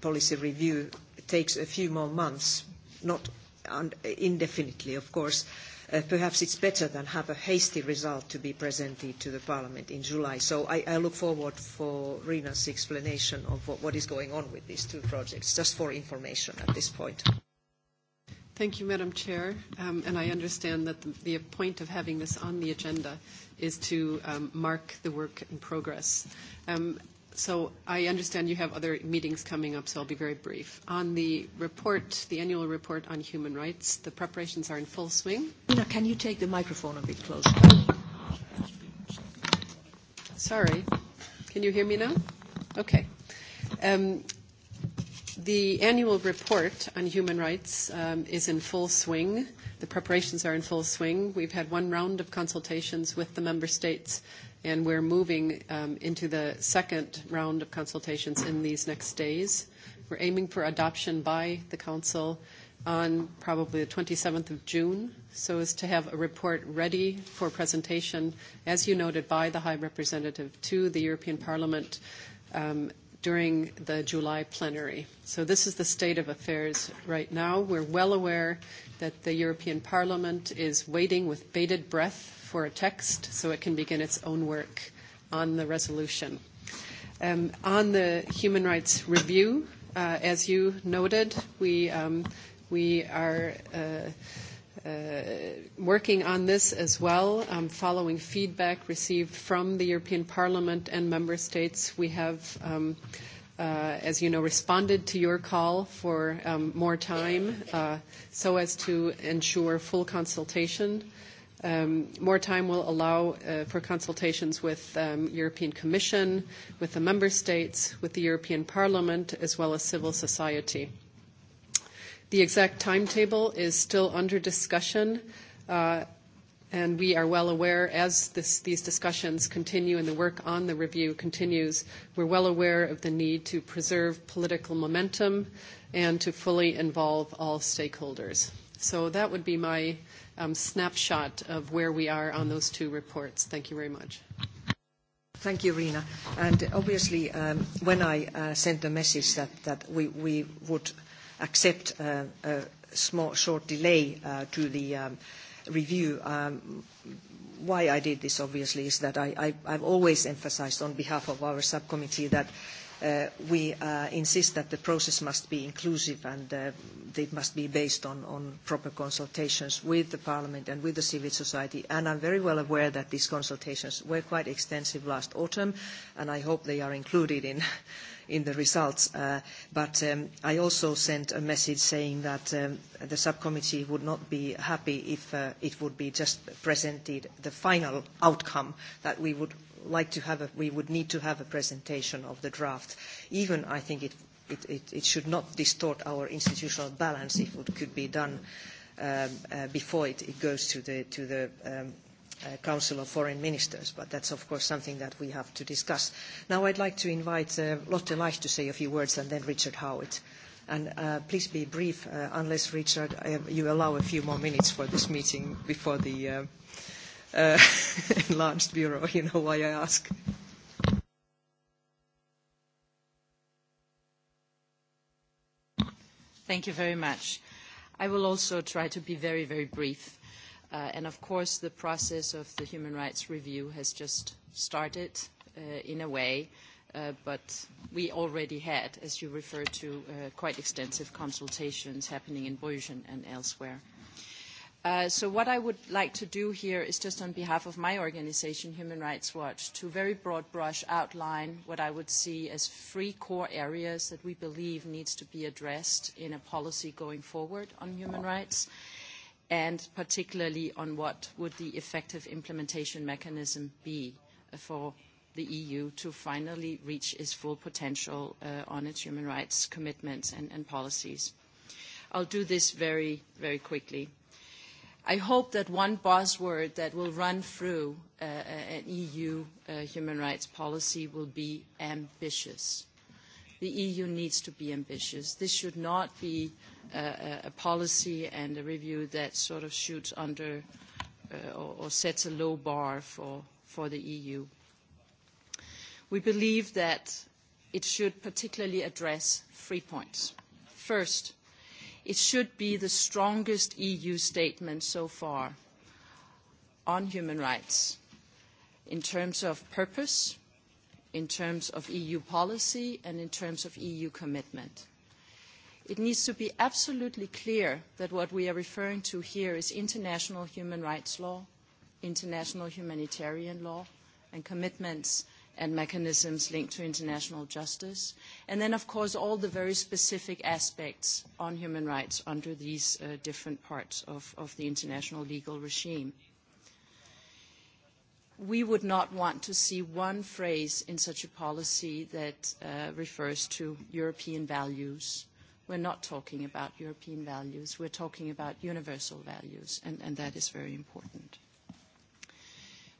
policy review takes a few more months, not indefinitely, of course, perhaps it's better than have a hasty result to be presented to the Parliament in July. So I look forward for Rina's explanation of what is going on with these two projects, just for information at this point. Thank you, Madam Chair. And I understand that the point of having this on the agenda is to mark the work in progress. So I understand you have other meetings coming up, so I'll be very brief. On the report, the annual report on human rights, the preparations are in full swing. Can you take the microphone a bit closer? Sorry. Can you hear me now? Okay. The annual report on human rights is in full swing. The preparations are in full swing. We've had one round of consultations with the member states, and we're moving into the second round of consultations in these next days. We're aiming for adoption by the Council on probably the 27th of June, so as to have a report ready for presentation, as you noted, by the High Representative to the European Parliament during the July plenary. So this is the state of affairs right now. We're well aware that the European Parliament is waiting with bated breath for a text so it can begin its own work on the resolution. On the human rights review, as you noted, we are working on this as well, following feedback received from the European Parliament and member states. We have, as you know, responded to your call for more time so as to ensure full consultation. More time will allow for consultations with the European Commission, with the member states, with the European Parliament, as well as civil society. The exact timetable is still under discussion, and we are well aware, as these discussions continue and the work on the review continues, we're well aware of the need to preserve political momentum and to fully involve all stakeholders. So that would be my snapshot of where we are on those two reports. Thank you very much. Thank you, Rina. And obviously, when I sent the message that we would accept a small short delay to the review. Why I did this, obviously, is that I I've always emphasized on behalf of our subcommittee that we insist that the process must be inclusive and it must be based on proper consultations with the Parliament and with the civil society. And I'm very well aware that these consultations were quite extensive last autumn, and I hope they are included in in the results. But I also sent a message saying that the subcommittee would not be happy if it would be just presented the final outcome that we would like to have, we would need to have a presentation of the draft. Even I think it it should not distort our institutional balance if it could be done before it goes to the Council of Foreign Ministers, but that's of course something that we have to discuss. Now I'd like to invite Lotte Leich to say a few words and then Richard Howitt. And please be brief, unless Richard, you allow a few more minutes for this meeting before the enlarged bureau. You know why I ask. Thank you very much. I will also try to be very, very brief. And of course, the process of the human rights review has just started in a way, but we already had, as you referred to, quite extensive consultations happening in Bruges and elsewhere. So what I would like to do here is just on behalf of my organisation, Human Rights Watch, to very broad brush outline what I would see as three core areas that we believe needs to be addressed in a policy going forward on human rights and particularly on what would the effective implementation mechanism be for the EU to finally reach its full potential on its human rights commitments and policies. I'll do this very, very quickly. I hope that one buzzword that will run through an EU human rights policy will be ambitious the EU needs to be ambitious. This should not be a policy and a review that sort of shoots under or sets a low bar for the EU. We believe that it should particularly address three points. First, it should be the strongest EU statement so far on human rights in terms of purpose in terms of EU policy and in terms of EU commitment. It needs to be absolutely clear that what we are referring to here is international human rights law, international humanitarian law, and commitments and mechanisms linked to international justice. And then, of course, all the very specific aspects on human rights under these different parts of the international legal regime we would not want to see one phrase in such a policy that refers to European values. We're not talking about European values. We're talking about universal values, and that is very important.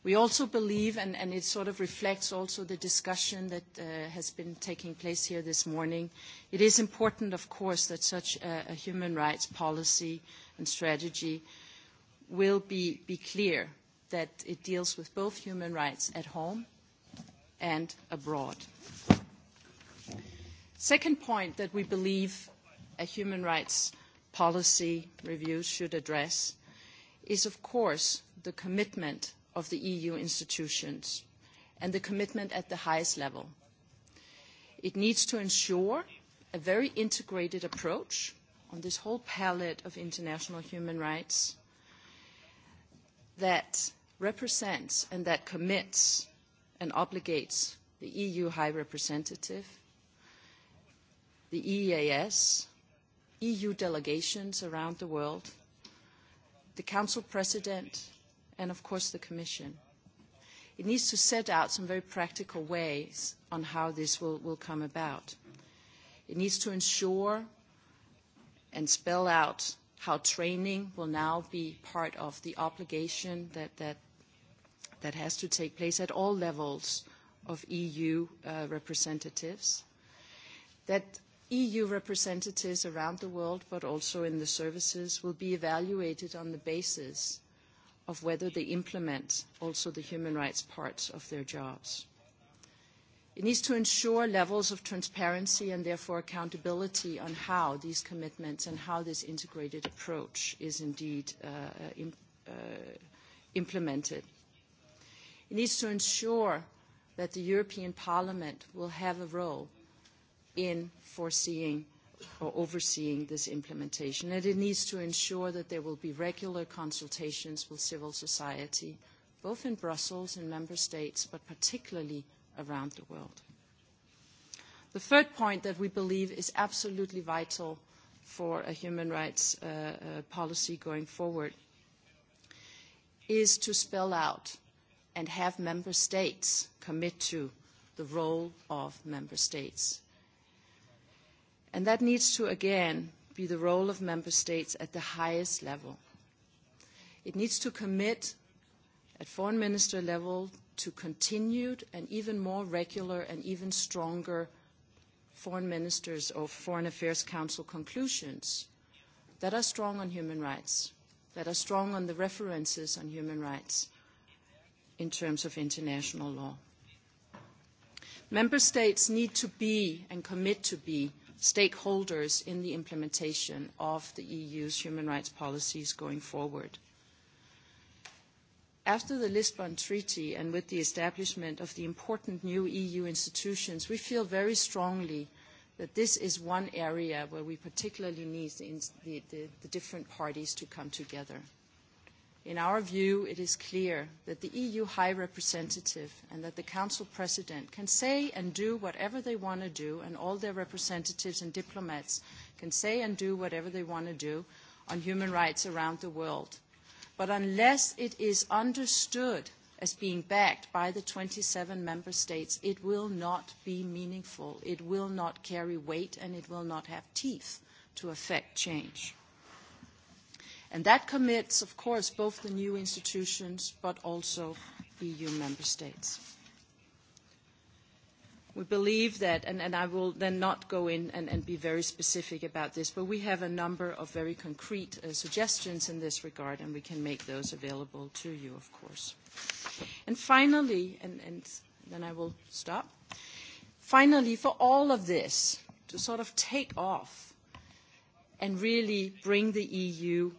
We also believe, and it sort of reflects also the discussion that has been taking place here this morning, it is important, of course, that such a human rights policy and strategy will be clear that it deals with both human rights at home and abroad. Second point that we believe a human rights policy review should address is, of course, the commitment of the EU institutions and the commitment at the highest level. It needs to ensure a very integrated approach on this whole palette of international human rights that represents and that commits and obligates the EU High Representative, the EEAS, EU delegations around the world, the Council President, and of course the Commission. It needs to set out some very practical ways on how this will come about. It needs to ensure and spell out how training will now be part of the obligation that that has to take place at all levels of EU representatives, that EU representatives around the world, but also in the services, will be evaluated on the basis of whether they implement also the human rights parts of their jobs. It needs to ensure levels of transparency and therefore accountability on how these commitments and how this integrated approach is indeed implemented. It needs to ensure that the European Parliament will have a role in foreseeing or overseeing this implementation, and it needs to ensure that there will be regular consultations with civil society, both in Brussels and member states, but particularly around the world. The third point that we believe is absolutely vital for a human rights policy going forward is to spell out and have member states commit to the role of member states. And that needs to, again, be the role of member states at the highest level. It needs to commit at foreign minister level to continued and even more regular and even stronger foreign ministers or foreign affairs council conclusions that are strong on human rights, that are strong on the references on human rights, in terms of international law. Member States need to be and commit to be stakeholders in the implementation of the EU's human rights policies going forward. After the Lisbon Treaty and with the establishment of the important new EU institutions, we feel very strongly that this is one area where we particularly need the different parties to come together. In our view, it is clear that the EU High Representative and that the Council President can say and do whatever they want to do, and all their representatives and diplomats can say and do whatever they want to do on human rights around the world. But unless it is understood as being backed by the 27 member states, it will not be meaningful, it will not carry weight, and it will not have teeth to affect change. And that commits, of course, both the new institutions but also EU member states. We believe that, and I will then not go in and be very specific about this, but we have a number of very concrete suggestions in this regard, and we can make those available to you, of course. And finally, and then I will stop. Finally, for all of this to sort of take off and really bring the EU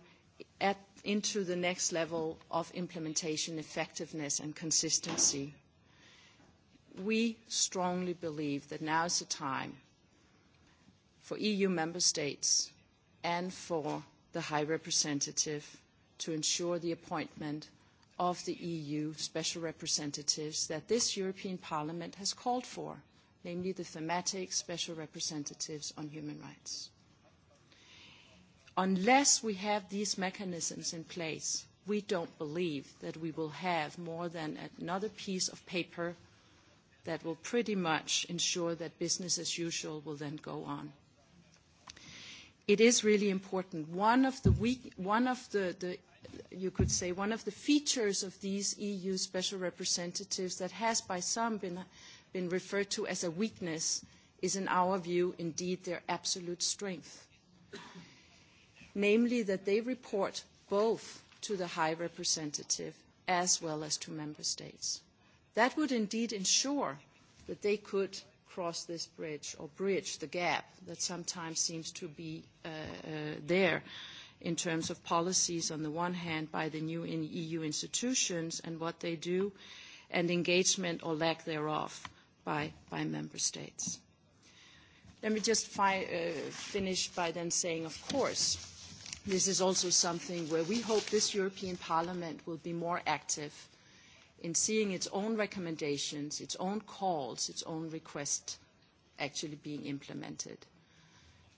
into the next level of implementation effectiveness and consistency. We strongly believe that now is the time for EU member states and for the High Representative to ensure the appointment of the EU special representatives that this European Parliament has called for, namely the thematic special representatives on human rights unless we have these mechanisms in place, we don't believe that we will have more than another piece of paper that will pretty much ensure that business as usual will then go on. It is really important. One of the one of the, you could say, one of the features of these EU special representatives that has by some been been referred to as a weakness is, in our view, indeed their absolute strength namely that they report both to the High Representative as well as to Member States. That would indeed ensure that they could cross this bridge or bridge the gap that sometimes seems to be there in terms of policies on the one hand by the new EU institutions and what they do and engagement or lack thereof by member states. Let me just finish by then saying, of course, this is also something where we hope this European Parliament will be more active in seeing its own recommendations, its own calls, its own requests actually being implemented.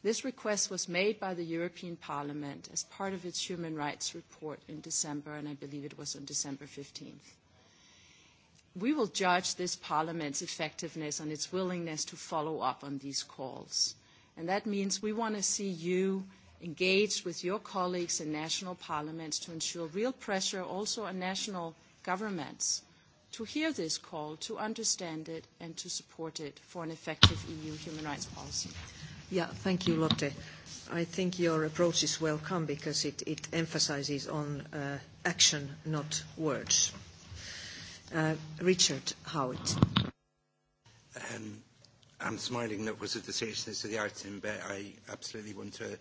This request was made by the European Parliament as part of its human rights report in December, and I believe it was on December 15th. We will judge this Parliament's effectiveness and its willingness to follow up on these calls. And that means we want to see you engage with your colleagues in national parliaments to ensure real pressure also on national governments to hear this call, to understand it, and to support it for an effective EU human rights policy. Yeah, thank you, Lotte. I think your approach is welcome because it emphasizes on action, not words. Richard Howitt. I'm smiling, that was of the seriousness of the item, but I absolutely want to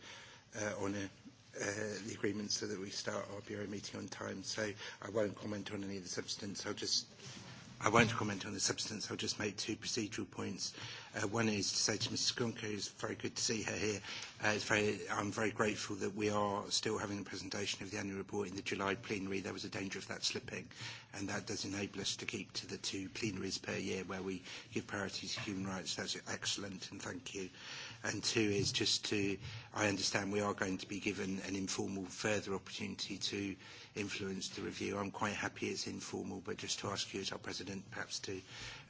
on the agreement so that we start our Bureau meeting on time. So I won't comment on any of the substance. I'll just I won't comment on the substance. I'll just make two procedural points. One is to say to Mrs. Gronko, it's very good to see her here. I'm very grateful that we are still having the presentation of the annual report in the July plenary. There was a danger of that slipping, and that does enable us to keep to the two plenaries per year where we give priority to human rights. That's excellent, and thank you and two is just to, I understand we are going to be given an informal further opportunity to influence the review. I'm quite happy it's informal, but just to ask you as our President perhaps to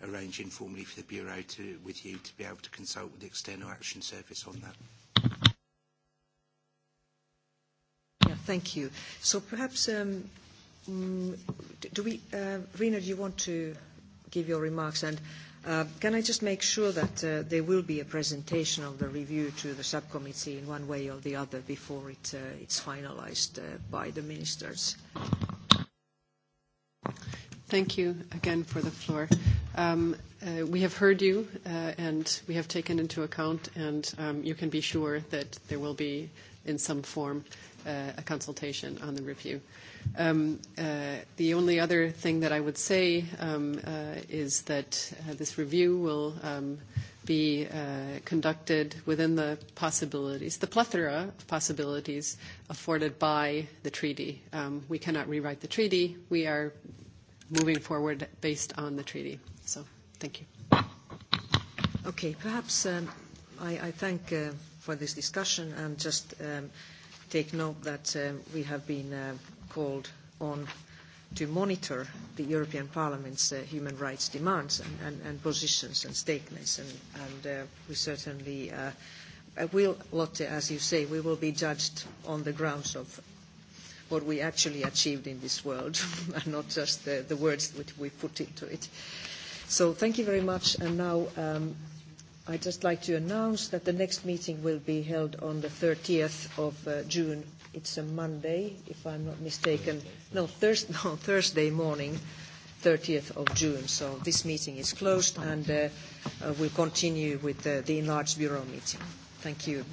arrange informally for the Bureau to, with you to be able to consult with the External Action Service on that. Yeah, thank you. So perhaps, do we, Rina, do you want to give your remarks? And Can I just make sure that there will be a presentation of the review to the subcommittee in one way or the other before it it's finalized by the ministers? Thank you again for the floor. We have heard you, and we have taken into account, and you can be sure that there will be in some form a consultation on the review. The only other thing that I would say is that this review will be conducted within the possibilities, the plethora of possibilities afforded by the treaty. We cannot rewrite the treaty. We are moving forward based on the treaty. So, thank you. Okay, perhaps I thank for this discussion and just take note that we have been called on to monitor the European Parliament's human rights demands and positions and statements. And we certainly will, Lotte, as you say, we will be judged on the grounds of what we actually achieved in this world and not just the words which we put into it. So thank you very much. And now I'd just like to announce that the next meeting will be held on the 30th of June. It's a Monday, if I'm not mistaken. No, Thursday morning, 30th of June. So this meeting is closed and we'll continue with the enlarged bureau meeting. Thank you.